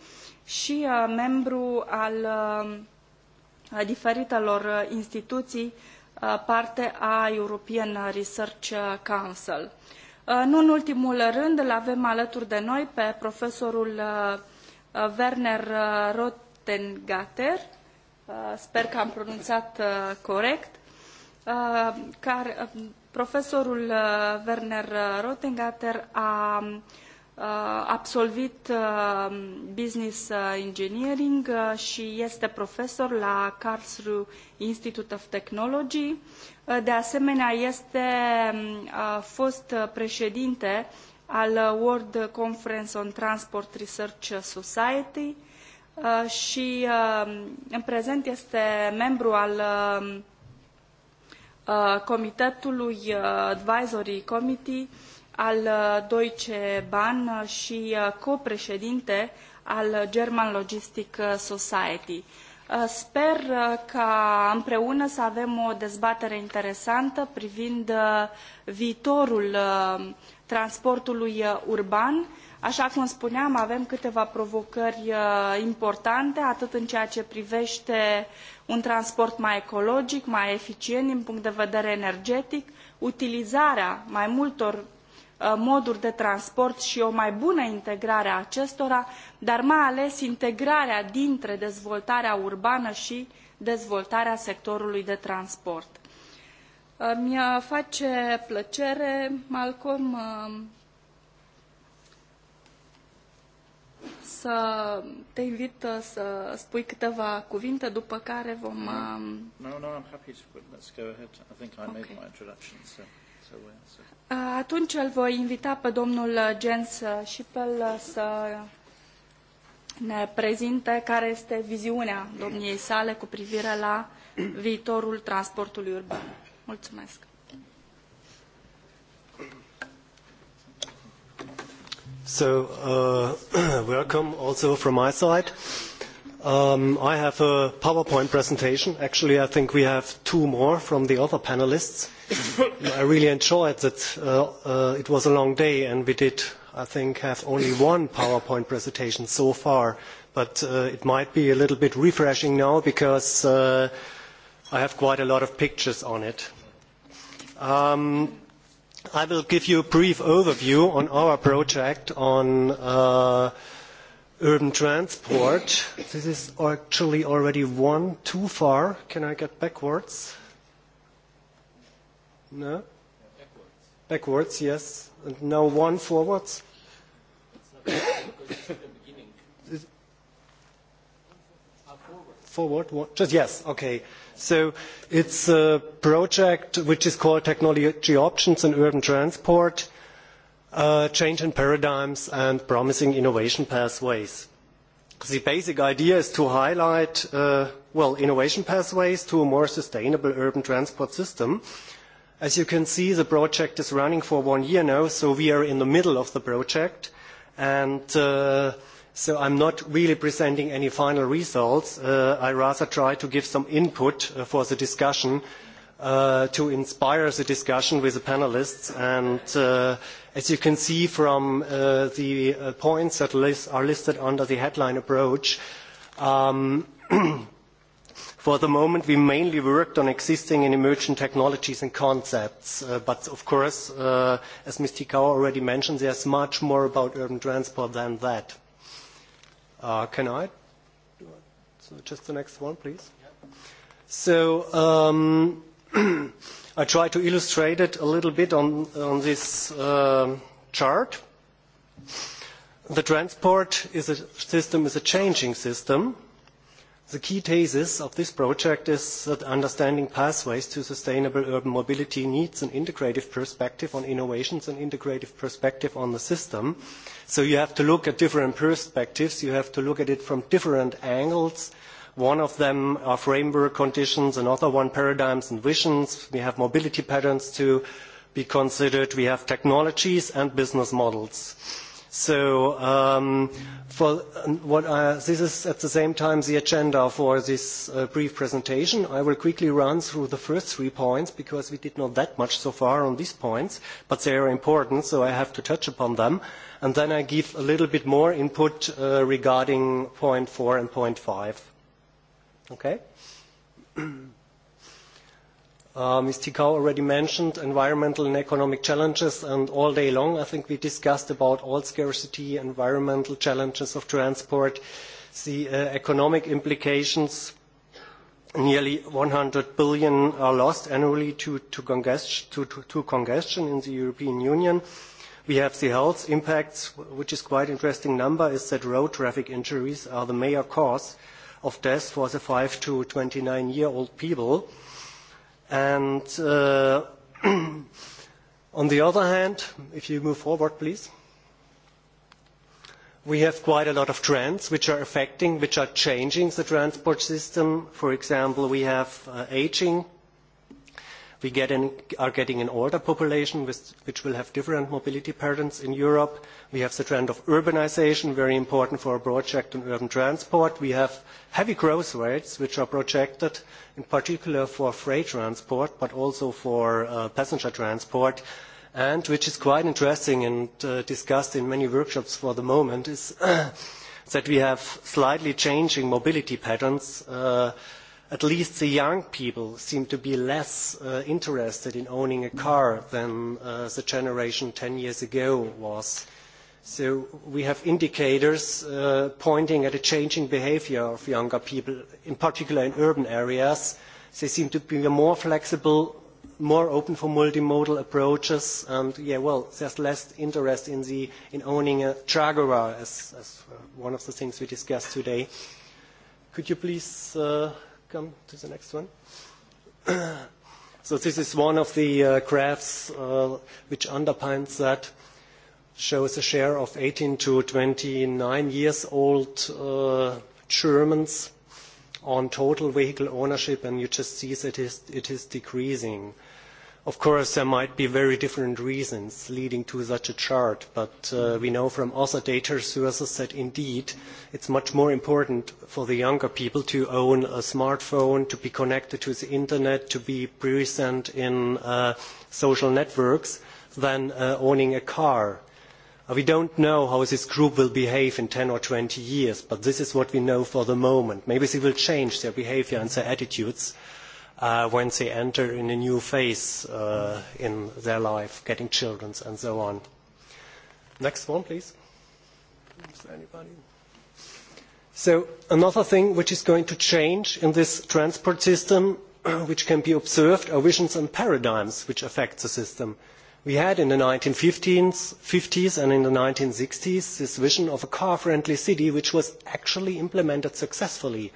și membru al diferitelor instituții parte a European Research Council. Nu în ultimul rând, îl avem alături de noi pe profesorul Werner Rottengatter, sper că am pronunțat corect, care, profesorul Werner Rottengatter a absolvit business engineering și este profesor la Karlsruhe Institute of Technology. De asemenea, este fost președinte al World Conference on Transport Research Society și în prezent este membru al Comitetului Advisory Committee al Deutsche Bahn și copreședinte al German Logistic Society. Sper ca împreună să avem o dezbatere interesantă privind viitorul transportului urban, Așa cum spuneam, avem câteva provocări importante, atât în ceea ce privește un transport mai ecologic, mai eficient din punct de vedere energetic, utilizarea mai multor moduri de transport și o mai bună integrare a acestora, dar mai ales integrarea dintre dezvoltarea urbană și dezvoltarea sectorului de transport. Mi face plăcere, Malcolm, să te invit să spui câteva cuvinte, după care vom... No, no, I'm happy to, put, let's go ahead. I think I made my introduction, so... Atunci îl voi invita pe domnul Jens Schippel să ne prezinte care este viziunea domniei sale cu privire la viitorul transportului urban. Mulțumesc. So, welcome also from my side. I have a PowerPoint presentation. Actually, I think we have two more from the other panelists. I really enjoyed that it was a long day, and we did, I think, have only one PowerPoint presentation so far. But it might be a little bit refreshing now because I have quite a lot of pictures on it. I will give you a brief overview on our project on urban transport. This is actually already one too far. Can I get backwards? No? Backwards, yes. And now one forwards. Forward, one. Just yes, okay. So it's a project which is called Technology Options in Urban Transport, Change in Paradigms and Promising Innovation Pathways. The basic idea is to highlight, well, innovation pathways to a more sustainable urban transport system. As you can see, the project is running for one year now, so we are in the middle of the project. And So I am not really presenting any final results. I rather try to give some input for the discussion to inspire the discussion with the panelists. And as you can see from the points that are listed under the headline approach, for the moment we mainly worked on existing and emerging technologies and concepts. but of course, as Ms. Tikau already mentioned, there is much more about urban transport than that. Uh, can I? So just the next one, please. So um, I try to illustrate it a little bit on, on this uh, chart. The transport is a system is a changing system. The key thesis of this project is that understanding pathways to sustainable urban mobility needs an integrative perspective on innovations and integrative perspective on the system. Uh, So you have to look at different perspectives. You have to look at it from different angles. One of them are framework conditions, another one paradigms and visions. We have mobility patterns to be considered. We have technologies and business models So um, for what I, this is at the same time the agenda for this uh, brief presentation. I will quickly run through the first three points because we did not that much so far on these points, but they are important, so I have to touch upon them. And then I give a little bit more input uh, regarding point four and point five. Okay? Ms. Tikau already mentioned environmental and economic challenges, and all day long I think we discussed about oil scarcity, environmental challenges of transport, the economic implications. Nearly one hundred billion are lost annually to, congestion in the European Union. We have the health impacts, which is quite an interesting number, is that road traffic injuries are the major cause of death for the five to twenty nine year old people. And on the other hand, if you move forward, please, we have quite a lot of trends which are affecting, which are changing the transport system. For example, we have uh, aging We are getting an older population, which will have different mobility patterns in Europe. We have the trend of urbanisation, very important for a project on urban transport. We have heavy growth rates, which are projected in particular for freight transport, but also for passenger transport. And which is quite interesting and discussed in many workshops for the moment is that we have slightly changing mobility patterns at least the young people seem to be less interested in owning a car than the generation ten years ago was. So we have indicators pointing at a changing behaviour of younger people, in particular in urban areas. They seem to be more flexible, more open for multimodal approaches, and yeah, well, there's less interest in, the, in owning a Jaguar as, as one of the things we discussed today. Could you please uh, come to the next one. so this is one of the uh, graphs uh, which underpins that shows a share of 18 to 29 years old uh, Germans on total vehicle ownership, and you just see that it is, it is decreasing. Of course, there might be very different reasons leading to such a chart, but we know from other data sources that indeed it is much more important for the younger people to own a smartphone, to be connected to the internet, to be present in social networks than owning a car. We do not know how this group will behave in ten or twenty years, but this is what we know for the moment. Maybe they will change their behaviour and their attitudes when they enter in a new phase in their life, getting children and so on. Next one, please. Is there anybody? So another thing which is going to change in this transport system, which can be observed, are visions and paradigms which affect the system. We had in the 1950s and in the 1960s this vision of a car-friendly city, which was actually implemented successfully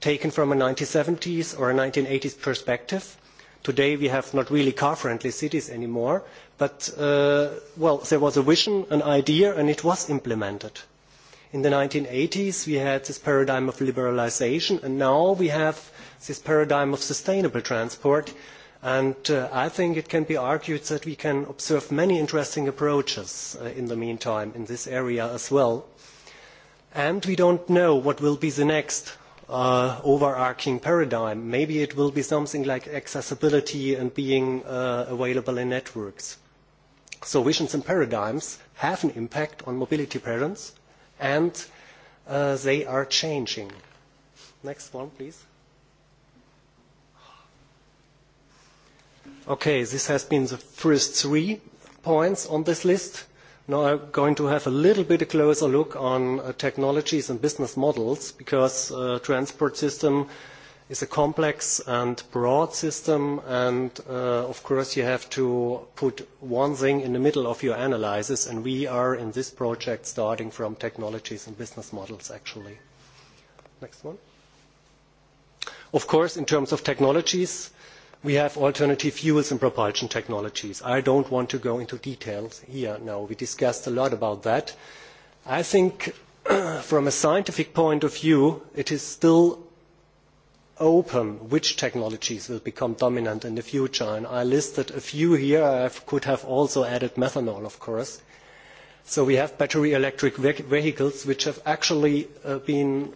taken from a 1970s or a 1980s perspective. Today we have not really car-friendly cities anymore, but well, there was a vision, an idea, and it was implemented. In the 1980s, we had this paradigm of liberalisation, and now we have this paradigm of sustainable transport. And I think it can be argued that we can observe many interesting approaches in the meantime in this area as well. And we don't know what will be the next uh overarching paradigm. Maybe it will be something like accessibility and being uh available in networks. So visions and paradigms have an impact on mobility patterns, and they are changing. Next one, please. Okay, this has been the first three points on this list. Now I'm going to have a little bit closer look on technologies and business models because the transport system is a complex and broad system and of course you have to put one thing in the middle of your analysis and we are in this project starting from technologies and business models actually. Next one. Of course in terms of technologies we have alternative fuels and propulsion technologies. I do not want to go into details here now. We discussed a lot about that. I think from a scientific point of view, it is still open which technologies will become dominant in the future. And I listed a few here. I could have also added methanol, of course. So we have battery electric vehicles, which have actually been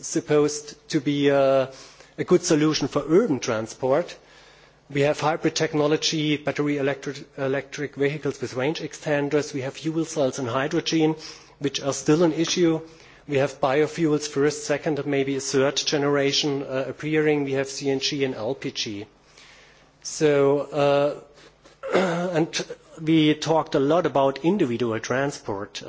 supposed to be a good solution for urban transport We have hybrid technology, battery electric vehicles with range extenders. We have fuel cells and hydrogen, which are still an issue. We have biofuels first, second, and maybe a third generation appearing. We have CNG and LPG. So, and we talked a lot about individual transport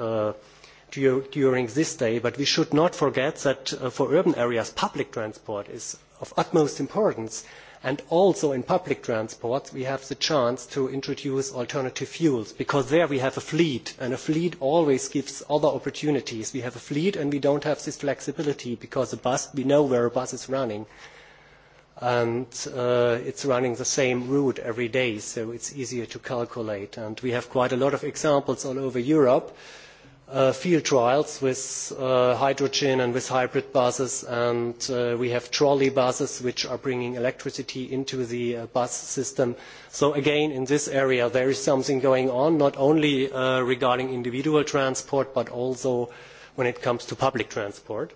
during this day, but we should not forget that for urban areas, public transport is of utmost importance and also in public transport we have the chance to introduce alternative fuels because there we have a fleet and a fleet always gives other opportunities. We have a fleet and we do not have this flexibility because a bus, we know where a bus is running and it is running the same route every day so it is easier to calculate and we have quite a lot of examples all over Europe field trials with hydrogen and with hybrid buses and we have trolley buses which are bringing electricity into the bus system. so again in this area there is something going on not only regarding individual transport but also when it comes to public transport.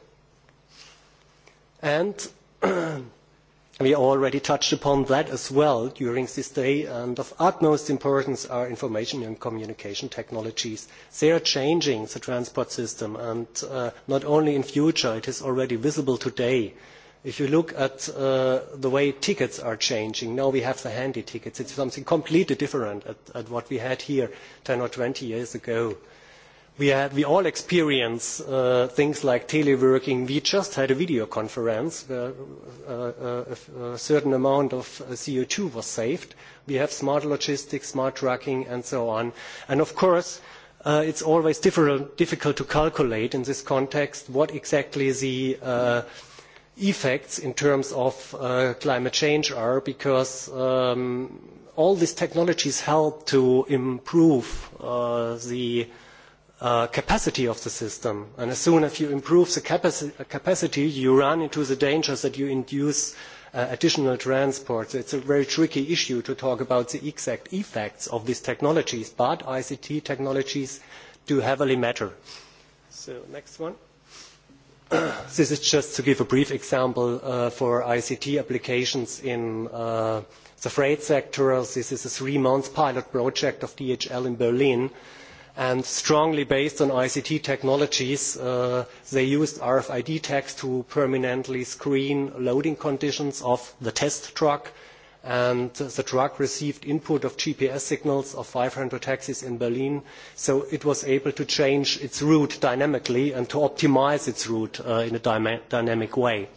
We already touched upon that as well during this day, and of utmost importance are information and communication technologies. They are changing the transport system, and not only in future, it is already visible today. If you look at the way tickets are changing, now we have the handy tickets. it is something completely different to what we had here ten or twenty years ago we all experience things like teleworking. We just had a video conference where a certain amount of co two was saved. We have smart logistics, smart tracking, and so on. And of course, it is always difficult to calculate in this context what exactly the effects in terms of climate change are because all these technologies help to improve the capacity of the system. And as soon as you improve the capacity, you run into the danger that you induce additional transport. It is a very tricky issue to talk about the exact effects of these technologies, but ICT technologies do heavily matter. This is just to give a brief example for ICT applications in the freight sector. This is a three-month pilot project of DHL in Berlin and strongly based on ICT technologies. they used RFID tags to permanently screen loading conditions of the test truck and the truck received input of GPS signals of five hundred taxis in Berlin, so it was able to change its route dynamically and to optimise its route in a dynamic way.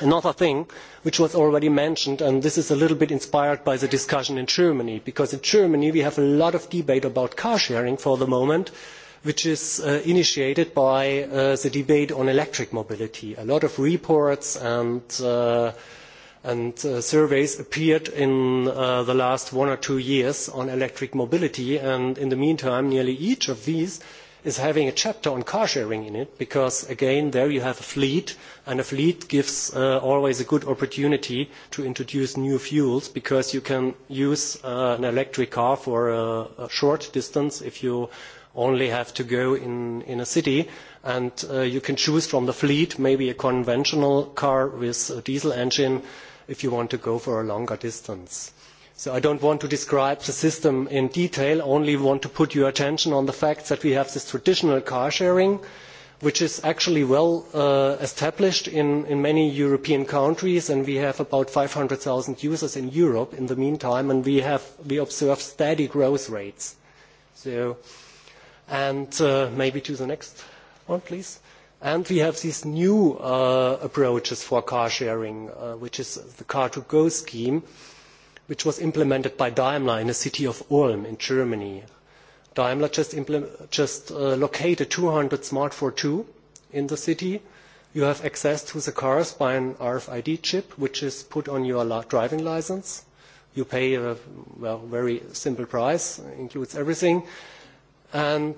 Another thing which was already mentioned, and this is a little bit inspired by the discussion in Germany, because in Germany we have a lot of debate about car sharing for the moment, which is initiated by the debate on electric mobility. A lot of reports and surveys appeared in the last one or two years on electric mobility and in the meantime nearly each of these is having a chapter on car sharing in it because again there you have a fleet and a fleet gives always a good opportunity to introduce new fuels because you can use an electric car for a short distance if you only have to go in, in a city and you can choose from the fleet maybe a conventional car with a diesel engine if you want to go for a longer distance So I don't want to describe the system in detail, only want to put your attention on the fact that we have this traditional car sharing, which is actually well established in, many European countries, and we have about five hundred zero users in Europe in the meantime, and we, have, we observe steady growth rates. So, and maybe to the next one, please. And we have these new approaches for car sharing, which is the car to go scheme, which was implemented by Daimler in the city of Ulm in Germany. Daimler just, implement, just uh, located 200 Smart 42 in the city. You have access to the cars by an RFID chip, which is put on your driving license. You pay a well, very simple price, includes everything and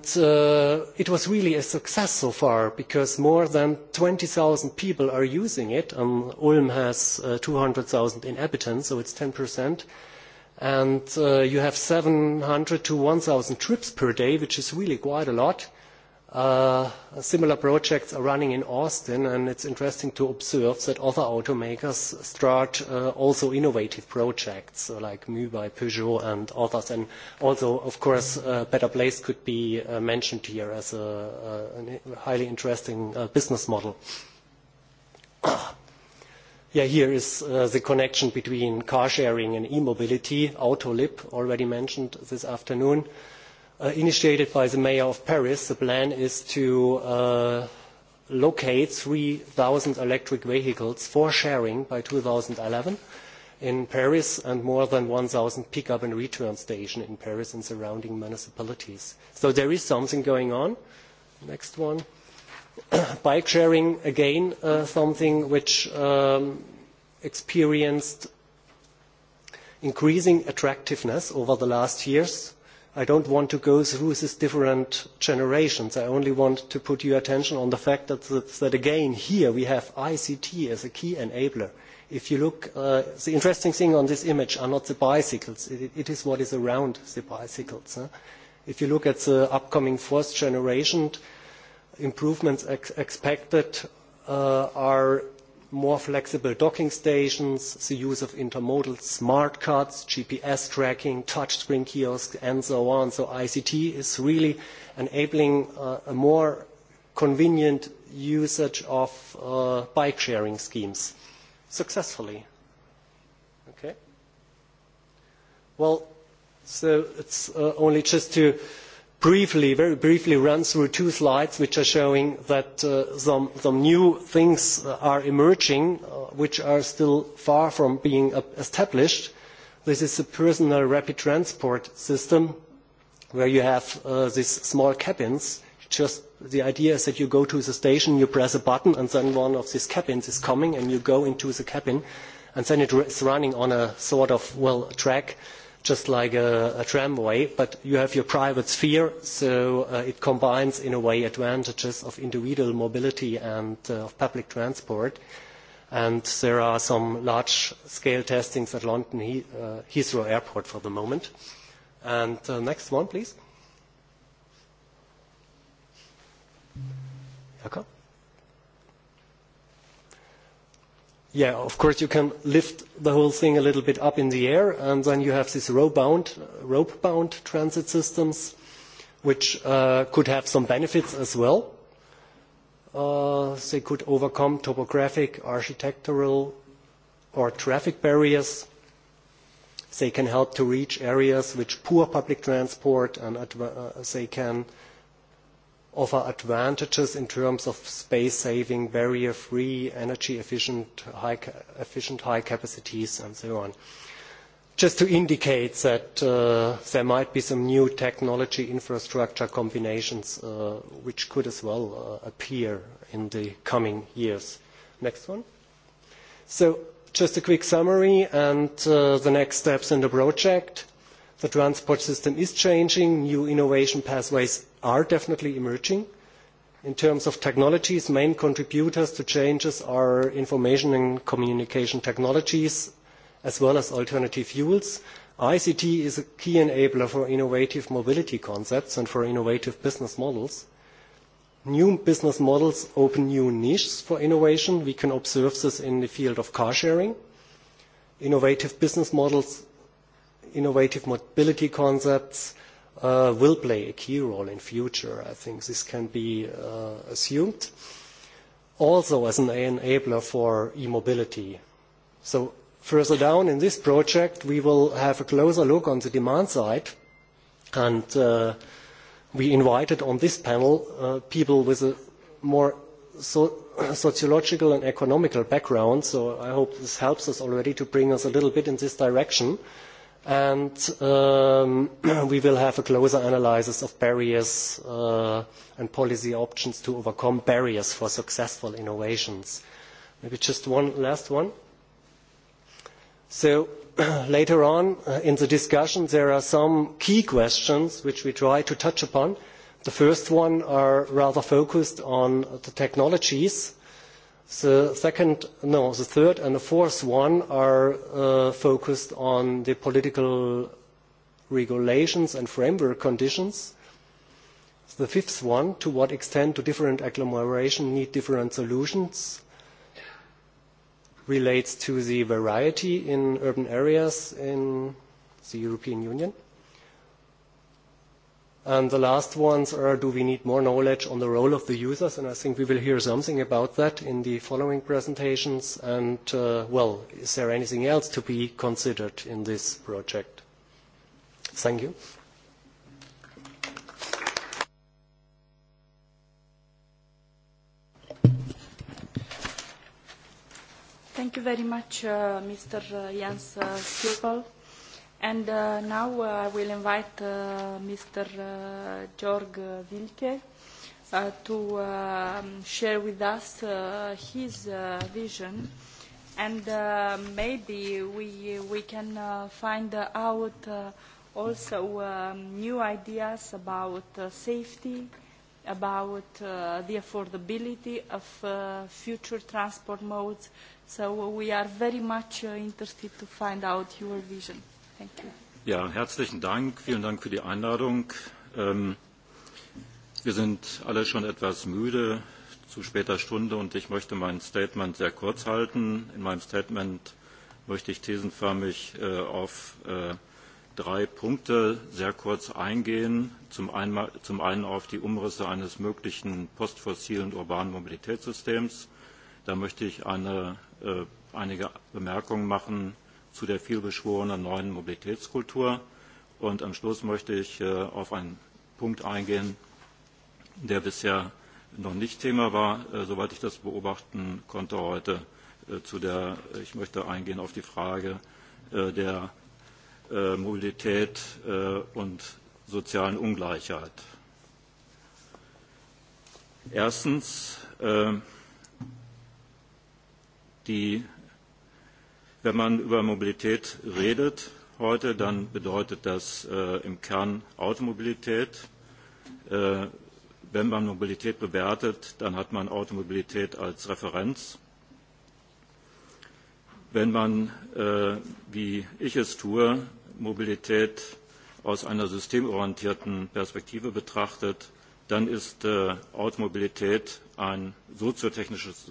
it was really a success so far because more than twenty 20,000 people are using it and Ulm has two hundred 200,000 inhabitants so it's 10% and you have seven hundred to one 1,000 trips per day which is really quite a lot similar projects are running in Austin, and it's interesting to observe that other automakers start also innovative projects like MU by Peugeot and others. And also, of course, Better Place could be mentioned here as a, highly interesting business model. Yeah, here is the connection between car sharing and e-mobility. Autolib, already mentioned this afternoon initiated by the mayor of Paris, the plan is to locate three 3,000 electric vehicles for sharing by eleven in Paris and more than 1,000 pickup and return stations in Paris and surrounding municipalities. So there is something going on. Next one. Bike sharing, again, something which experienced increasing attractiveness over the last years I do not want to go through these different generations. I only want to put your attention on the fact that, again, here we have ICT as a key enabler. If you look, the interesting thing on this image are not the bicycles. It, is what is around the bicycles. If you look at the upcoming fourth generation, improvements expected are more flexible docking stations, the use of intermodal smart cards, GPS tracking, touchscreen kiosks, and so on. So ICT is really enabling a more convenient usage of bike sharing schemes successfully. Okay. Well, so it's only just to briefly, very briefly run through two slides which are showing that some new things are emerging which are still far from being established. This is the personal rapid transport system where you have these small cabins. Just the idea is that you go to the station, you press a button, and then one of these cabins is coming, and you go into the cabin, and then it is running on a sort of, well, track just like a, a tramway, but you have your private sphere, so it combines in a way advantages of individual mobility and of public transport. And there are some large-scale testings at London Heathrow Airport for the moment. And uh, next one, please. Jakob? Yeah, of course you can lift the whole thing a little bit up in the air, and then you have these rope-bound rope bound transit systems, which could have some benefits as well. They could overcome topographic, architectural, or traffic barriers. They can help to reach areas which poor public transport, and they can offer advantages in terms of space saving, barrier free, energy efficient, high, efficient high capacities and so on. Just to indicate that there might be some new technology infrastructure combinations which could as well appear in the coming years. Next one. So just a quick summary and the next steps in the project. The transport system is changing, new innovation pathways are definitely emerging. In terms of technologies, main contributors to changes are information and communication technologies, as well as alternative fuels. ICT is a key enabler for innovative mobility concepts and for innovative business models. New business models open new niches for innovation. We can observe this in the field of car sharing. Innovative business models, innovative mobility concepts, will play a key role in future. I think this can be assumed. Also as an enabler for e-mobility. So further down in this project, we will have a closer look on the demand side, and we invited on this panel people with a more sociological and economical background, so I hope this helps us already to bring us a little bit in this direction and we will have a closer analysis of barriers and policy options to overcome barriers for successful innovations. Maybe just one last one. So later on in the discussion, there are some key questions which we try to touch upon. The first one are rather focused on the technologies The second, no, the third and the fourth one are focused on the political regulations and framework conditions. The fifth one, to what extent do different agglomerations need different solutions, relates to the variety in urban areas in the European Union. And the last ones are, do we need more knowledge on the role of the users? And I think we will hear something about that in the following presentations. And, well, is there anything else to be considered in this project? Thank you. Thank you very much, Mr. Jens Stupel And uh, now uh, I will invite uh, Mr. Uh, Georg Wilke uh, to uh, share with us uh, his uh, vision and uh, maybe we, we can uh, find out uh, also um, new ideas about uh, safety, about uh, the affordability of uh, future transport modes. So we are very much uh, interested to find out your vision herzlichen Dank. Vielen Dank für die Einladung. wir sind alle schon etwas müde zu später Stunde und ich möchte mein Statement sehr kurz halten. In meinem Statement möchte ich thesenförmig auf drei Punkte sehr kurz eingehen. Zum einen, auf die Umrisse eines möglichen postfossilen urbanen Mobilitätssystems. Da möchte ich einige Bemerkungen machen zu der vielbeschworenen neuen Mobilitätskultur. Und am Schluss möchte ich auf einen Punkt eingehen, der bisher noch nicht Thema war, soweit ich das beobachten konnte heute. zu der, ich möchte eingehen auf die Frage der Mobilität und sozialen Ungleichheit. Erstens, die Wenn man über Mobilität redet heute, dann bedeutet das im Kern Automobilität. wenn man Mobilität bewertet, dann hat man Automobilität als Referenz. Wenn man, wie ich es tue, Mobilität aus einer systemorientierten Perspektive betrachtet, dann ist Automobilität ein soziotechnisches,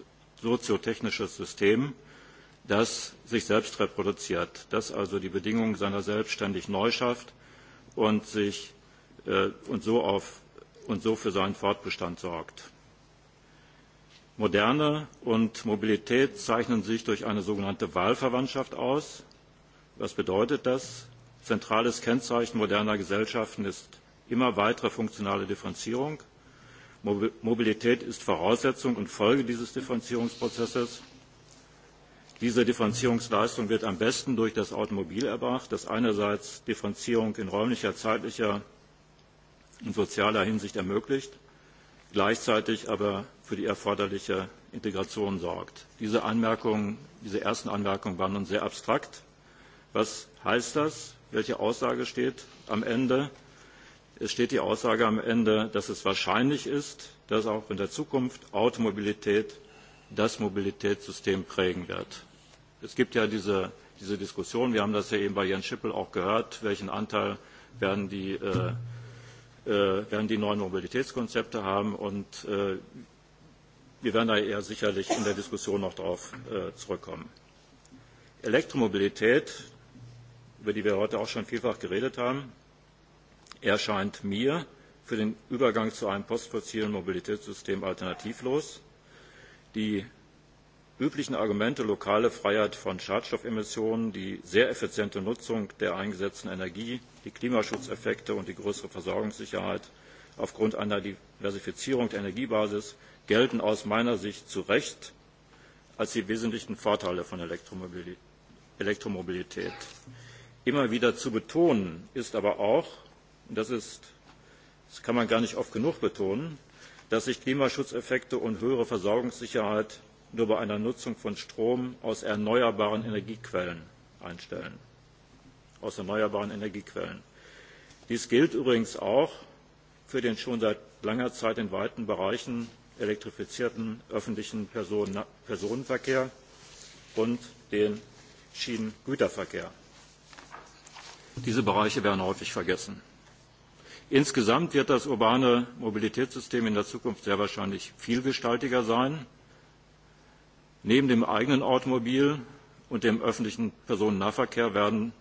System, das sich selbst reproduziert, das also die Bedingungen seiner selbstständig neu schafft und, so für seinen Fortbestand sorgt. Moderne und Mobilität zeichnen sich durch eine sogenannte Wahlverwandtschaft aus. Was bedeutet das? Zentrales Kennzeichen moderner Gesellschaften ist immer weitere funktionale Differenzierung. Mobilität ist Voraussetzung und Folge dieses Differenzierungsprozesses Diese Differenzierungsleistung wird am besten durch das Automobil erbracht, das einerseits Differenzierung in räumlicher, zeitlicher und sozialer Hinsicht ermöglicht, gleichzeitig aber für die erforderliche Integration sorgt. Diese, ersten Anmerkungen waren nun sehr abstrakt. Was heißt das? Welche Aussage steht am Ende? Es steht die Aussage am Ende, dass es wahrscheinlich ist, dass auch in der Zukunft Automobilität das Mobilitätssystem prägen wird es gibt ja diese, Diskussion, wir haben das ja eben bei Jan Schippel auch gehört, welchen Anteil werden die, neuen Mobilitätskonzepte haben und wir werden da ja sicherlich in der Diskussion noch darauf zurückkommen. Elektromobilität, über die wir heute auch schon vielfach geredet haben, erscheint mir für den Übergang zu einem postfossilen Mobilitätssystem alternativlos. Die üblichen argumente lokale freiheit von schadstoffemissionen die sehr effiziente nutzung der eingesetzten energie die klimaschutzeffekte und die größere versorgungssicherheit aufgrund einer diversifizierung der energiebasis gelten aus meiner sicht zu recht als die wesentlichen vorteile von elektromobilität. immer wieder zu betonen ist aber auch und das kann man gar nicht oft genug betonen dass sich klimaschutzeffekte und höhere versorgungssicherheit nur bei einer Nutzung von Strom aus erneuerbaren Energiequellen einstellen. Aus erneuerbaren Energiequellen. Dies gilt übrigens auch für den schon seit langer Zeit in weiten Bereichen elektrifizierten öffentlichen Personenverkehr und den Schienengüterverkehr. Diese Bereiche werden häufig vergessen. Insgesamt wird das urbane Mobilitätssystem in der Zukunft sehr wahrscheinlich vielgestaltiger sein neben dem eigenen automobil und dem öffentlichen personennahverkehr werden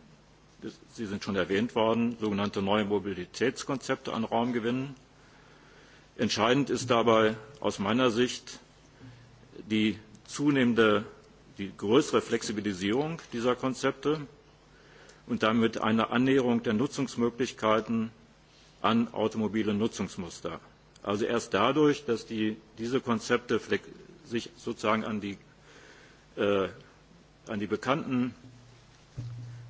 sie sind schon erwähnt worden sogenannte neue mobilitätskonzepte an raum gewinnen. entscheidend ist dabei aus meiner sicht die zunehmende die größere flexibilisierung dieser konzepte und damit eine annäherung der nutzungsmöglichkeiten an automobile Nutzungsmuster. Also erst dadurch, dass diese Konzepte sich sozusagen an an die bekannten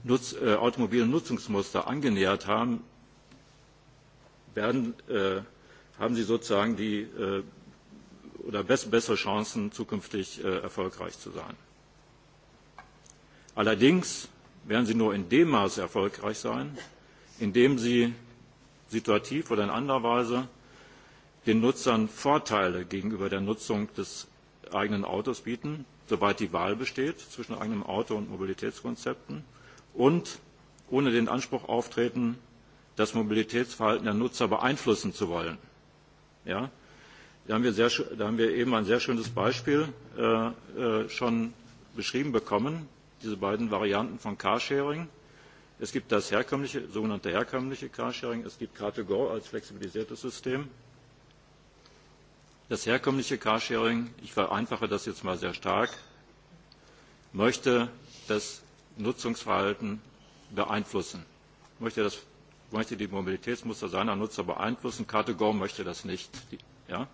automobilen Nutzungsmuster angenähert haben, werden, haben sie sozusagen die oder bessere Chancen, zukünftig erfolgreich zu sein. Allerdings werden sie nur in dem Maße erfolgreich sein, in dem sie situativ oder in anderer Weise den Nutzern Vorteile gegenüber der Nutzung des eigenen Autos bieten soweit die Wahl besteht zwischen eigenem Auto und Mobilitätskonzepten und ohne den Anspruch auftreten, das Mobilitätsverhalten der Nutzer beeinflussen zu wollen. Ja? Da, haben wir sehr, da haben wir eben ein sehr schönes Beispiel äh, äh, schon beschrieben bekommen, diese beiden Varianten von Carsharing. Es gibt das herkömmliche, sogenannte herkömmliche Carsharing, es gibt Car2Go als flexibilisiertes System Das herkömmliche Carsharing, ich vereinfache das jetzt mal sehr stark, möchte das Nutzungsverhalten beeinflussen, möchte, das, möchte die Mobilitätsmuster seiner Nutzer beeinflussen. Car go möchte das nicht. Ja?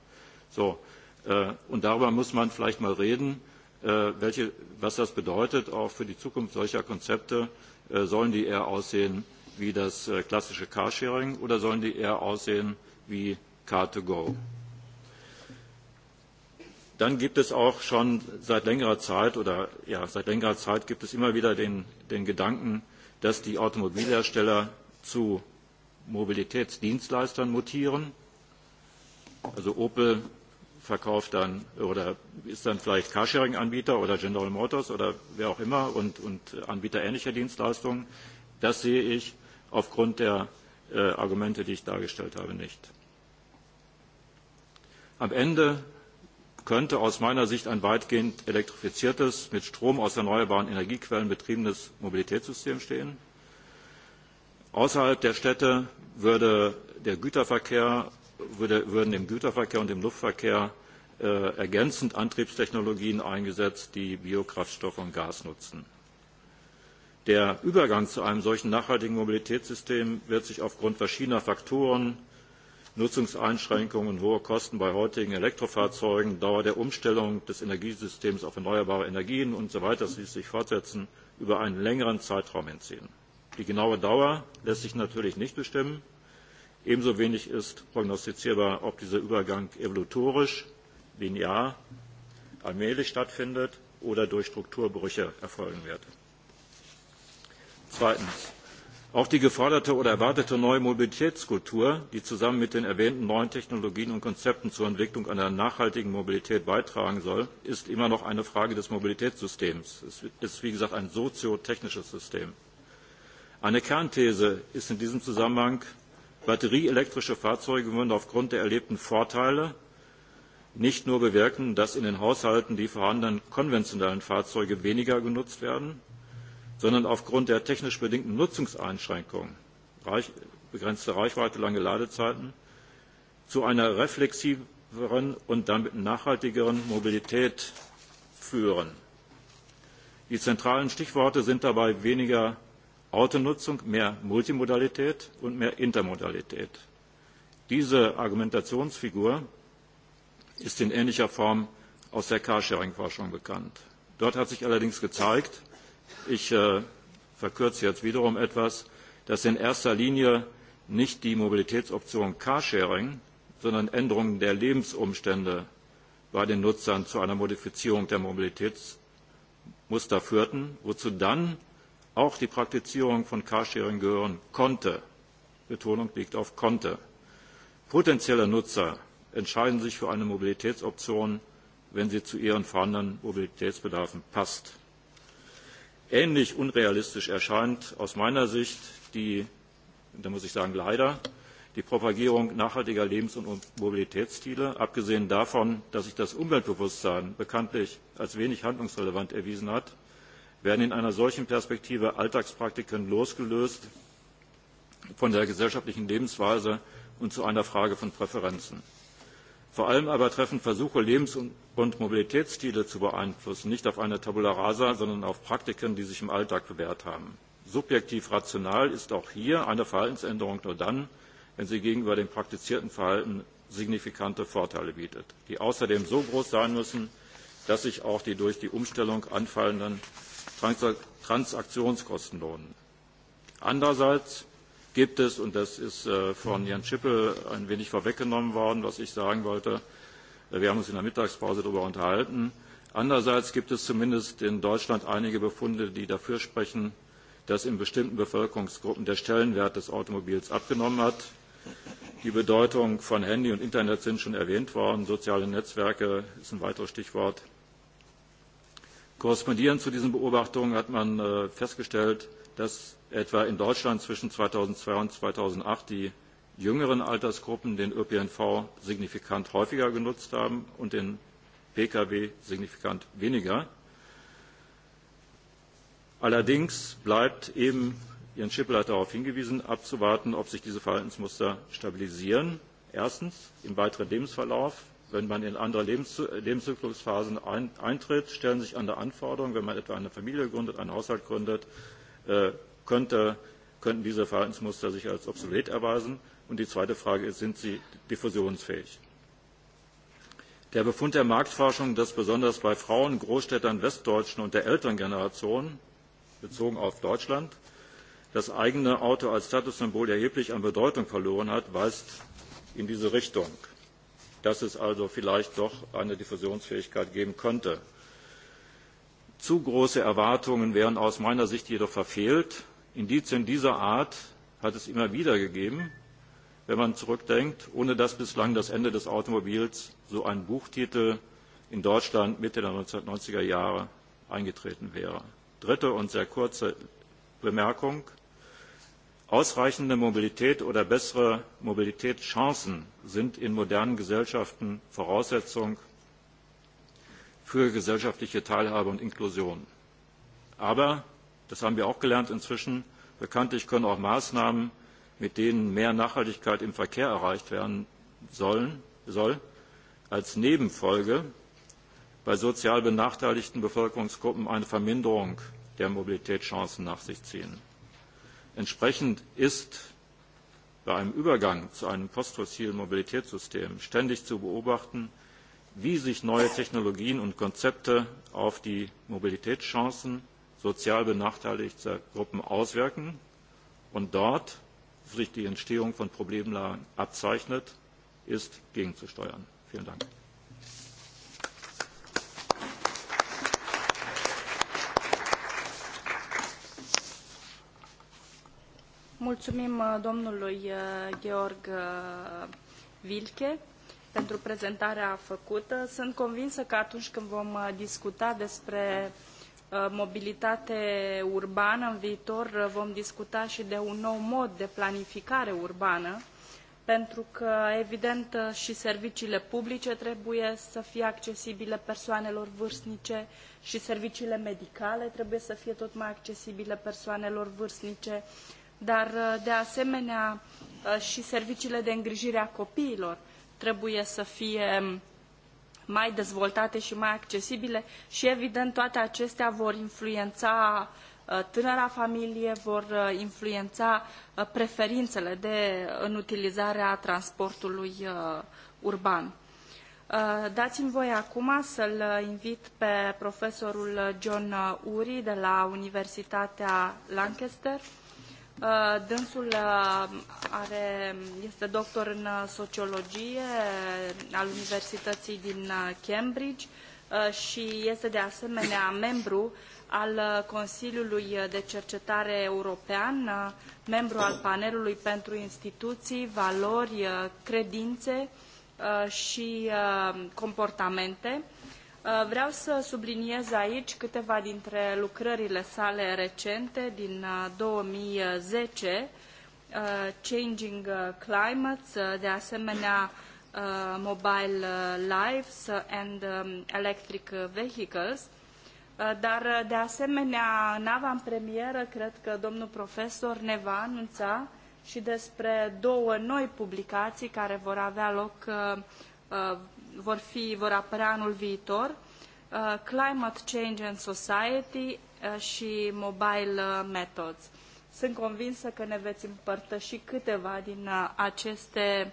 So, äh, und darüber muss man vielleicht mal reden, äh, welche, was das bedeutet, auch für die Zukunft solcher Konzepte. Äh, sollen die eher aussehen wie das äh, klassische Carsharing oder sollen die eher aussehen wie Car2Go? Dann gibt es auch schon seit längerer Zeit oder ja, seit längerer Zeit gibt es immer wieder den, Gedanken, dass die Automobilhersteller zu Mobilitätsdienstleistern mutieren. Also Opel verkauft dann oder ist dann vielleicht Carsharing-Anbieter oder General Motors oder wer auch immer und, Anbieter ähnlicher Dienstleistungen. Das sehe ich aufgrund der Argumente, die ich dargestellt habe, nicht. Am Ende könnte aus meiner Sicht ein weitgehend elektrifiziertes, mit Strom aus erneuerbaren Energiequellen betriebenes Mobilitätssystem stehen. Außerhalb der Städte würden dem Güterverkehr und dem Luftverkehr ergänzend Antriebstechnologien eingesetzt, die Biokraftstoffe und Gas nutzen. Der Übergang zu einem solchen nachhaltigen Mobilitätssystem wird sich aufgrund verschiedener Faktoren Nutzungseinschränkungen und hohe Kosten bei heutigen Elektrofahrzeugen, Dauer der Umstellung des Energiesystems auf erneuerbare Energien usw. das ließ sich fortsetzen, über einen längeren Zeitraum hinziehen. Die genaue Dauer lässt sich natürlich nicht bestimmen. Ebenso wenig ist prognostizierbar, ob dieser Übergang evolutorisch, linear, allmählich stattfindet oder durch Strukturbrüche erfolgen wird. Zweitens auch die geforderte oder erwartete neue mobilitätskultur die zusammen mit den erwähnten neuen technologien und konzepten zur entwicklung einer nachhaltigen mobilität beitragen soll ist immer noch eine frage des mobilitätssystems. es ist wie gesagt ein soziotechnisches system. eine kernthese ist in diesem zusammenhang batterieelektrische fahrzeuge würden aufgrund der erlebten vorteile nicht nur bewirken dass in den haushalten die vorhandenen konventionellen fahrzeuge weniger genutzt werden sondern aufgrund der technisch bedingten Nutzungseinschränkungen, begrenzte Reichweite, lange Ladezeiten, zu einer reflexiveren und damit nachhaltigeren Mobilität führen. Die zentralen Stichworte sind dabei weniger Autonutzung, mehr Multimodalität und mehr Intermodalität. Diese Argumentationsfigur ist in ähnlicher Form aus der Carsharing-Forschung bekannt. Dort hat sich allerdings gezeigt, ich verkürze jetzt wiederum etwas, dass in erster Linie nicht die Mobilitätsoption Carsharing, sondern Änderungen der Lebensumstände bei den Nutzern zu einer Modifizierung der Mobilitätsmuster führten, wozu dann auch die Praktizierung von Carsharing gehören konnte. Betonung liegt auf konnte. Potenzielle Nutzer entscheiden sich für eine Mobilitätsoption, wenn sie zu ihren vorhandenen Mobilitätsbedarfen passt ähnlich unrealistisch erscheint aus meiner Sicht die, da muss ich sagen leider, die Propagierung nachhaltiger Lebens- und Mobilitätsstile, abgesehen davon, dass sich das Umweltbewusstsein bekanntlich als wenig handlungsrelevant erwiesen hat, werden in einer solchen Perspektive Alltagspraktiken losgelöst von der gesellschaftlichen Lebensweise und zu einer Frage von Präferenzen. Vor allem aber treffen Versuche, Lebens- und Mobilitätsstile zu beeinflussen, nicht auf eine Tabula rasa, sondern auf Praktiken, die sich im Alltag bewährt haben. Subjektiv rational ist auch hier eine Verhaltensänderung nur dann, wenn sie gegenüber dem praktizierten Verhalten signifikante Vorteile bietet, die außerdem so groß sein müssen, dass sich auch die durch die Umstellung anfallenden Transaktionskosten lohnen. Andererseits gibt es, und das ist von Jan Schippe ein wenig vorweggenommen worden, was ich sagen wollte, wir haben uns in der Mittagspause darüber unterhalten. Andererseits gibt es zumindest in Deutschland einige Befunde, die dafür sprechen, dass in bestimmten Bevölkerungsgruppen der Stellenwert des Automobils abgenommen hat. Die Bedeutung von Handy und Internet sind schon erwähnt worden. Soziale Netzwerke ist ein weiteres Stichwort. Korrespondierend zu diesen Beobachtungen hat man festgestellt, dass etwa in deutschland zwischen zweitausendzwei und zweitausendacht die jüngeren altersgruppen den öpnv signifikant häufiger genutzt haben und den pkw signifikant weniger. allerdings bleibt eben jens schippel hat darauf hingewiesen abzuwarten ob sich diese verhaltensmuster stabilisieren erstens im weiteren lebensverlauf wenn man in andere lebenszyklusphasen eintritt stellen sich andere anforderungen wenn man etwa eine familie gründet einen haushalt gründet könnten diese Verhaltensmuster sich als obsolet erweisen? Und die zweite Frage ist, sind sie diffusionsfähig? Der Befund der Marktforschung, dass besonders bei Frauen, Großstädtern, Westdeutschen und der älteren Generation, bezogen auf Deutschland, das eigene Auto als Statussymbol erheblich an Bedeutung verloren hat, weist in diese Richtung, dass es also vielleicht doch eine Diffusionsfähigkeit geben könnte. Zu große Erwartungen wären aus meiner Sicht jedoch verfehlt indizien dieser art hat es immer wieder gegeben wenn man zurückdenkt ohne dass bislang das ende des automobils so ein buchtitel in deutschland mitte der eintausendneunhundertneunzig er jahre eingetreten wäre. dritte und sehr kurze bemerkung ausreichende mobilität oder bessere mobilitätschancen sind in modernen gesellschaften voraussetzung für gesellschaftliche teilhabe und inklusion. aber das haben wir auch gelernt inzwischen bekanntlich können auch maßnahmen mit denen mehr nachhaltigkeit im verkehr erreicht werden soll als nebenfolge bei sozial benachteiligten bevölkerungsgruppen eine verminderung der mobilitätschancen nach sich ziehen. entsprechend ist bei einem übergang zu einem postfossilen mobilitätssystem ständig zu beobachten wie sich neue technologien und konzepte auf die mobilitätschancen sozial benachteiligter Gruppen auswirken und dort, wo sich die Entstehung von Problemlagen abzeichnet, ist gegenzusteuern. Vielen Dank. Mulțumim domnului Georg Vilche pentru prezentarea făcută. Sunt convinsă că atunci când vom discuta despre mobilitate urbană. În viitor vom discuta și de un nou mod de planificare urbană, pentru că, evident, și serviciile publice trebuie să fie accesibile persoanelor vârstnice și serviciile medicale trebuie să fie tot mai accesibile persoanelor vârstnice, dar, de asemenea, și serviciile de îngrijire a copiilor trebuie să fie mai dezvoltate și mai accesibile și, evident, toate acestea vor influența tânăra familie, vor influența preferințele de, în utilizarea transportului urban. Dați-mi voi acum să-l invit pe profesorul John Uri de la Universitatea Lancaster Dânsul are, este doctor în sociologie al Universității din Cambridge și este de asemenea membru al Consiliului de Cercetare European, membru al panelului pentru instituții, valori, credințe și comportamente Vreau să subliniez aici câteva dintre lucrările sale recente din 2010, Changing Climates, de asemenea Mobile Lives and Electric Vehicles, dar de asemenea în avantpremieră cred că domnul profesor ne va anunța și despre două noi publicații care vor avea loc vor, fi, vor apărea anul viitor, Climate Change and Society și Mobile Methods. Sunt convinsă că ne veți împărtăși câteva din aceste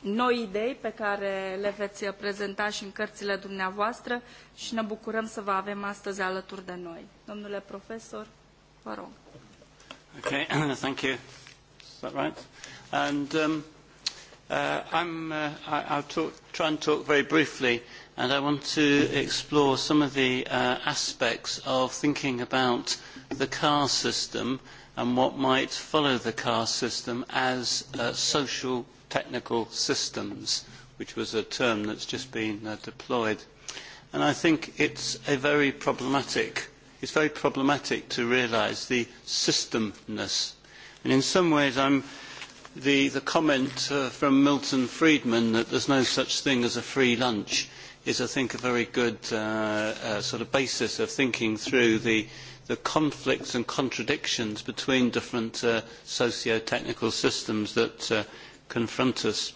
noi idei pe care le veți prezenta și în cărțile dumneavoastră și ne bucurăm să vă avem astăzi alături de noi. Domnule profesor, vă rog. Okay, thank you. Is that right? And um, I'm, uh, I, I'll talk, try and talk very briefly, and I want to explore some of the uh, aspects of thinking about the car system and what might follow the car system as uh, social technical systems, which was a term that's just been uh, deployed. And I think it's a very problematic, it's very problematic to realise the systemness. And in some ways, I'm the, the comment uh, from Milton Friedman that there's no such thing as a free lunch is, I think, a very good uh, uh, sort of basis of thinking through the, the conflicts and contradictions between different uh, socio-technical systems that uh, confront us.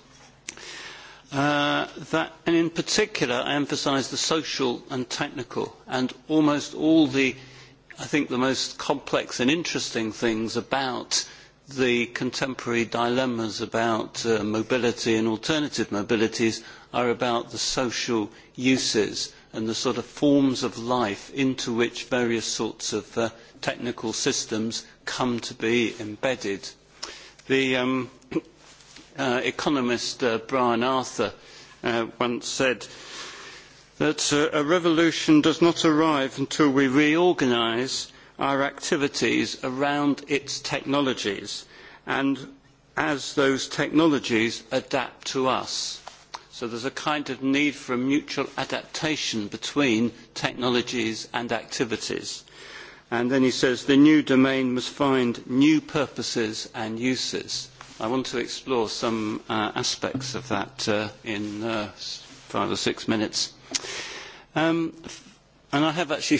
Uh, that, and in particular, I emphasise the social and technical, and almost all the, I think, the most complex and interesting things about the contemporary dilemmas about mobility and alternative mobilities are about the social uses and the sort of forms of life into which various sorts of technical systems come to be embedded. The economist Brian Arthur once said that a revolution does not arrive until we reorganise our activities around its technologies and as those technologies adapt to us. So there is a kind of need for a mutual adaptation between technologies and activities. And then he says the new domain must find new purposes and uses. I want to explore some aspects of that in five or six minutes. I have actually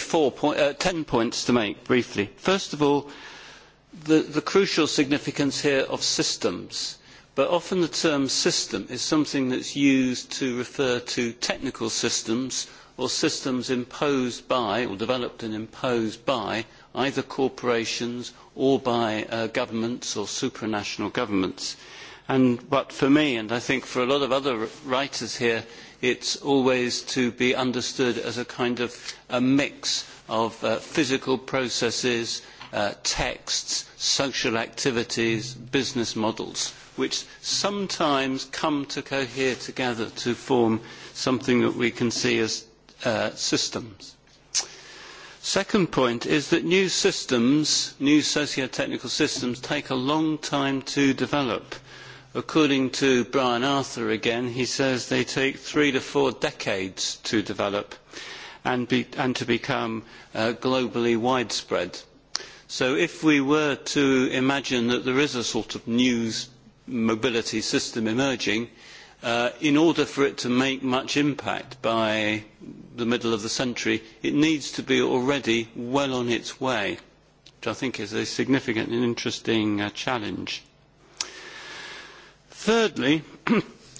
ten points to make briefly. First of all, the, crucial significance here of systems. But often the term system is something that is used to refer to technical systems or systems imposed by or developed and imposed by either corporations or by governments or supranational governments. but for me, and I think for a lot of other writers here, it is always to be understood as a kind of a mix of physical processes, texts, social activities, business models, which sometimes come to cohere together to form something that we can see as systems. Second point is that new systems, new socio-technical systems, take a long time to develop According to Brian Arthur again, he says they take three to four decades to develop and, to become globally widespread. So if we were to imagine that there is a sort of new mobility system emerging, in order for it to make much impact by the middle of the century, it needs to be already well on its way, which I think is a significant and interesting challenge. Thirdly,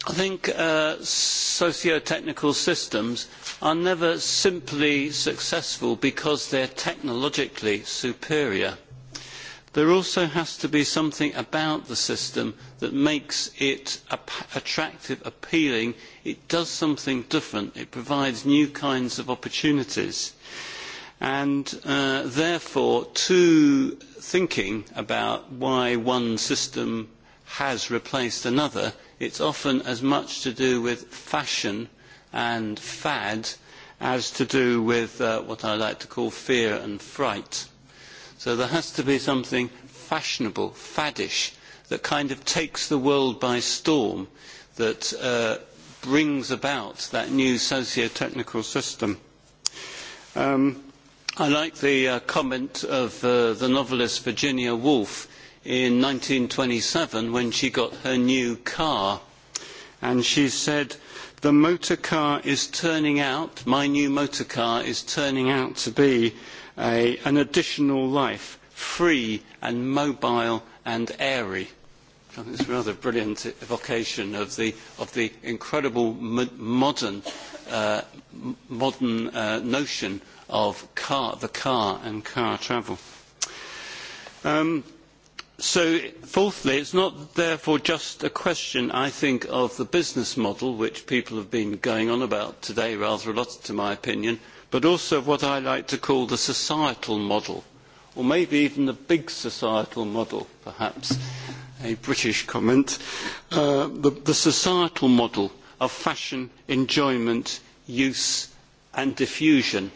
I think socio-technical systems are never simply successful because they are technologically superior. There also has to be something about the system that makes it attractive, appealing. It does something different. It provides new kinds of opportunities. And therefore, to thinking about why one system has replaced another. It's often as much to do with fashion and fad as to do with what I like to call fear and fright. So there has to be something fashionable, faddish, that kind of takes the world by storm, that brings about that new socio-technical system. I like the comment of the novelist Virginia Woolf in twenty seven when she got her new car. And she said, The motor car is turning out, my new motor car is turning out to be a, an additional life, free and mobile and airy. I think it's a rather brilliant evocation of the, of the incredible modern, uh, modern uh, notion of car, the car and car travel. Um, So fourthly, it is not therefore just a question, I think, of the business model, which people have been going on about today rather a lot, to my opinion, but also of what I like to call the societal model, or maybe even the big societal model, perhaps, a British comment, the societal model of fashion, enjoyment, use and diffusion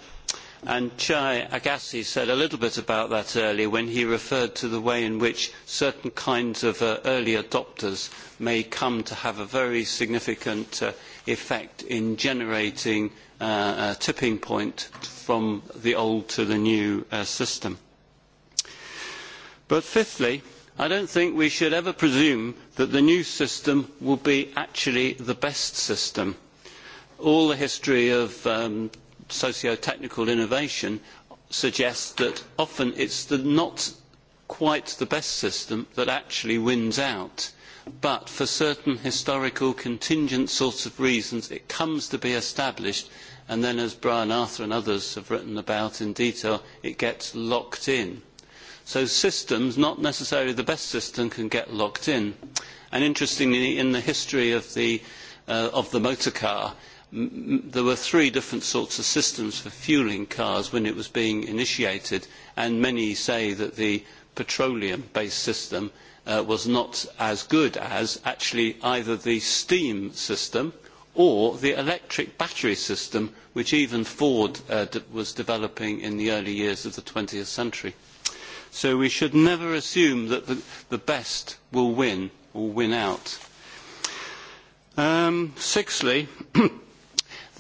and Chai Agassi said a little bit about that earlier when he referred to the way in which certain kinds of early adopters may come to have a very significant effect in generating a tipping point from the old to the new system. But fifthly, I do not think we should ever presume that the new system will be actually the best system. All the history of socio-technical innovation suggests that often it is not quite the best system that actually wins out. But for certain historical contingent sorts of reasons, it comes to be established, and then, as Brian Arthur and others have written about in detail, it gets locked in. So systems, not necessarily the best system, can get locked in. And interestingly, in the history of the, motor car, there were three different sorts of systems for fuelling cars when it was being initiated, and many say that the petroleum-based system was not as good as actually either the steam system or the electric battery system, which even Ford was developing in the early years of the twentieth century. So we should never assume that the best will win or win out. sixthly,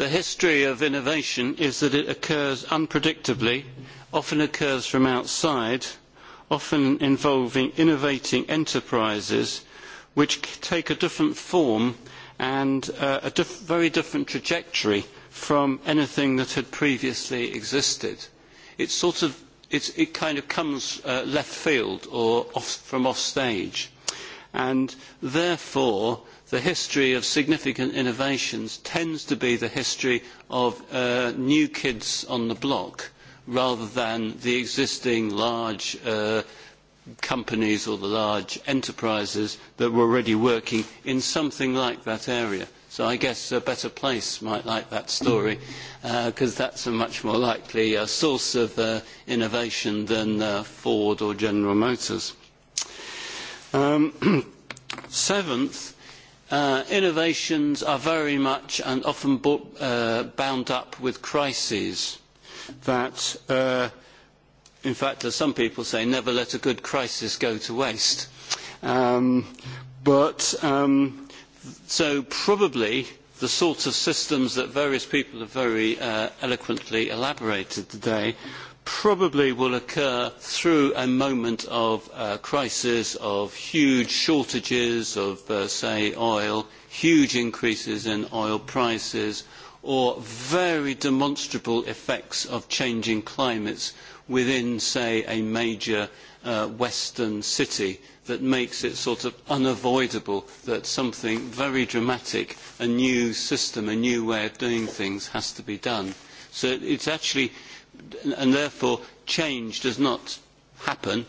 the history of innovation is that it occurs unpredictably, often occurs from outside, often involving innovating enterprises which take a different form and a very different trajectory from anything that had previously existed. It sort of it kind of comes left field or from off stage. And therefore, the history of significant innovations tends to be the history of new kids on the block rather than the existing large companies or the large enterprises that were already working in something like that area. So I guess a better place might like that story because that is a much more likely source of innovation than Ford or General Motors. seventh, innovations are very much and often bound up with crises that, in fact, as some people say, never let a good crisis go to waste. but so probably the sorts of systems that various people have very eloquently elaborated today probably will occur through a moment of crisis, of huge shortages of, say, oil, huge increases in oil prices, or very demonstrable effects of changing climates within, say, a major Western city that makes it sort of unavoidable that something very dramatic, a new system, a new way of doing things has to be done. So it is actually and therefore change does not happen,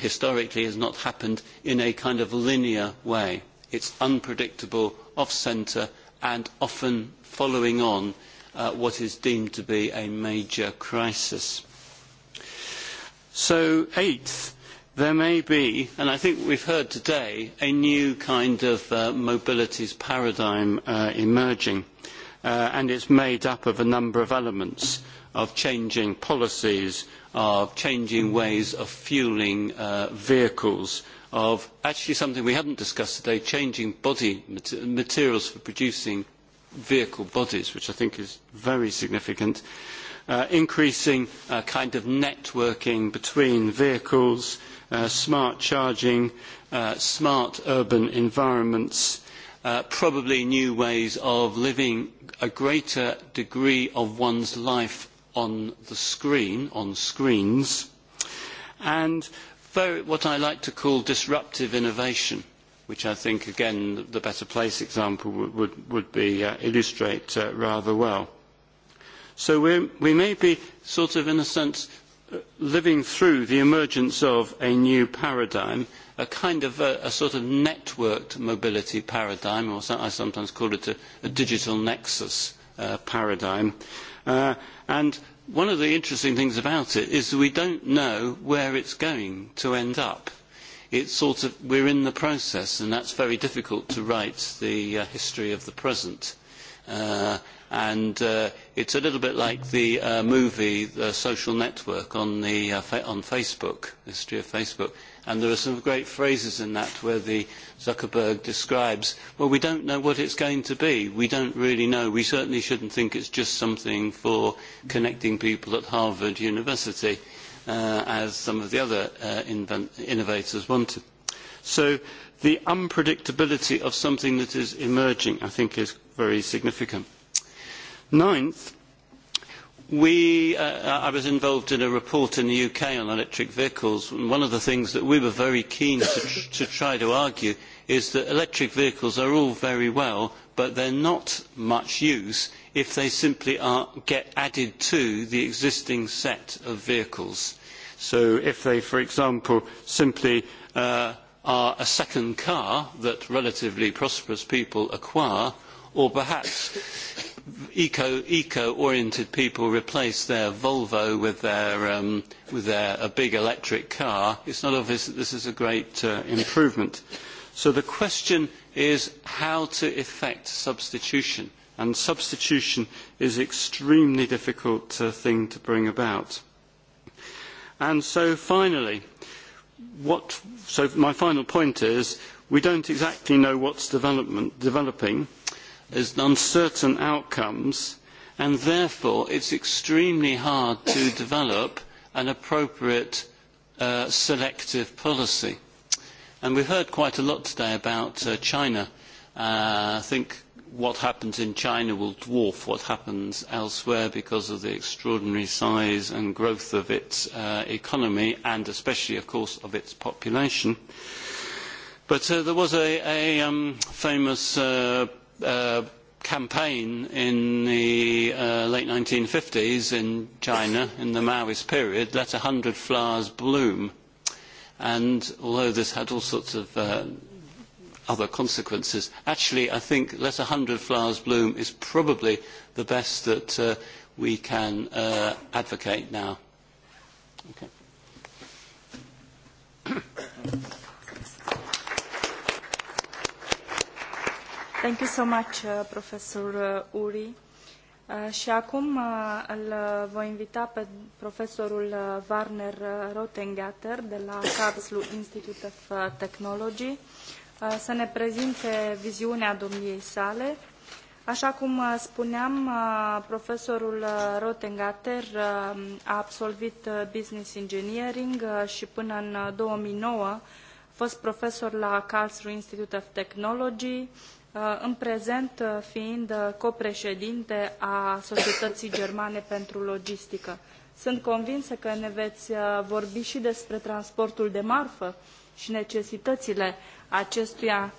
historically has not happened in a kind of linear way. It is unpredictable, off-centre and often following on what is deemed to be a major crisis. So, eighth, there may be, and I think we have heard today, a new kind of mobilities paradigm emerging, and it is made up of a number of elements of changing policies, of changing ways of fuelling vehicles, of actually something we have not discussed today, changing body materials for producing vehicle bodies, which I think is very significant, increasing a kind of networking between vehicles, smart charging, smart urban environments, probably new ways of living a greater degree of one's life on the screen, on screens, and very, what I like to call disruptive innovation, which I think, again, the Better Place example would, would, would be, uh, illustrate uh, rather well. So we're, we may be sort of, in a sense, living through the emergence of a new paradigm, a kind of a, a sort of networked mobility paradigm, or so I sometimes call it a, a digital nexus uh, paradigm. Uh, And one of the interesting things about it is that we don't know where it's going to end up. It's sort of, we're in the process, and that's very difficult to write the uh, history of the present. Uh, and uh, it's a little bit like the uh, movie, The Social Network, on, the, uh, fa- on Facebook, the history of Facebook And there are some great phrases in that where the Zuckerberg describes, well, we don't know what it's going to be. We don't really know. We certainly shouldn't think it's just something for connecting people at Harvard University, uh, as some of the other uh, innovators wanted. So the unpredictability of something that is emerging, I think, is very significant. Ninth, We, uh, I was involved in a report in the UK on electric vehicles, and one of the things that we were very keen to, to try to argue is that electric vehicles are all very well, but they are not much use if they simply get added to the existing set of vehicles. So if they, for example, simply are a second car that relatively prosperous people acquire, or perhaps eco-oriented people replace their Volvo with their, um, with their a big electric car, it's not obvious that this is a great uh, improvement. So the question is how to effect substitution. And substitution is an extremely difficult uh, thing to bring about. And so finally, what, so my final point is we don't exactly know what's development, developing as uncertain outcomes, and therefore it is extremely hard to develop an appropriate selective policy. And we've heard quite a lot today about China. I think what happens in China will dwarf what happens elsewhere because of the extraordinary size and growth of its economy and especially, of course, of its population. But there was a, famous campaign in the uh, late 1950s in China, in the Maoist period, let a hundred flowers bloom. And although this had all sorts of uh, other consequences, actually I think let a hundred flowers bloom is probably the best that uh, we can uh, advocate now. Okay. Thank you so much, Profesor Uri. Și acum îl voi invita pe profesorul Warner Rottengatter de la Karlsruhe Institute of Technology să ne prezinte viziunea domniei sale. Așa cum spuneam, profesorul Rottengatter a absolvit Business Engineering și până în 2009 a fost profesor la Karlsruhe Institute of Technology, în prezent fiind copreședinte a Societății Germane pentru Logistică. Sunt convinsă că ne veți vorbi și despre transportul de marfă și necesitățile acestuia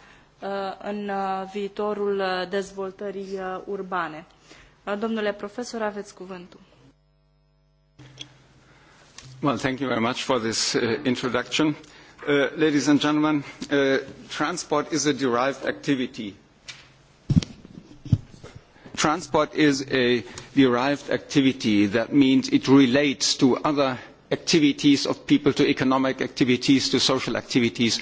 în viitorul dezvoltării urbane. Domnule profesor, aveți cuvântul. Well, thank you very much for this introduction ladies and gentlemen, transport is a derived activity. Transport is a derived activity. That means it relates to other activities of people, to economic activities, to social activities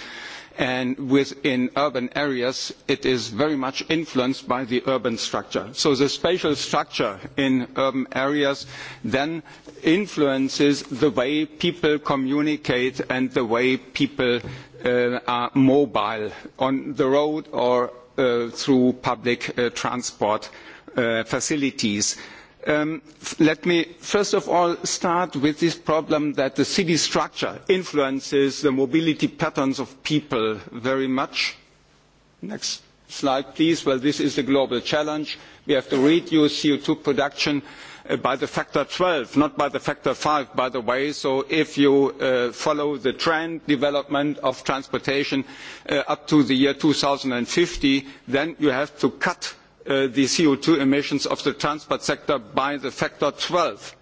and within urban areas it is very much influenced by the urban structure. So the spatial structure in urban areas then influences the way people communicate and the way people are mobile on the road or through public transport facilities let me first of all start with this problem that the city structure influences the mobility patterns of people very much. Next slide, please. Well, this is the global challenge. We have to reduce co two production by the factor twelve, not by the factor five, by the way. So if you follow the trend development of transportation up to the year fifty, then you have to cut the co two emissions of the transport sector by the factor twelve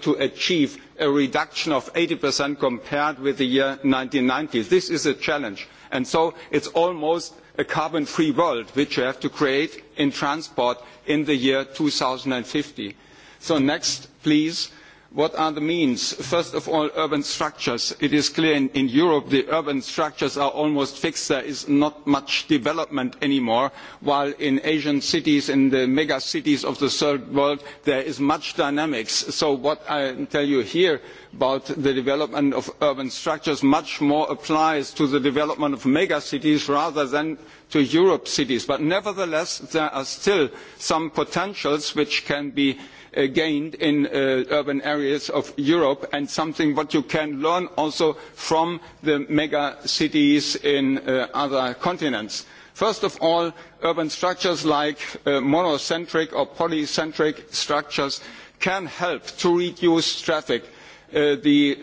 to achieve a reduction of 80% compared with the year ninety. This is a challenge. And so it is almost a carbon-free world which you have to create in transport in the year fifty. So next, please What are the means? First of all, urban structures. It is clear in, Europe the urban structures are almost fixed. There is not much development anymore, while in Asian cities, in the mega cities of the third world, there is much dynamics. So what I tell you here about the development of urban structures much more applies to the development of mega cities rather than to Europe cities. But nevertheless, there are still some potentials which can be gained in urban areas of Europe and something that you can learn also from the mega cities in other continents. First of all, urban structures like monocentric or polycentric structures can help to reduce traffic. the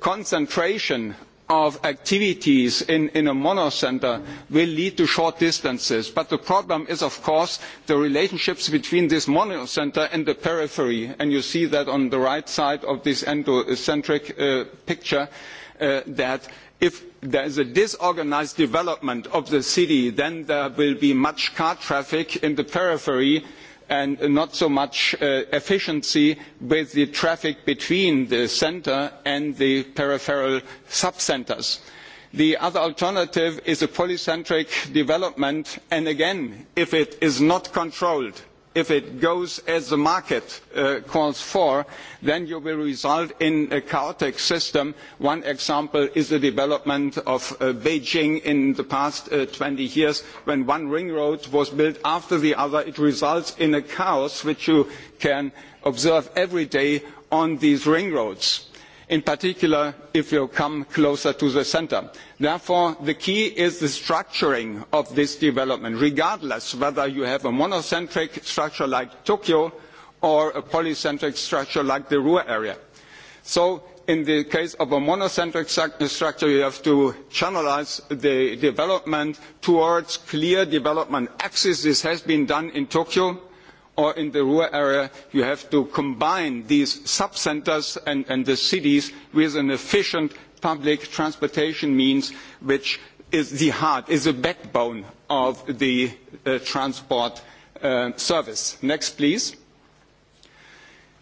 concentration of activities in, in a monocenter will lead to short distances. But the problem is, of course, the relationships between this monocenter and the periphery. And you see that on the right side of this endocentric uh, picture, uh, that if there is a disorganised development of the city, then there will be much car traffic in the periphery, and not so much efficiency with the traffic between the centre and the peripheral sub centres. The other alternative is a polycentric development, and again, if it is not controlled, if it goes as the market calls for, then you will result in a chaotic system. One example is the development of Beijing in the past twenty years. When one ring road was built after the other, it results in a chaos which you can observe every day on these ring roads in particular if you come closer to the centre. Therefore, the key is the structuring of this development, regardless whether you have a monocentric structure like Tokyo or a polycentric structure like the Ruhr area. So in the case of a monocentric structure, you have to channelise the development towards clear development axes. This has been done in Tokyo or in the rural area, you have to combine these sub centres and the cities with an efficient public transportation means which is the heart, is the backbone of the transport service. Next, please.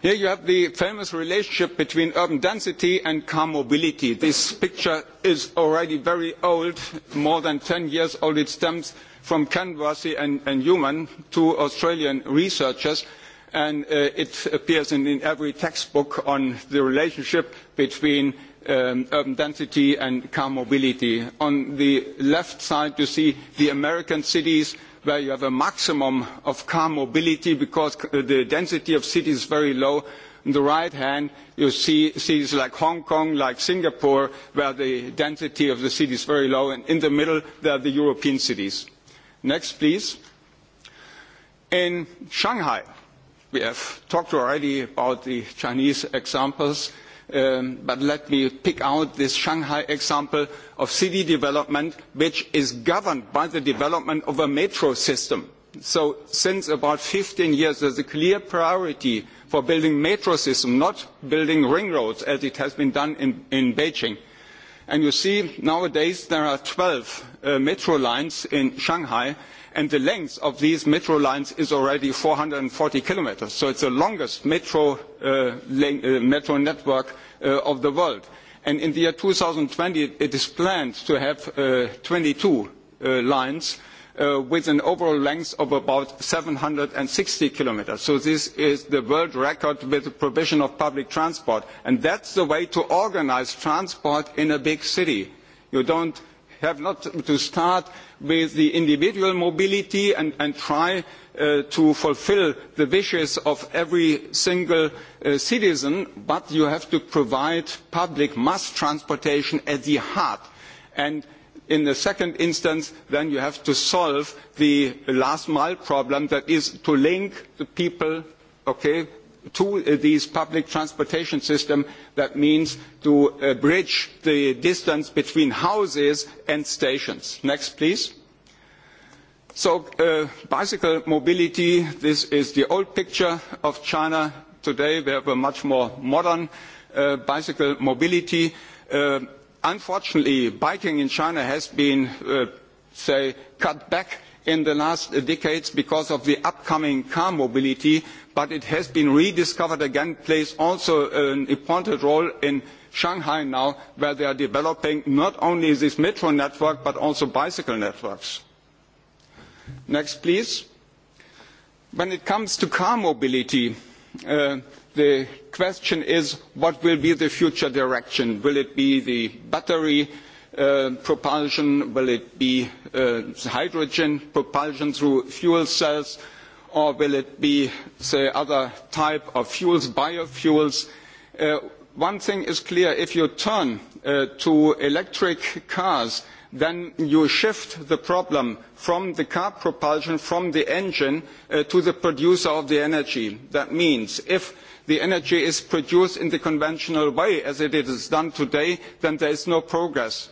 Here you have the famous relationship between urban density and car mobility. This picture is already very old, more than ten years old. It stems from Ken Kanwasi and, Human two Australian researchers, and it appears in, every textbook on the relationship between urban density and car mobility. On the left side, you see the American cities where you have a maximum of car mobility because the density of cities is very low. On the right hand, you see cities like Hong Kong, like Singapore, where the density of the city is very low, and in the middle, there are the European cities Next, please. In Shanghai, we have talked already about the Chinese examples, but let me pick out this Shanghai example of city development, which is governed by the development of a metro system. So since about 15 years, there is a clear priority for building metro system, not building ring roads as it has been done in Beijing And you see, nowadays there are twelve metro lines in Shanghai, and the length of these metro lines is already four hundred and forty kilometres. So it is the longest metro, network of the world. And in the year twenty it is planned to have twenty two lines with an overall length of about seven hundred and sixty kilometres. So this is the world record with the provision of public transport. And is the way to organise transport in a big city. You don't have not to start with the individual mobility and, try to fulfil the wishes of every single citizen, but you have to provide public mass transportation at the heart. And in the second instance, then you have to solve the last mile problem that is to link the people, to these public transportation systems, That means to bridge the distance between houses and stations. Next, please. So bicycle mobility, this is the old picture of China. Today we have a much more modern bicycle mobility unfortunately, biking in China has been, say, cut back in the last decades because of the upcoming car mobility, but it has been rediscovered again, plays also an important role in Shanghai now, where they are developing not only this metro network, but also bicycle networks. Next, please. When it comes to car mobility, the question is what will be the future direction? Will it be the battery propulsion? Will it be hydrogen propulsion through fuel cells? Or will it be the other type of fuels, biofuels? one thing is clear, if you turn to electric cars, then you shift the problem from the car propulsion, from the engine, to the producer of the energy. That means if the energy is produced in the conventional way as it is done today, then there is no progress.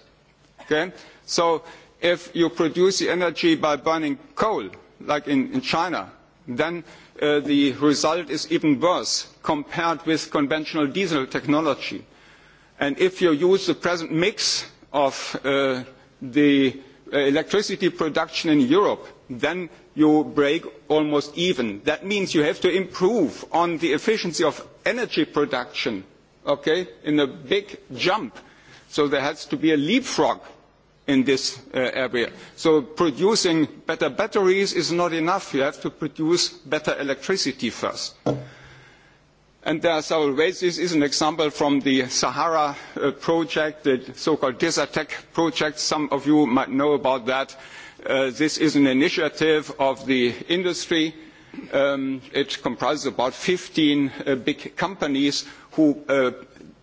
So if you produce the energy by burning coal, like in China, then the result is even worse compared with conventional diesel technology. And if you use the present mix of the electricity production in Europe, then you break almost even. That means you have to improve on the efficiency of energy production, okay, in a big jump. So there has to be a leapfrog in this area. So producing better batteries is not enough. You have to produce better electricity first. And there are several ways. This is an example from the Sahara project, the so-called DESERTEC project. Some of you might know about that this is an initiative of the industry. it comprises about fifteen big companies who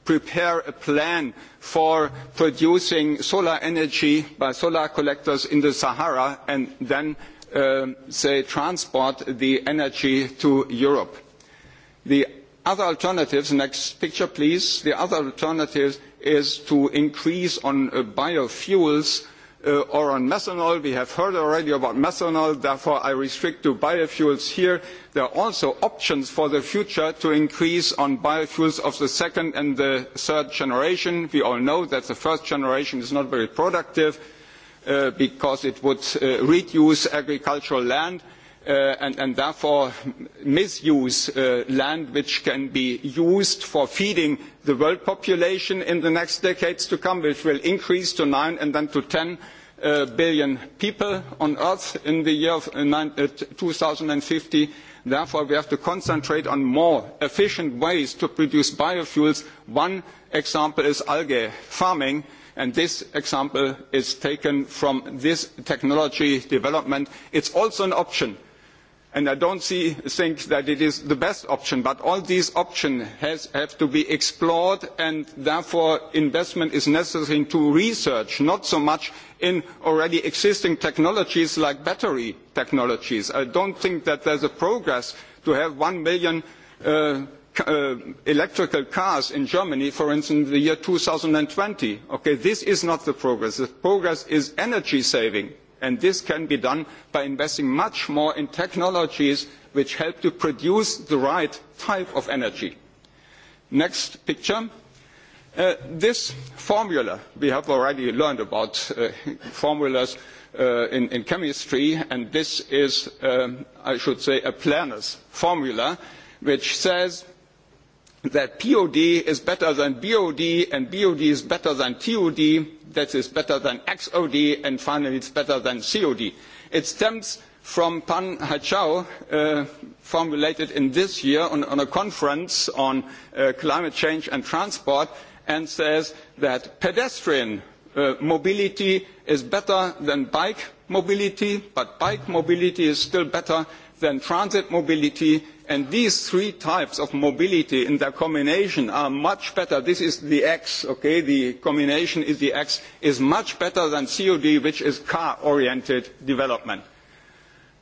prepare a plan for producing solar energy by solar collectors in the Sahara and then they transport the energy to Europe. The other alternatives, next picture please, the other alternative is to increase on biofuels or on methanol. We have heard already about methanol, therefore I restrict to biofuels here. There are also options for the future to increase on biofuels of the second and the third generation. We all know that the first generation is not very productive because it would reduce agricultural land and therefore misuse land which can be used for feeding the world population in the next decades to come, which will increase to nine and then to ten billion people on Earth in the year of fifty. Therefore, we have to concentrate on more efficient ways to produce biofuels. One example is algae farming, and this example is taken from this technology development. It is also an option and I don't see, think that it is the best option, but all these options have to be explored and therefore investment is necessary into research, not so much in already existing technologies like battery technologies. I don't think that there is a progress to have one million electrical cars in Germany, for instance, in the year 2020. Okay, this is not the progress. The progress is energy saving And this can be done by investing much more in technologies which help to produce the right type of energy. Next picture. this formula, we have already learned about formulas in, chemistry, and this is, I should say, a planner's formula, which says that POD is better than BOD and BOD is better than TOD, that is better than XOD, and finally it's better than COD. It stems from Pan Hachao, formulated in this year on, a conference on climate change and transport, and says that pedestrian mobility is better than bike mobility, but bike mobility is still better than transit mobility, And these three types of mobility in their combination are much better. This is the X, okay? The combination is the X, is much better than COD, which is car-oriented development.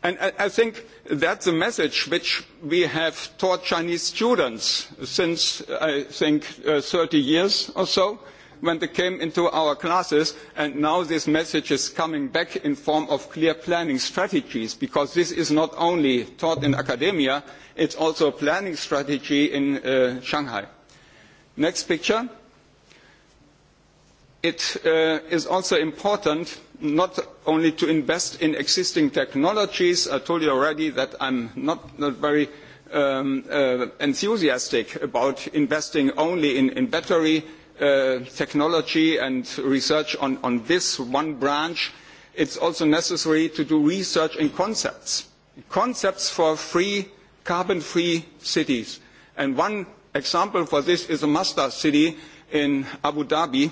And I, think think that's a message which we have taught Chinese students since, I think, uh, 30 years or so when they came into our classes and now this message is coming back in the form of clear planning strategies because this is not only taught in academia it is also a planning strategy in Shanghai. Next picture. It is also important not only to invest in existing technologies. I told you already that I am not very enthusiastic about investing only in battery technology and research on, this one branch, it is also necessary to do research in concepts. Concepts for free, carbon-free cities. And one example for this is a master city in Abu Dhabi.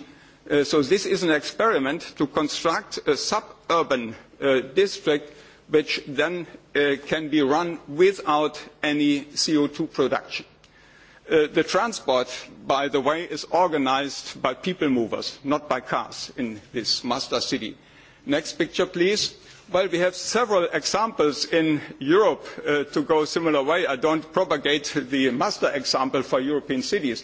so this is an experiment to construct a suburban district which then can be run without any co two production the transport, by the way, is organised by people movers, not by cars in this master city. Next picture, please. Well, we have several examples in Europe to go a similar way. I don't propagate the master example for European cities.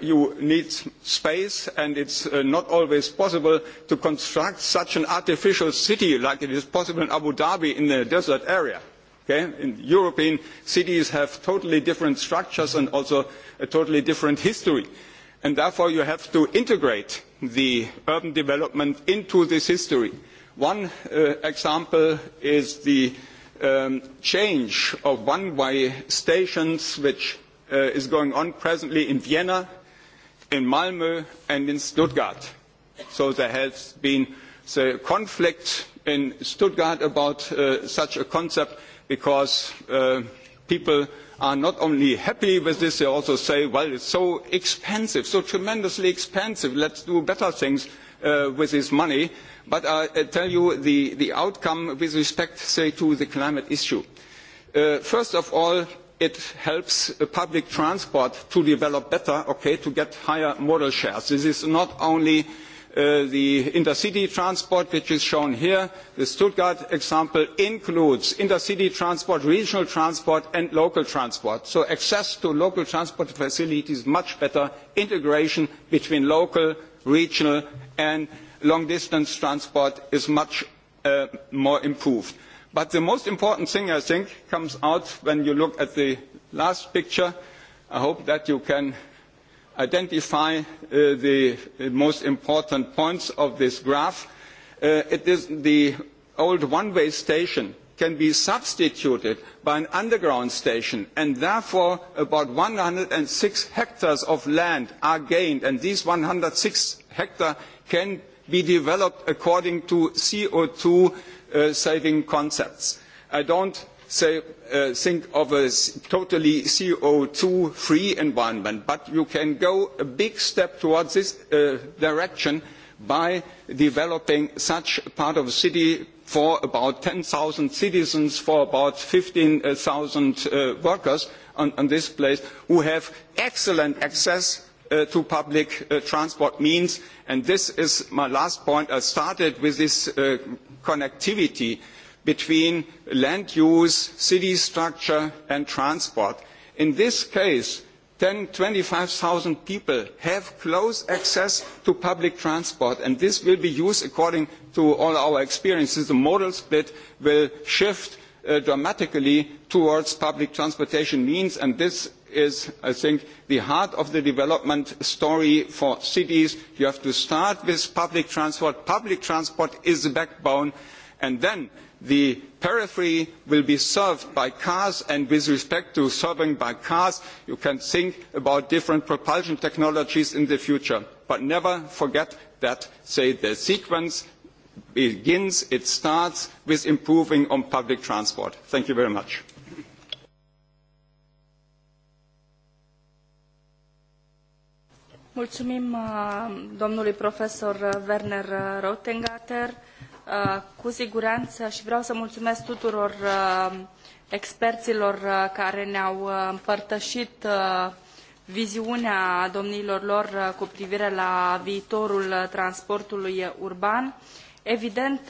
you need space, and it's uh, not always possible to construct such an artificial city like it is possible in Abu Dhabi in a desert area European cities have totally different structures and also a totally different history. And therefore you have to integrate the urban development into this history. One example is the change of one-way stations, which is going on presently in Vienna, in Malmö, and in Stuttgart. So there has been a conflict in Stuttgart about such a concept because people are not only happy with this, they also say, well, it's so expensive, so tremendously expensive, let's do better things with this money. But I tell you the, the outcome with respect, say, to the climate issue. first of all, it helps public transport to develop better, okay, to get higher modal shares. This is not only the intercity transport, which is shown here, the Stuttgart example, includes intercity transport, regional transport, and local transport. So access to local transport facilities, much better integration between local, regional, and long-distance transport is much more improved. But the most important thing, I think, comes out when you look at the last picture. I hope that you can identify the most important points of this graph. the old one-way station can be substituted by an underground station and therefore about one hundred and six hectares of land are gained and these one hundred and six hectares can be developed according to co two saving concepts. I do not think of a totally co two free environment, but you can go a big step towards this direction by developing such part of the city for about ten 10,000 citizens, for about 15,000 workers on this place who have excellent access to public transport means. And this is my last point. I started with this connectivity between land use, city structure and transport. In this case, ten twenty five 25,000 people have close access to public transport, and this will be used according to all our experiences. The modal split will shift dramatically towards public transportation means, and this is, I think, the heart of the development story for cities. You have to start with public transport. Public transport is the backbone, and then the periphery will be served by cars and with respect to serving by cars you can think about different propulsion technologies in the future but never forget that the sequence begins it starts with improving on public transport thank you very much Mulțumim domnului profesor Werner Rotengater Cu siguranță și vreau să mulțumesc tuturor experților care ne-au împărtășit viziunea domniilor lor cu privire la viitorul transportului urban. Evident,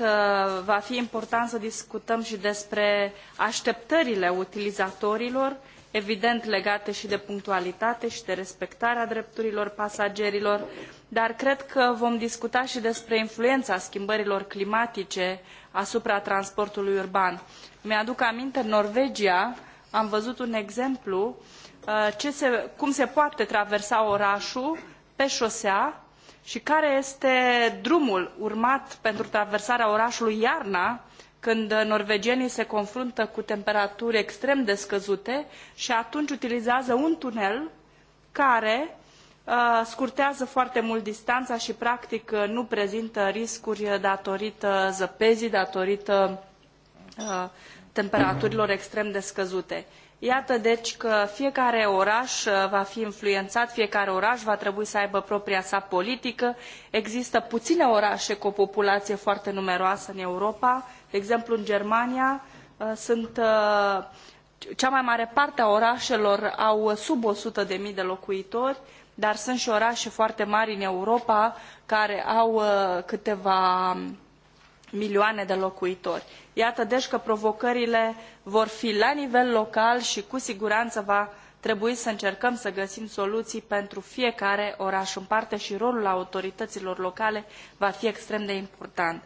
va fi important să discutăm și despre așteptările utilizatorilor, evident legate și de punctualitate și de respectarea drepturilor pasagerilor, dar cred că vom discuta și despre influența schimbărilor climatice asupra transportului urban. Mi-aduc aminte, în Norvegia am văzut un exemplu cum se poate traversa orașul pe șosea și care este drumul urmat pentru traversarea orașului iarna când norvegienii se confruntă cu temperaturi extrem de scăzute și atunci utilizează un tunel care scurtează foarte mult distanța și practic nu prezintă riscuri datorită zăpezii, datorită temperaturilor extrem de scăzute. Iată deci că fiecare oraș va fi influențat, fiecare oraș va trebui să aibă propria sa politică. Există puține orașe cu o populație foarte numeroasă în Europa De exemplu, în Germania sunt cea mai mare parte a orașelor au sub 100.000 de locuitori, dar sunt și orașe foarte mari în Europa care au câteva milioane de locuitori. Iată deci că provocările vor fi la nivel local și cu siguranță va trebui să încercăm să găsim soluții pentru fiecare oraș în parte și rolul autorităților locale va fi extrem de important.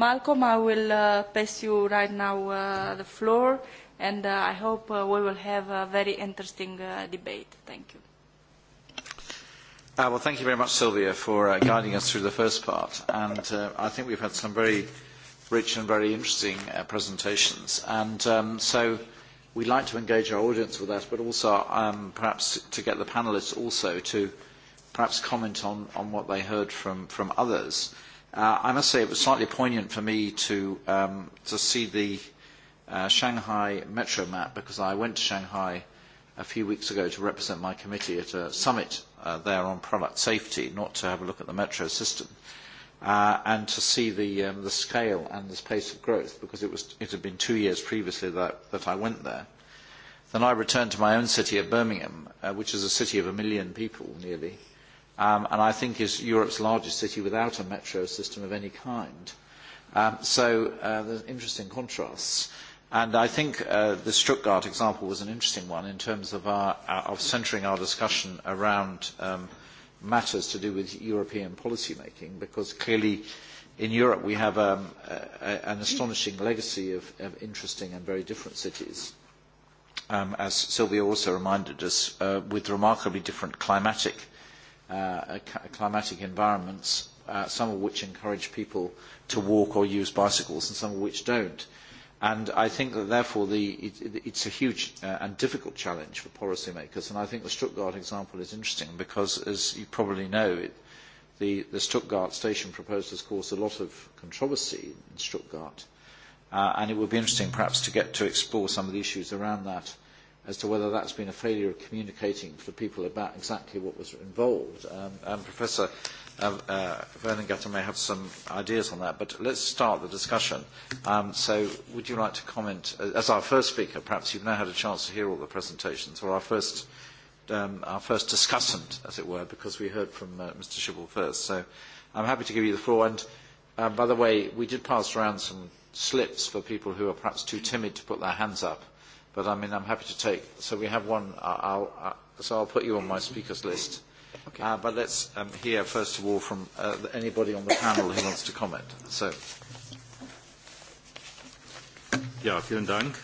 Malcolm, I will uh, pass you right now uh, the floor, and uh, I hope uh, we will have a very interesting uh, debate. Thank you. Uh, well, thank you very much, Sylvia, for uh, guiding us through the first part. And uh, I think we've had some very rich and very interesting uh, presentations. And um, so we'd like to engage our audience with that, but also um, perhaps to get the panelists also to perhaps comment on, on what they heard from, from others. Uh, I must say it was slightly poignant for me to, um, to see the uh, Shanghai metro map because I went to Shanghai a few weeks ago to represent my committee at a summit uh, there on product safety, not to have a look at the metro system, uh, and to see the, um, the scale and the pace of growth because it, was, it had been two years previously that, that I went there. Then I returned to my own city of Birmingham, uh, which is a city of a million people nearly, and I think is Europe's largest city without a metro system of any kind. so uh, there's interesting contrasts. And I think the Stuttgart example was an interesting one in terms of, our, of centering our discussion around matters to do with European policy making, because clearly in Europe we have an astonishing legacy of, interesting and very different cities, as Sylvia also reminded us, with remarkably different climatic climatic environments, some of which encourage people to walk or use bicycles and some of which don't. And I think that therefore the, it, it's a huge and difficult challenge for policymakers. And I think the Stuttgart example is interesting because, as you probably know, it, the, the Stuttgart station proposal has caused a lot of controversy in Stuttgart. and it would be interesting perhaps to get to explore some of the issues around that as to whether that's been a failure of communicating to people about exactly what was involved. Um, and Professor uh, uh, may have some ideas on that, but let's start the discussion. Um, so would you like to comment, as our first speaker, perhaps you've now had a chance to hear all the presentations, or our first, um, our first discussant, as it were, because we heard from uh, Mr. Shibble first. So I'm happy to give you the floor. And uh, by the way, we did pass around some slips for people who are perhaps too timid to put their hands up But I mean, I'm happy to take. So we have one. I'll, I'll, so I'll put you on my speakers list. Okay. Uh, but let's um, hear first of all from uh, anybody on the panel who wants to comment. So. Ja, vielen Dank.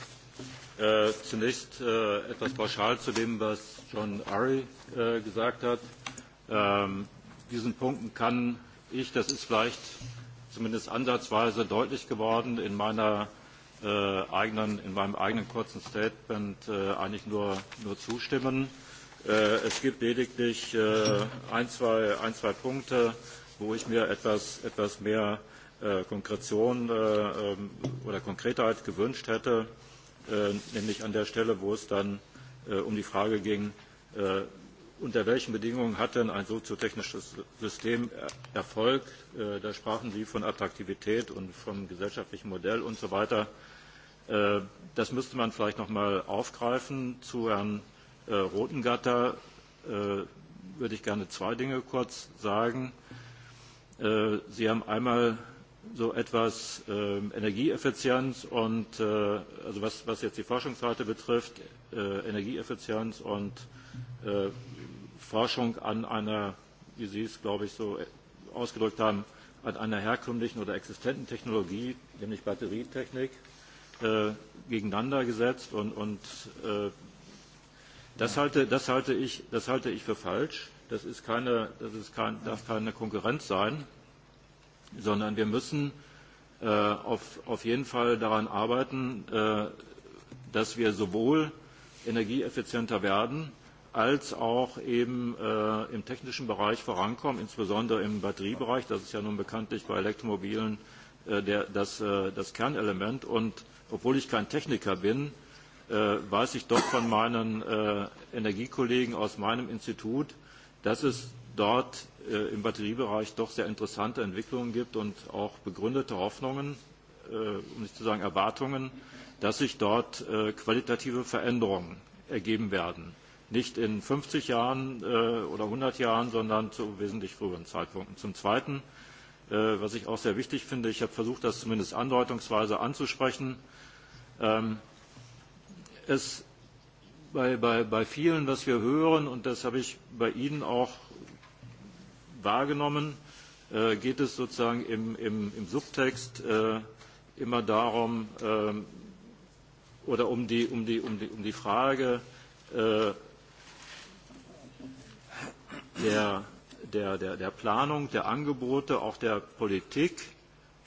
Äh, zunächst äh, etwas pauschal zu dem, was John Arry äh, gesagt hat. Ähm, diesen Punkten kann ich, das ist vielleicht zumindest ansatzweise deutlich geworden in meiner äh, in meinem eigenen kurzen Statement eigentlich nur, zustimmen. es gibt lediglich ein, zwei, Punkte, wo ich mir etwas, mehr Konkretion oder Konkretheit gewünscht hätte, nämlich an der Stelle, wo es dann um die Frage ging, unter welchen Bedingungen hat denn ein soziotechnisches System Erfolg? Da sprachen Sie von Attraktivität und vom gesellschaftlichen Modell und so weiter das müsste man vielleicht noch mal aufgreifen. Zu Herrn Rotengatter würde ich gerne zwei Dinge kurz sagen. Sie haben einmal so etwas Energieeffizienz und also was, jetzt die Forschungsrate betrifft, Energieeffizienz und Forschung an einer, wie Sie es glaube ich so ausgedrückt haben, an einer herkömmlichen oder existenten Technologie, nämlich Batterietechnik gegeneinander gesetzt und, das, halte, ich, für falsch. Das, ist keine, darf keine Konkurrenz sein, sondern wir müssen auf, jeden Fall daran arbeiten, dass wir sowohl energieeffizienter werden, als auch eben im technischen Bereich vorankommen, insbesondere im Batteriebereich. Das ist ja nun bekanntlich bei Elektromobilen das Kernelement. Und obwohl ich kein Techniker bin, weiß ich doch von meinen Energiekollegen aus meinem Institut, dass es dort im Batteriebereich doch sehr interessante Entwicklungen gibt und auch begründete Hoffnungen, um nicht zu sagen Erwartungen, dass sich dort qualitative Veränderungen ergeben werden. Nicht in fünfzig Jahren oder hundert Jahren, sondern zu wesentlich früheren Zeitpunkten. Zum Zweiten was ich auch sehr wichtig finde. Ich habe versucht, das zumindest andeutungsweise anzusprechen. es bei, vielen, was wir hören, und das habe ich bei Ihnen auch wahrgenommen, geht es sozusagen im, Subtext immer darum, oder um die, Frage der der, der, der Planung, der Angebote, auch der Politik,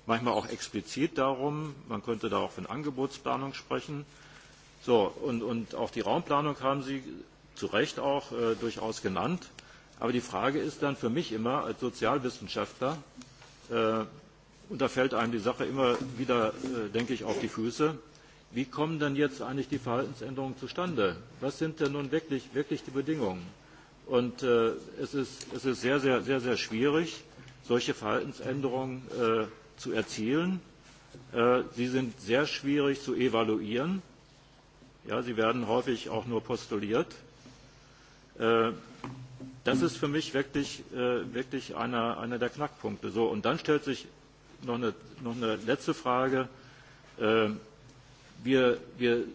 manchmal auch explizit darum, man könnte da auch von Angebotsplanung sprechen. So, und, und auch die Raumplanung haben Sie zu Recht auch äh, durchaus genannt. Aber die Frage ist dann für mich immer als Sozialwissenschaftler, äh, und da fällt einem die Sache immer wieder, äh, denke ich, auf die Füße, wie kommen denn jetzt eigentlich die Verhaltensänderungen zustande? Was sind denn nun wirklich, wirklich die Bedingungen? Und es, ist, sehr, sehr, sehr, sehr schwierig, solche Verhaltensänderungen zu erzielen. sie sind sehr schwierig zu evaluieren. sie werden häufig auch nur postuliert. das ist für mich wirklich, einer, einer der Knackpunkte. und dann stellt sich noch eine, letzte Frage wir,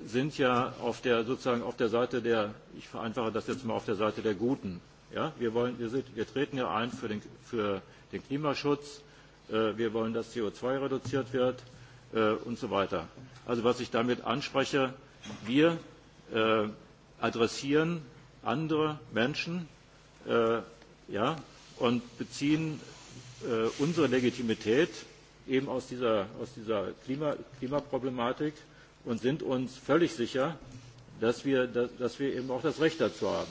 sind ja auf der, sozusagen auf der Seite der, ich vereinfache das jetzt mal auf der Seite der Guten. Ja? Wir, wollen, wir, sind, wir treten ja ein für den, für den Klimaschutz, wir wollen, dass co zwei reduziert wird und so weiter. Also was ich damit anspreche, wir adressieren andere Menschen und beziehen unsere Legitimität eben aus dieser, Klimaproblematik und sind uns völlig sicher, dass wir, dass wir eben auch das Recht dazu haben.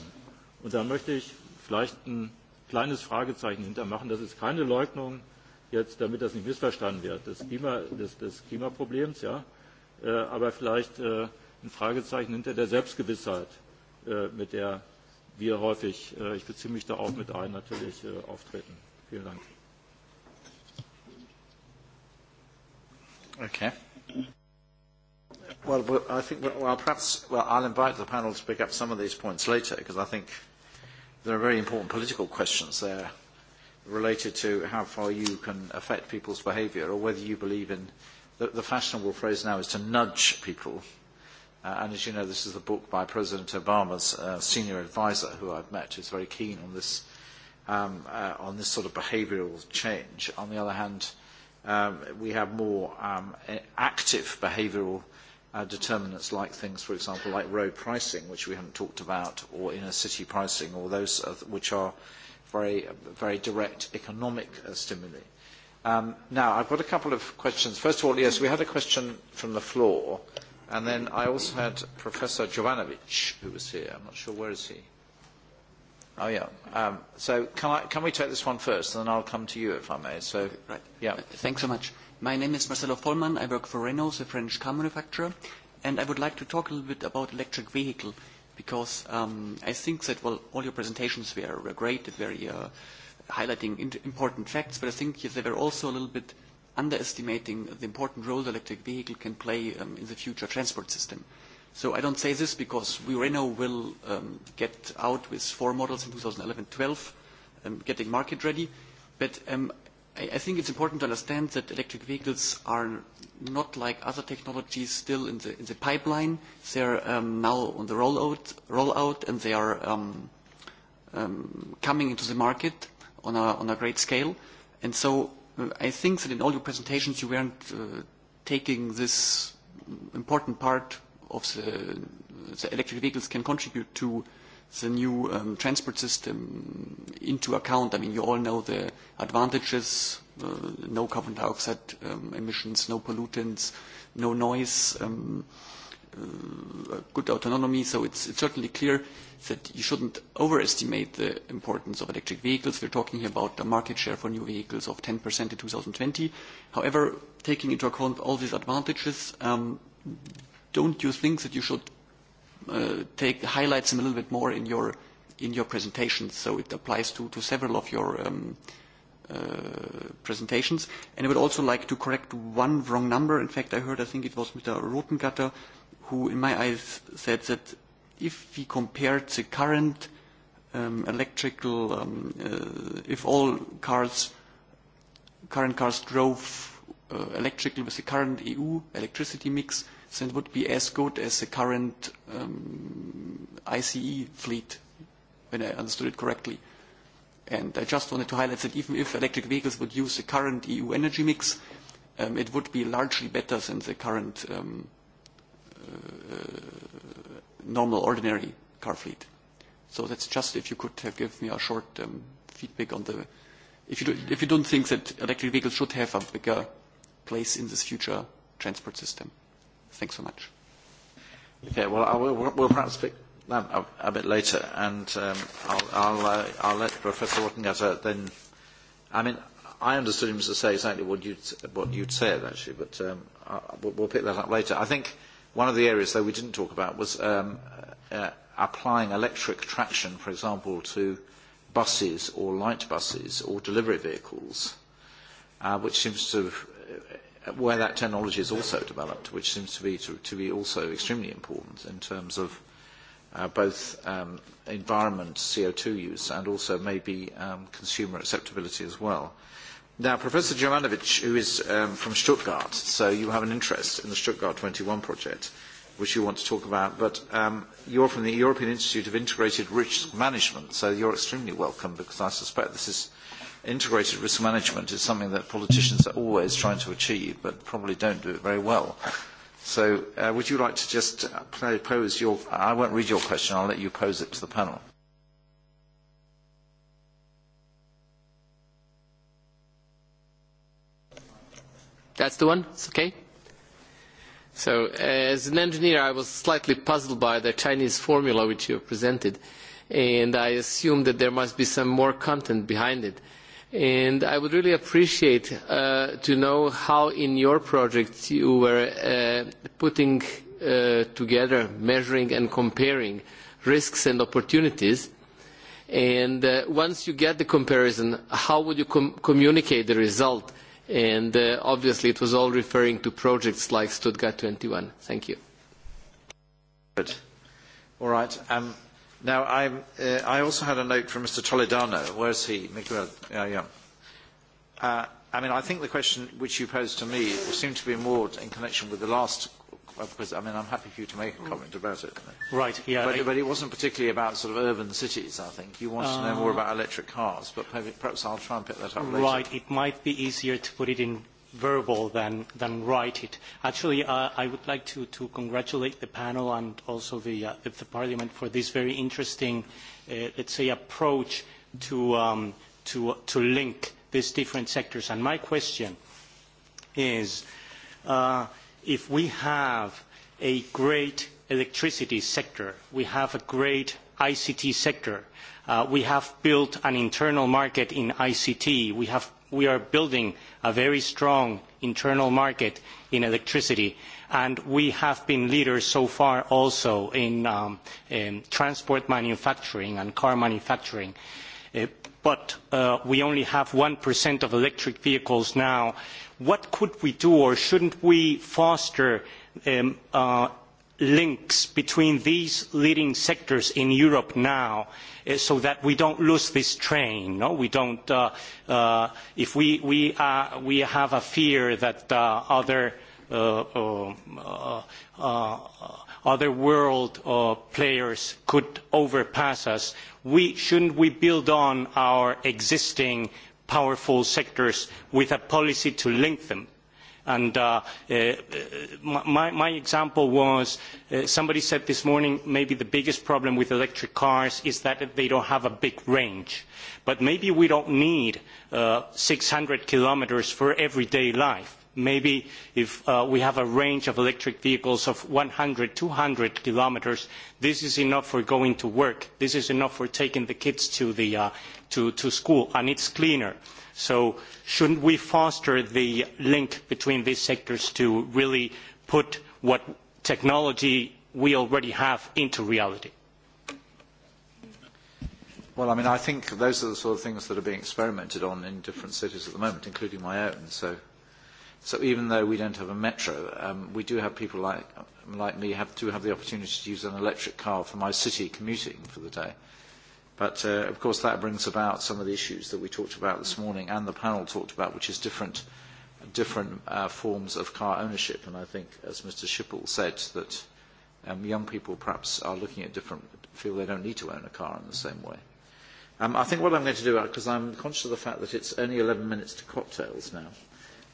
Und da möchte ich vielleicht ein kleines Fragezeichen hintermachen. Das ist keine Leugnung, jetzt, damit das nicht missverstanden wird, des, Klima, des, des Klimaproblems, ja, aber vielleicht ein Fragezeichen hinter der Selbstgewissheit, mit der wir häufig, ich beziehe mich da auch mit ein, natürlich auftreten. Vielen Dank. Okay. Well, I think well, perhaps well, I'll invite the panel to pick up some of these points later because I think there are very important political questions there related to how far you can affect people's behaviour or whether you believe in the, the fashionable phrase now is to nudge people. Uh, and as you know, this is the book by President Obama's uh, senior advisor, who I've met, who's very keen on this, um, uh, on this sort of behavioural change. On the other hand, um, we have more um, active behavioural determinants like things, for example, like road pricing, which we haven't talked about, or inner city pricing, or those which are very, very direct economic stimuli. now, I've got a couple of questions. First of all, yes, we had a question from the floor, and then I also had Professor Jovanovic, who was here. I'm not sure, where is he? Oh, yeah. Um, so can, I, can we take this one first, and then I'll come to you, if I may. So, right. yeah. Thanks so much. My name is Marcelo Vollmann. I work for Renault, a French car manufacturer, and I would like to talk a little bit about electric vehicle because um, I think that well, all your presentations were, were great, very uh, highlighting in- important facts, but I think they were also a little bit underestimating the important role the electric vehicle can play um, in the future transport system. So I don't say this because we Renault will um, get out with four models in 2011-12, um, getting market ready. But um, I, think it's important to understand that electric vehicles are not like other technologies still in the, in the pipeline. They are um, now on the rollout, rollout and they are um, um, coming into the market on a, on a great scale. And so uh, I think that in all your presentations you weren't uh, taking this important part of the, the electric vehicles can contribute to uh, the new um, transport system into account? I mean, you all know the advantages, uh, no carbon dioxide um, emissions, no pollutants, no noise, um, uh, good autonomy. So it's, it's certainly clear that you shouldn't overestimate the importance of electric vehicles. We're talking here about a market share for new vehicles of 10% in 2020. However, taking into account all these advantages, um, don't you think that you should take highlight them a little bit more in your in your presentation. So it applies to, to several of your um, uh, presentations. And I would also like to correct one wrong number. In fact, I heard, I think it was Mr. Rotengatter, who in my eyes said that if we compared the current um, electrical, um, uh, if all cars, current cars drove uh, electrical with the current EU electricity mix, so it would be as good as the current um, ICE fleet, when I understood it correctly. And I just wanted to highlight that even if electric vehicles would use the current EU energy mix, um, it would be largely better than the current um, uh, normal, ordinary car fleet. So that's just if you could have given me a short um, feedback on the... If you, do, if you don't think that electric vehicles should have a bigger place in this future transport system. Thanks so much. Okay, well, I will, we'll perhaps pick that up a bit later, and um, I'll, I'll, uh, I'll let Professor Wattengatter then. I mean, I understood him to say exactly what you'd, what you'd said, actually, but um, I, we'll, we'll pick that up later. I think one of the areas, though, we didn't talk about was um, uh, applying electric traction, for example, to buses or light buses or delivery vehicles, uh, which seems to where that technology is also developed, which seems to be, to, to be also extremely important in terms of uh, both um, environment CO2 use and also maybe um, consumer acceptability as well. Now, Professor Jovanovic, who is um, from Stuttgart, so you have an interest in the Stuttgart 21 project, which you want to talk about, but um, you're from the European Institute of Integrated Risk Management, so you're extremely welcome because I suspect this is integrated risk management is something that politicians are always trying to achieve, but probably don't do it very well. So uh, would you like to just pose your, I won't read your question, I'll let you pose it to the panel. That's the one? It's okay? So as an engineer, I was slightly puzzled by the Chinese formula which you presented, and I assumed that there must be some more content behind it And I would really appreciate to know how in your project you were putting together, measuring and comparing risks and opportunities. And once you get the comparison, how would you communicate the result? And obviously it was all referring to projects like Stuttgart 21. Thank you. All right. Um, Now, I'm, uh, I also had a note from Mr. Toledano. Where is he? Miguel. Yeah, yeah. Uh, I mean, I think the question which you posed to me seemed to be more in connection with the last because I mean I'm happy for you to make a comment about it. Right. Yeah. But, but it wasn't particularly about sort of urban cities. I think you wanted to know more about electric cars, but perhaps I'll try and pick that up later. Right. It might be easier to put it in verbal than, than write it. Actually, uh, I would like to, to congratulate the panel and also the, uh, the Parliament for this very interesting, uh, let's say, approach to, um, to, to link these different sectors. And my question is, uh, if we have a great electricity sector, we have a great ICT sector. we have built an internal market in ICT. We, have, we are building a very strong internal market in electricity. And we have been leaders so far also in, transport manufacturing and car manufacturing. but we only have 1% of electric vehicles now. What could we do or shouldn't we foster links between these leading sectors in Europe now so that we don't lose this train. No, we don't, if we, we, uh we have a fear that other, other world players could overpass us, we, shouldn't we build on our existing powerful sectors with a policy to link them? And my, example was somebody said this morning maybe the biggest problem with electric cars is that they don't have a big range. But maybe we don't need six hundred kilometres for everyday life. Maybe if we have a range of electric vehicles of one hundred, two hundred kilometres, this is enough for going to work. This is enough for taking the kids to, school, and it is cleaner So shouldn't we foster the link between these sectors to really put what technology we already have into reality? Well, I mean, I think those are the sort of things that are being experimented on in different cities at the moment, including my own. So, so even though we don't have a metro, um, we do have people like, like me have, do have the opportunity to use an electric car for my city commuting for the day. But uh, of course that brings about some of the issues that we talked about this morning and the panel talked about, which is different, different uh, forms of car ownership. And I think, as Mr. Schiphol said, that um, young people perhaps are looking at different, feel they don't need to own a car in the same way. Um, I think what I'm going to do, because I'm conscious of the fact that it's only 11 minutes to cocktails now.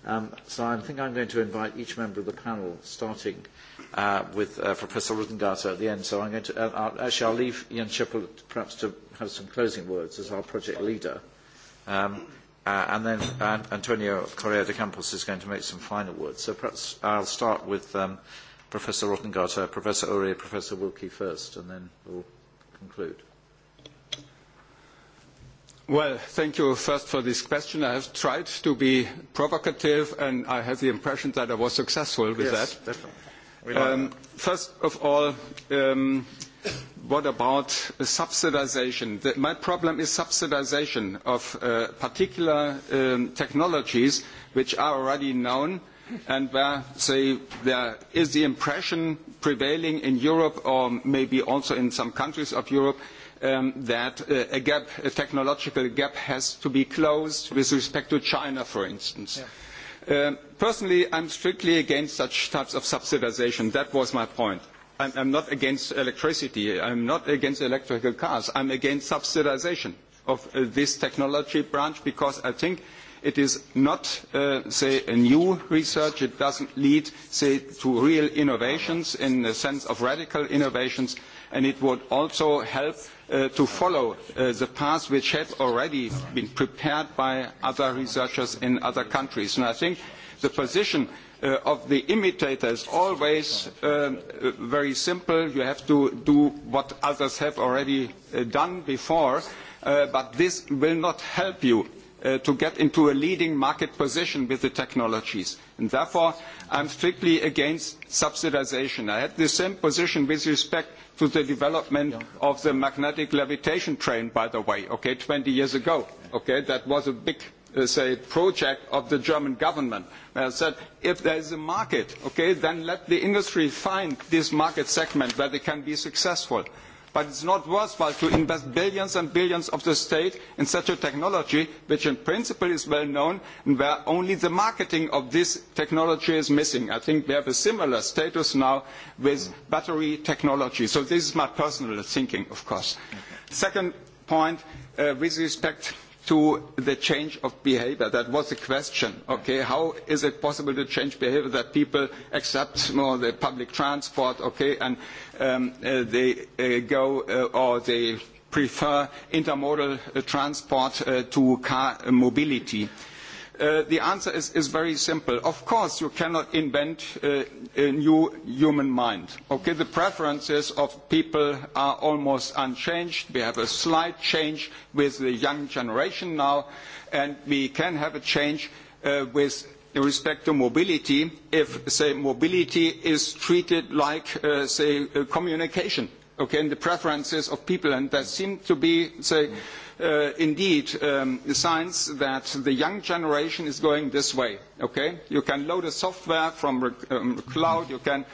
Um, so I think I'm going to invite each member of the panel, starting uh, with uh, Professor Rudengata at the end. So I'm going to, uh, I'll, actually, I'll leave Ian Chippel perhaps to have some closing words as our project leader. Um, uh, and then uh, Antonio Correa de Campos is going to make some final words. So perhaps I'll start with um, Professor Rottengarter, Professor Ore, Professor Wilkie first, and then we'll conclude. Well, thank you first for this question. I have tried to be provocative, and I have the impression that I was successful with yes, that. first of all, what about subsidisation? my problem is subsidisation of particular technologies which are already known and where there is the impression prevailing in Europe or maybe also in some countries of Europe that a, technological gap has to be closed with respect to China, for instance. personally, I am strictly against such types of subsidisation. That was my point. I am not against electricity. I am not against electrical cars. I am against subsidisation of this technology branch because I think it is not, say, a new research. It does not lead, say, to real innovations in the sense of radical innovations, and it would also help to follow the path which had already been prepared by other researchers in other countries. And I think the position of the imitator is always very simple. You have to do what others have already done before, but this will not help you to get into a leading market position with the technologies. And therefore, I am strictly against subsidisation. I had the same position with respect to the development of the magnetic levitation train, by the way, okay, 20 years ago. Okay, that was a big say, project of the German government. I said, if there is a market, okay, then let the industry find this market segment where they can be successful but it is not worthwhile to invest billions and billions of the state in such a technology which in principle is well known and where only the marketing of this technology is missing. I think we have a similar status now with battery technology. So this is my personal thinking, of course. Second point, with respect to the change of behaviour. That was the question. Okay, how is it possible to change behaviour that people accept more the public transport? Okay, and they go or they prefer intermodal transport to car mobility? The answer is very simple. Of course, you cannot invent a new human mind. The preferences of people are almost unchanged. We have a slight change with the young generation now, and we can have a change with in respect to mobility if, say, mobility is treated like, say, communication, okay, and the preferences of people. And that seem to be, say, indeed signs that the young generation is going this way, okay? You can load a software from the cloud, you can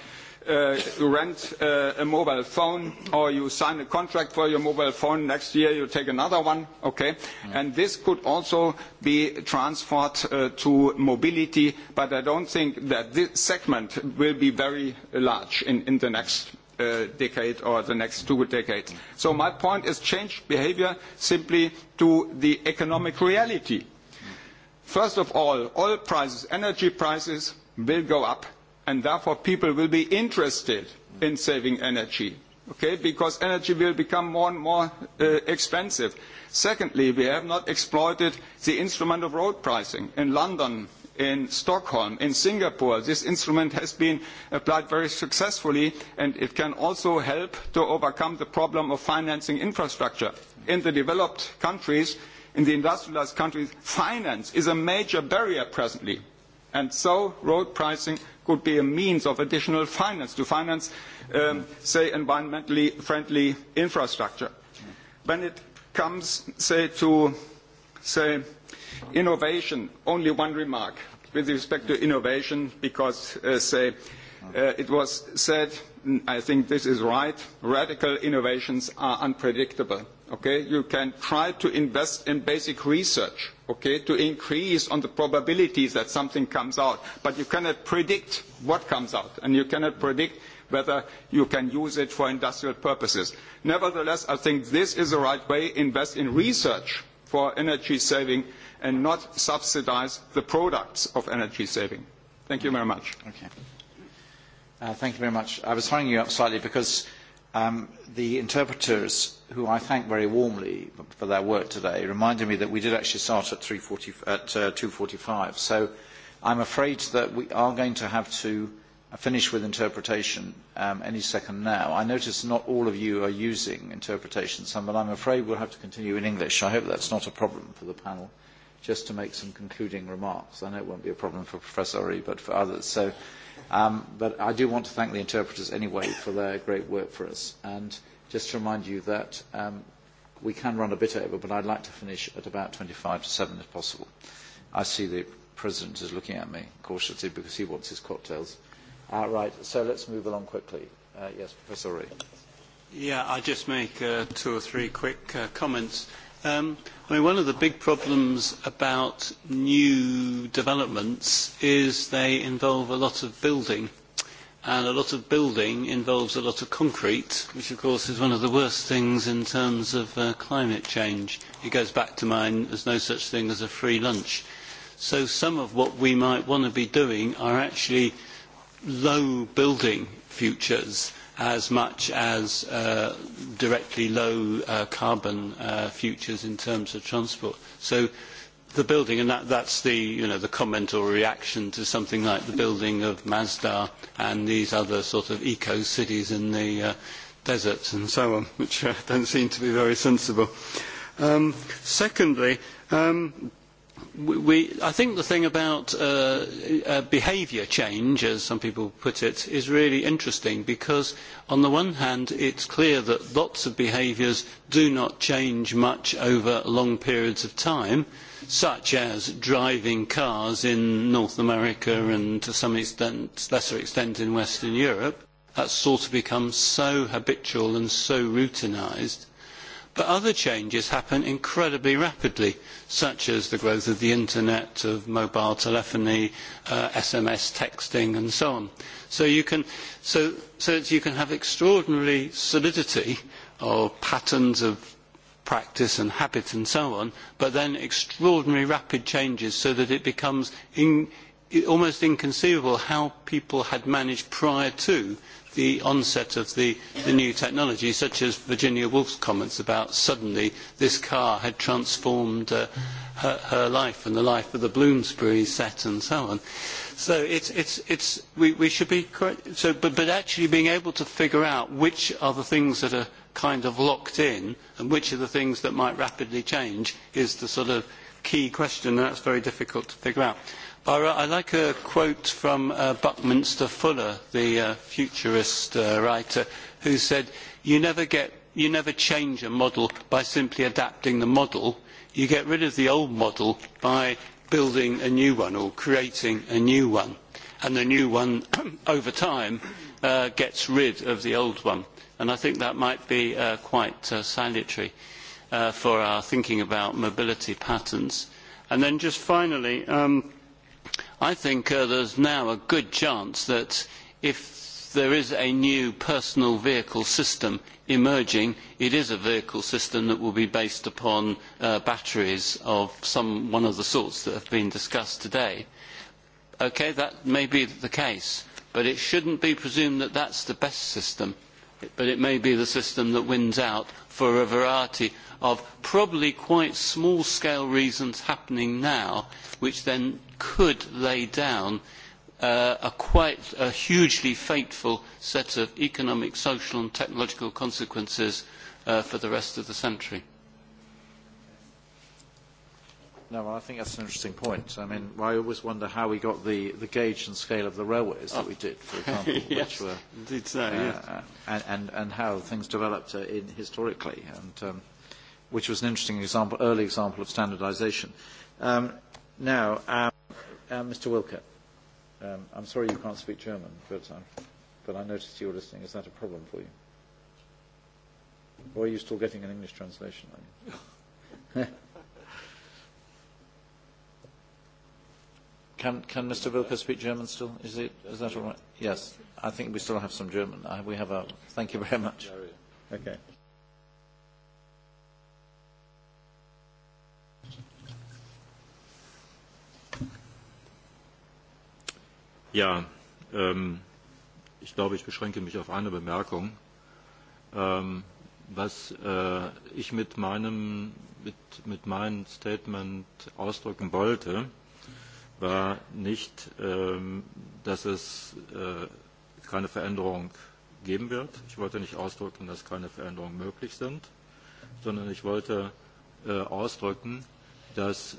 you rent a mobile phone or you sign a contract for your mobile phone. Next year, you take another one. Okay? And this could also be transferred to mobility, but I don't think that this segment will be very large in the next decade or the next two decades. So my point is change behavior simply to the economic reality. First of all, oil prices, energy prices will go up and therefore people will be interested in saving energy because energy will become more and more expensive. Secondly, we have not exploited the instrument of road pricing in London, in Stockholm, in Singapore. This instrument has been applied very successfully, and it can also help to overcome the problem of financing infrastructure. In the developed countries, in the industrialised countries, finance is a major barrier presently And so road pricing could be a means of additional finance to finance, say, environmentally friendly infrastructure. When it comes, say, to say, innovation, only one remark with respect to innovation, because, say, it was said I think this is right. Radical innovations are unpredictable. Okay, you can try to invest in basic research. Okay, to increase on the probabilities that something comes out, but you cannot predict what comes out, and you cannot predict whether you can use it for industrial purposes. Nevertheless, I think this is the right way. Invest in research for energy saving and not subsidise the products of energy saving. Thank you very much thank you very much. I was hurrying you up slightly because the interpreters, who I thank very warmly for their work today, reminded me that we did actually start at, 340, at uh, 2.45. So I'm afraid that we are going to have to finish with interpretation um, any second now. I notice not all of you are using interpretation, some, but I'm afraid we'll have to continue in English. I hope that's not a problem for the panel, just to make some concluding remarks. I know it won't be a problem for Professor Ori, but for others. So Um, but I do want to thank the interpreters anyway for their great work for us. And just to remind you that um, we can run a bit over, but I'd like to finish at about 25 to 7 if possible. I see the President is looking at me cautiously because he wants his cocktails. Uh, right, so let's move along quickly. Uh, yes, Professor Ray. Yeah, I'll just make uh, two or three quick uh, comments Um, I mean, one of the big problems about new developments is they involve a lot of building. And a lot of building involves a lot of concrete, which of course is one of the worst things in terms of uh, climate change. It goes back to mine, there's no such thing as a free lunch. So some of what we might want to be doing are actually low building futures as much as uh, directly low uh, carbon uh, futures in terms of transport. So the building, and that, that's the, you know, the comment or reaction to something like the building of Mazda and these other sort of eco-cities in the uh, deserts and so on, which uh, don't seem to be very sensible. Um, secondly, um, we, I think the thing about uh, uh, behaviour change, as some people put it, is really interesting because on the one hand it's clear that lots of behaviours do not change much over long periods of time, such as driving cars in North America and to some extent, lesser extent in Western Europe. That's sort of become so habitual and so routinised But other changes happen incredibly rapidly, such as the growth of the internet, of mobile telephony, uh, SMS texting, and so on. So you can, so, so you can have extraordinary solidity or patterns of practice and habit and so on, but then extraordinary rapid changes so that it becomes in, almost inconceivable how people had managed prior to the onset of the, new technology, such as Virginia Woolf's comments about suddenly this car had transformed her, life and the life of the Bloomsbury set and so on. So it's, it's, it's, we, we should be quite, so, but, but actually being able to figure out which are the things that are kind of locked in and which are the things that might rapidly change is the sort of key question and that's very difficult to figure out. I like a quote from Buckminster Fuller, the futurist writer, who said, you never, get, you never change a model by simply adapting the model. You get rid of the old model by building a new one or creating a new one. And the new one, over time, gets rid of the old one. And I think that might be quite salutary for our thinking about mobility patterns. And then just finally, um, I think there is now a good chance that if there is a new personal vehicle system emerging, it is a vehicle system that will be based upon batteries of some one of the sorts that have been discussed today. Okay, that may be the case, but it shouldn't be presumed that that is the best system. But it may be the system that wins out for a variety of probably quite small scale reasons happening now, which then could lay down a quite a hugely fateful set of economic, social and technological consequences for the rest of the century. No, well, I think that's an interesting point. I mean, I always wonder how we got the, the gauge and scale of the railways that we did, for example, yes, which were indeed so, uh, and, and and how things developed uh, in, historically, and um, which was an interesting example, early example of standardisation. Um, Now, um, uh, Mr. Wilke, um, I'm sorry you can't speak German, but, um, but I noticed you were listening. Is that a problem for you? Or are you still getting an English translation? I you? can, can Mr. Wilke speak German still? Is, it, is that all right? Yes. I think we still have some German. I, we have a, thank you very much. Okay. Ja, ich glaube, ich beschränke mich auf eine Bemerkung. was ich mit meinem Statement ausdrücken wollte, war nicht, dass es keine Veränderung geben wird. Ich wollte nicht ausdrücken, dass keine Veränderungen möglich sind, sondern ich wollte ausdrücken, dass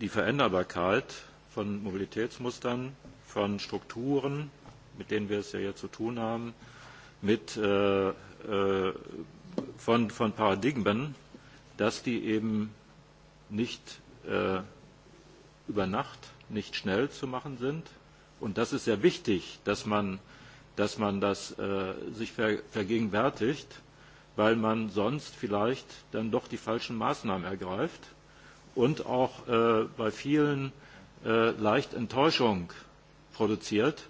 die Veränderbarkeit von Mobilitätsmustern, von Strukturen, mit denen wir es ja hier zu tun haben, mit, von, von Paradigmen, dass die eben nicht über Nacht, nicht schnell zu machen sind. Und das ist sehr wichtig, dass man, dass man das sich vergegenwärtigt, weil man sonst vielleicht dann doch die falschen Maßnahmen ergreift und auch bei vielen leicht Enttäuschung produziert,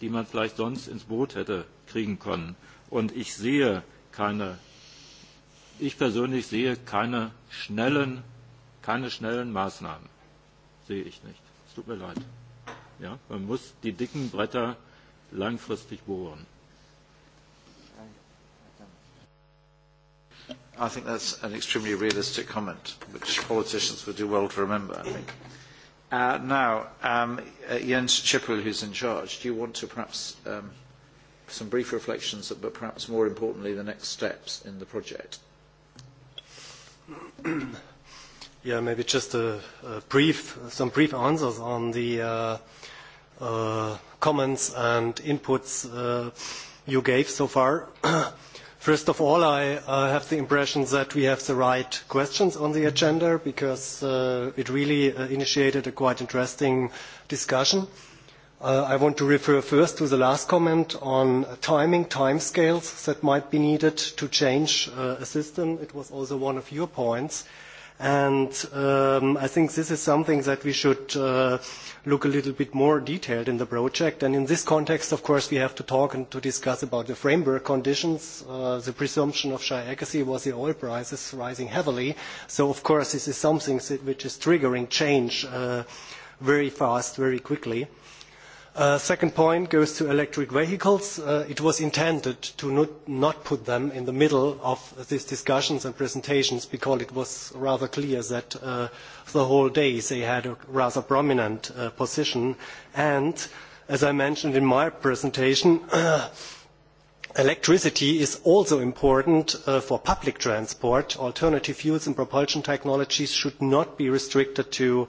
die man vielleicht sonst ins Boot hätte kriegen können. Und ich sehe keine, ich persönlich sehe keine schnellen, keine schnellen Maßnahmen. Sehe ich nicht. Es tut mir leid. Ja, man muss die dicken Bretter langfristig bohren. I think that's an extremely realistic comment, which politicians would do well to remember, I think. Uh, now, um, uh, Jens Schippel, who's in charge, do you want to perhaps um, some brief reflections, but perhaps more importantly, the next steps in the project? Yeah, maybe just a, a brief, some brief answers on the uh, uh, comments and inputs uh, you gave so far. First of all, I have the impression that we have the right questions on the agenda because it really initiated a quite interesting discussion. I want to refer first to the last comment on timing, timescales that might be needed to change a system. It was also one of your points. And I think this is something that we should look a little bit more detailed in the project. And in this context, of course, we have to talk and to discuss about the framework conditions. the presumption of shy accuracy was the oil prices rising heavily. So, of course, this is something which is triggering change very fast, very quickly second point goes to electric vehicles. it was intended to not, put them in the middle of these discussions and presentations because it was rather clear that the whole day they had a rather prominent position. And as I mentioned in my presentation, electricity is also important for public transport. Alternative fuels and propulsion technologies should not be restricted to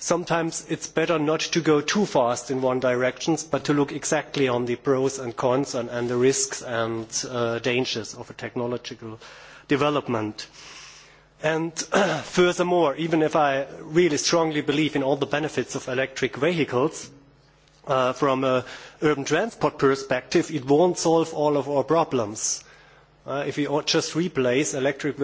sometimes it is better not to go too fast in one direction but to look exactly at the pros and cons and the risks and dangers of a technological development. furthermore even if i really strongly believe in all the benefits of electric vehicles from an urban transport perspective it will not solve all of our problems if we just replace electric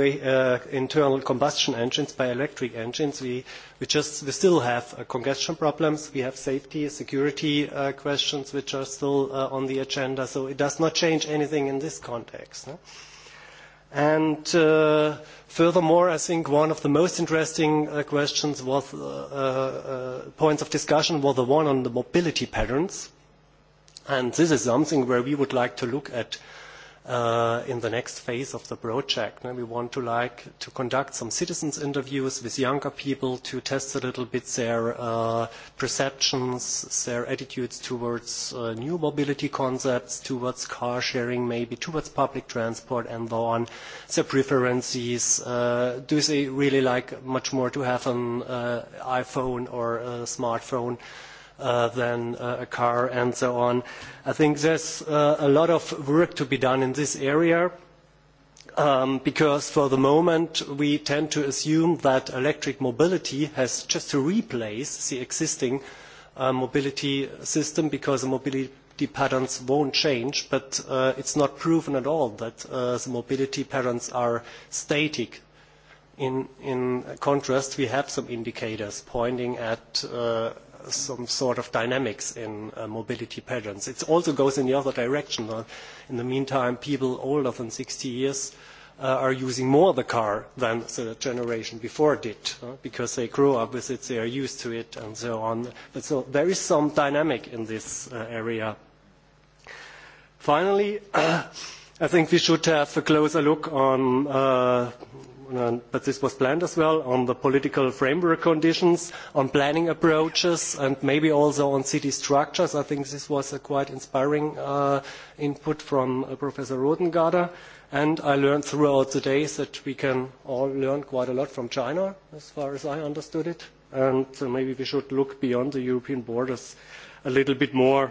internal combustion engines by electric engines, we still have congestion problems. We have safety, security questions, which are still on the agenda. So it does not change anything in this context. And furthermore, I think one of the most interesting questions was points of discussion was the one on the mobility patterns. And this is something where we would like to look at in the next phase of the project. We want to like to conduct some citizens interviews with younger people to test a little bit their perceptions, their attitudes towards new mobility concepts, towards car sharing, maybe towards public transport and so on, their preferences. Do they really like much more to have an iPhone or a smartphone? than a car and so on. I think there's a lot of work to be done in this area because for the moment we tend to assume that electric mobility has just to replace the existing mobility system because the mobility patterns won't change, but it is not proven at all that the mobility patterns are static. In, contrast, we have some indicators pointing at some sort of dynamics in mobility patterns. It also goes in the other direction. In the meantime, people older than 60 years are using more the car than the generation before did because they grew up with it, they are used to it, and so on. But so there is some dynamic in this area. Finally, I think we should have a closer look on but this was planned as well on the political framework conditions on planning approaches and maybe also on city structures. i think this was a quite inspiring input from professor rodengarder and i learned throughout the days that we can all learn quite a lot from china as far as i understood it and maybe we should look beyond the european borders a little bit more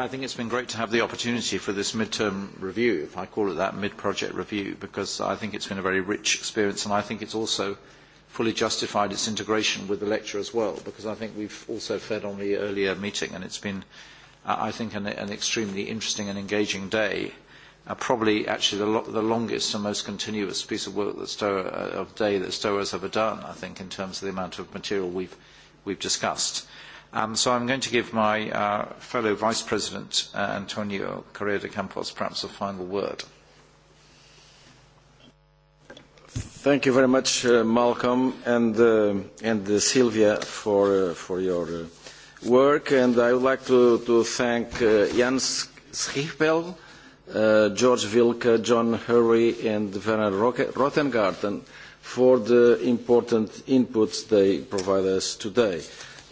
I think it's been great to have the opportunity for this mid-term review, if I call it that, mid-project review, because I think it's been a very rich experience and I think it's also fully justified its integration with the lecture as well, because I think we've also fed on the earlier meeting and it's been, I think, an, an extremely interesting and engaging day. Uh, probably actually the, lo the longest and most continuous piece of work that Stoa, of day that Stoa has ever done, I think, in terms of the amount of material we've, we've discussed. Um, so I'm going to give my uh, fellow Vice President, uh, Antonio Correa de Campos, perhaps a final word. Thank you very much, uh, Malcolm and, uh, and uh, Sylvia, for, uh, for your uh, work. And I would like to, to thank uh, Jans Schiepel, uh, George Wilke, John Hurry, and Werner Rottengarten for the important inputs they provide us today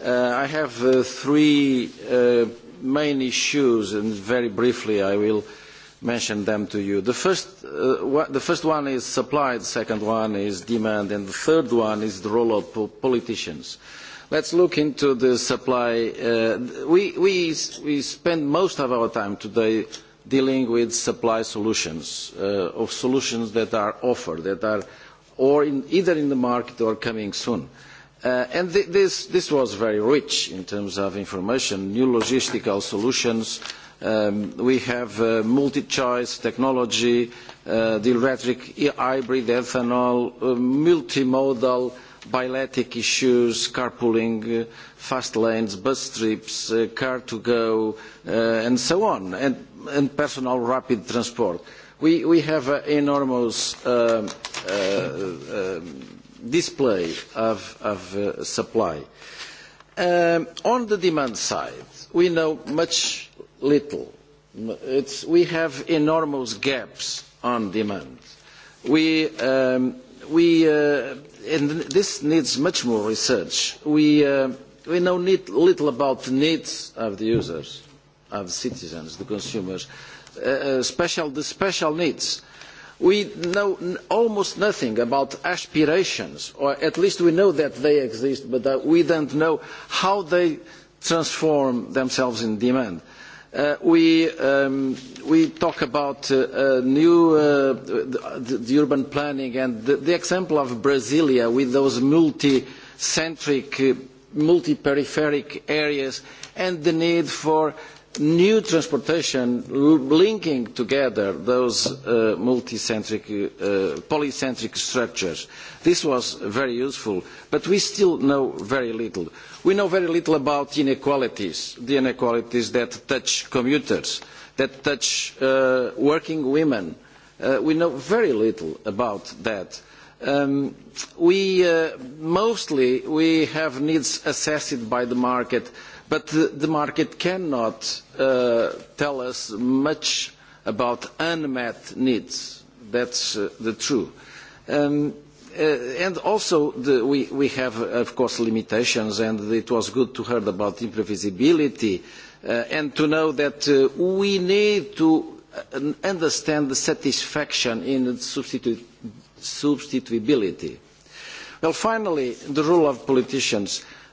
I have three main issues, and very briefly I will mention them to you. The first, one is supply, the second one is demand, and the third one is the role of politicians. Let's look into the supply. we, spend most of our time today dealing with supply solutions, of solutions that are offered, that are or either in the market or coming soon and this, was very rich in terms of information, new logistical solutions. we have multi-choice technology, the electric hybrid ethanol, multimodal biletic issues, carpooling, fast lanes, bus trips, car-to-go, and so on, and, personal rapid transport. We, have an enormous display of, supply. on the demand side, we know much little. we have enormous gaps on demand. We, and this needs much more research. We, know little about the needs of the users, of citizens, the consumers, special, the special needs We know almost nothing about aspirations, or at least we know that they exist, but we do not know how they transform themselves in demand. we, talk about new urban planning and the, the example of Brasilia with those multi-centric, multi-peripheric areas and the need for new transportation linking together those multicentric, polycentric structures. This was very useful, but we still know very little. We know very little about inequalities, the inequalities that touch commuters, that touch working women. we know very little about that we mostly we have needs assessed by the market But the market cannot tell us much about unmet needs. That's the truth. also, we have, of course, limitations, and it was good to hear about imprevisibility and to know that we need to understand the satisfaction in substitutability. Well, finally, the role of politicians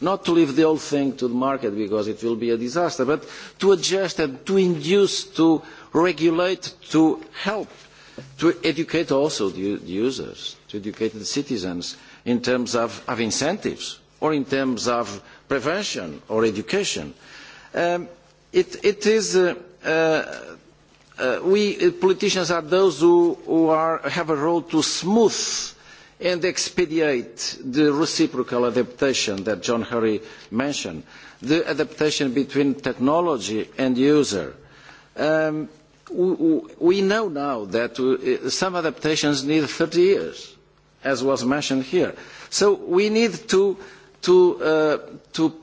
not to leave the whole thing to the market because it will be a disaster, but to adjust and to induce, to regulate, to help, to educate also the users, to educate the citizens in terms of, of incentives or in terms of prevention or education. Um, it, it is, uh, uh, we uh, politicians are those who, who are, have a role to smooth and expedite the reciprocal adaptation that John Hurry mentioned, the adaptation between technology and user. we know now that some adaptations need thirty years, as was mentioned here. So we need to,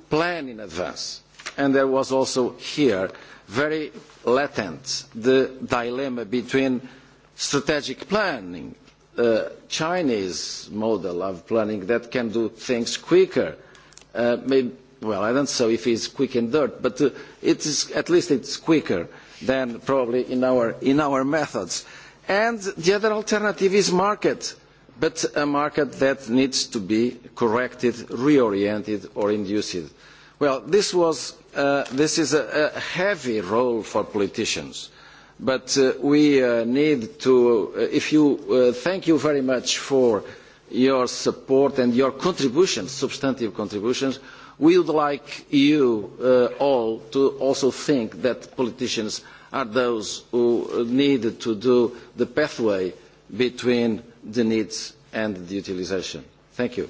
plan in advance. And there was also here very latent the dilemma between strategic planning Chinese model of planning that can do things quicker. well, I don't know if it's quick and dirt, but it is, at least it's quicker than probably in our, in our methods. And the other alternative is market, but a market that needs to be corrected, reoriented, or induced. Well, this, was, this is a, a heavy role for politicians but we need to if you thank you very much for your support and your contributions substantive contributions we would like you all to also think that politicians are those who need to do the pathway between the needs and the utilisation. Thank you.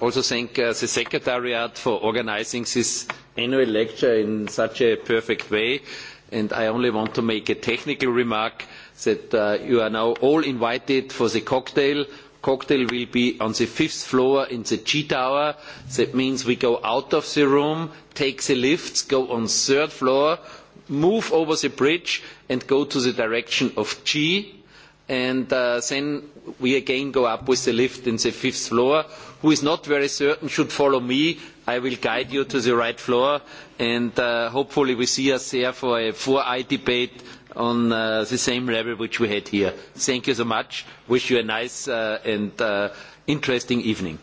also thank the Secretariat for organising this annual lecture in such a perfect way. And I only want to make a technical remark that you are now all invited for the cocktail. Cocktail will be on the fifth floor in the G Tower. That means we go out of the room, take the lifts, go on third floor, move over the bridge and go to the direction of G. And then we again go up with the lift in the fifth floor who is not very certain should follow me. I will guide you to the right floor, and hopefully we see us there for a four-eye debate on the same level which we had here. Thank you so much. Wish you a nice and interesting evening.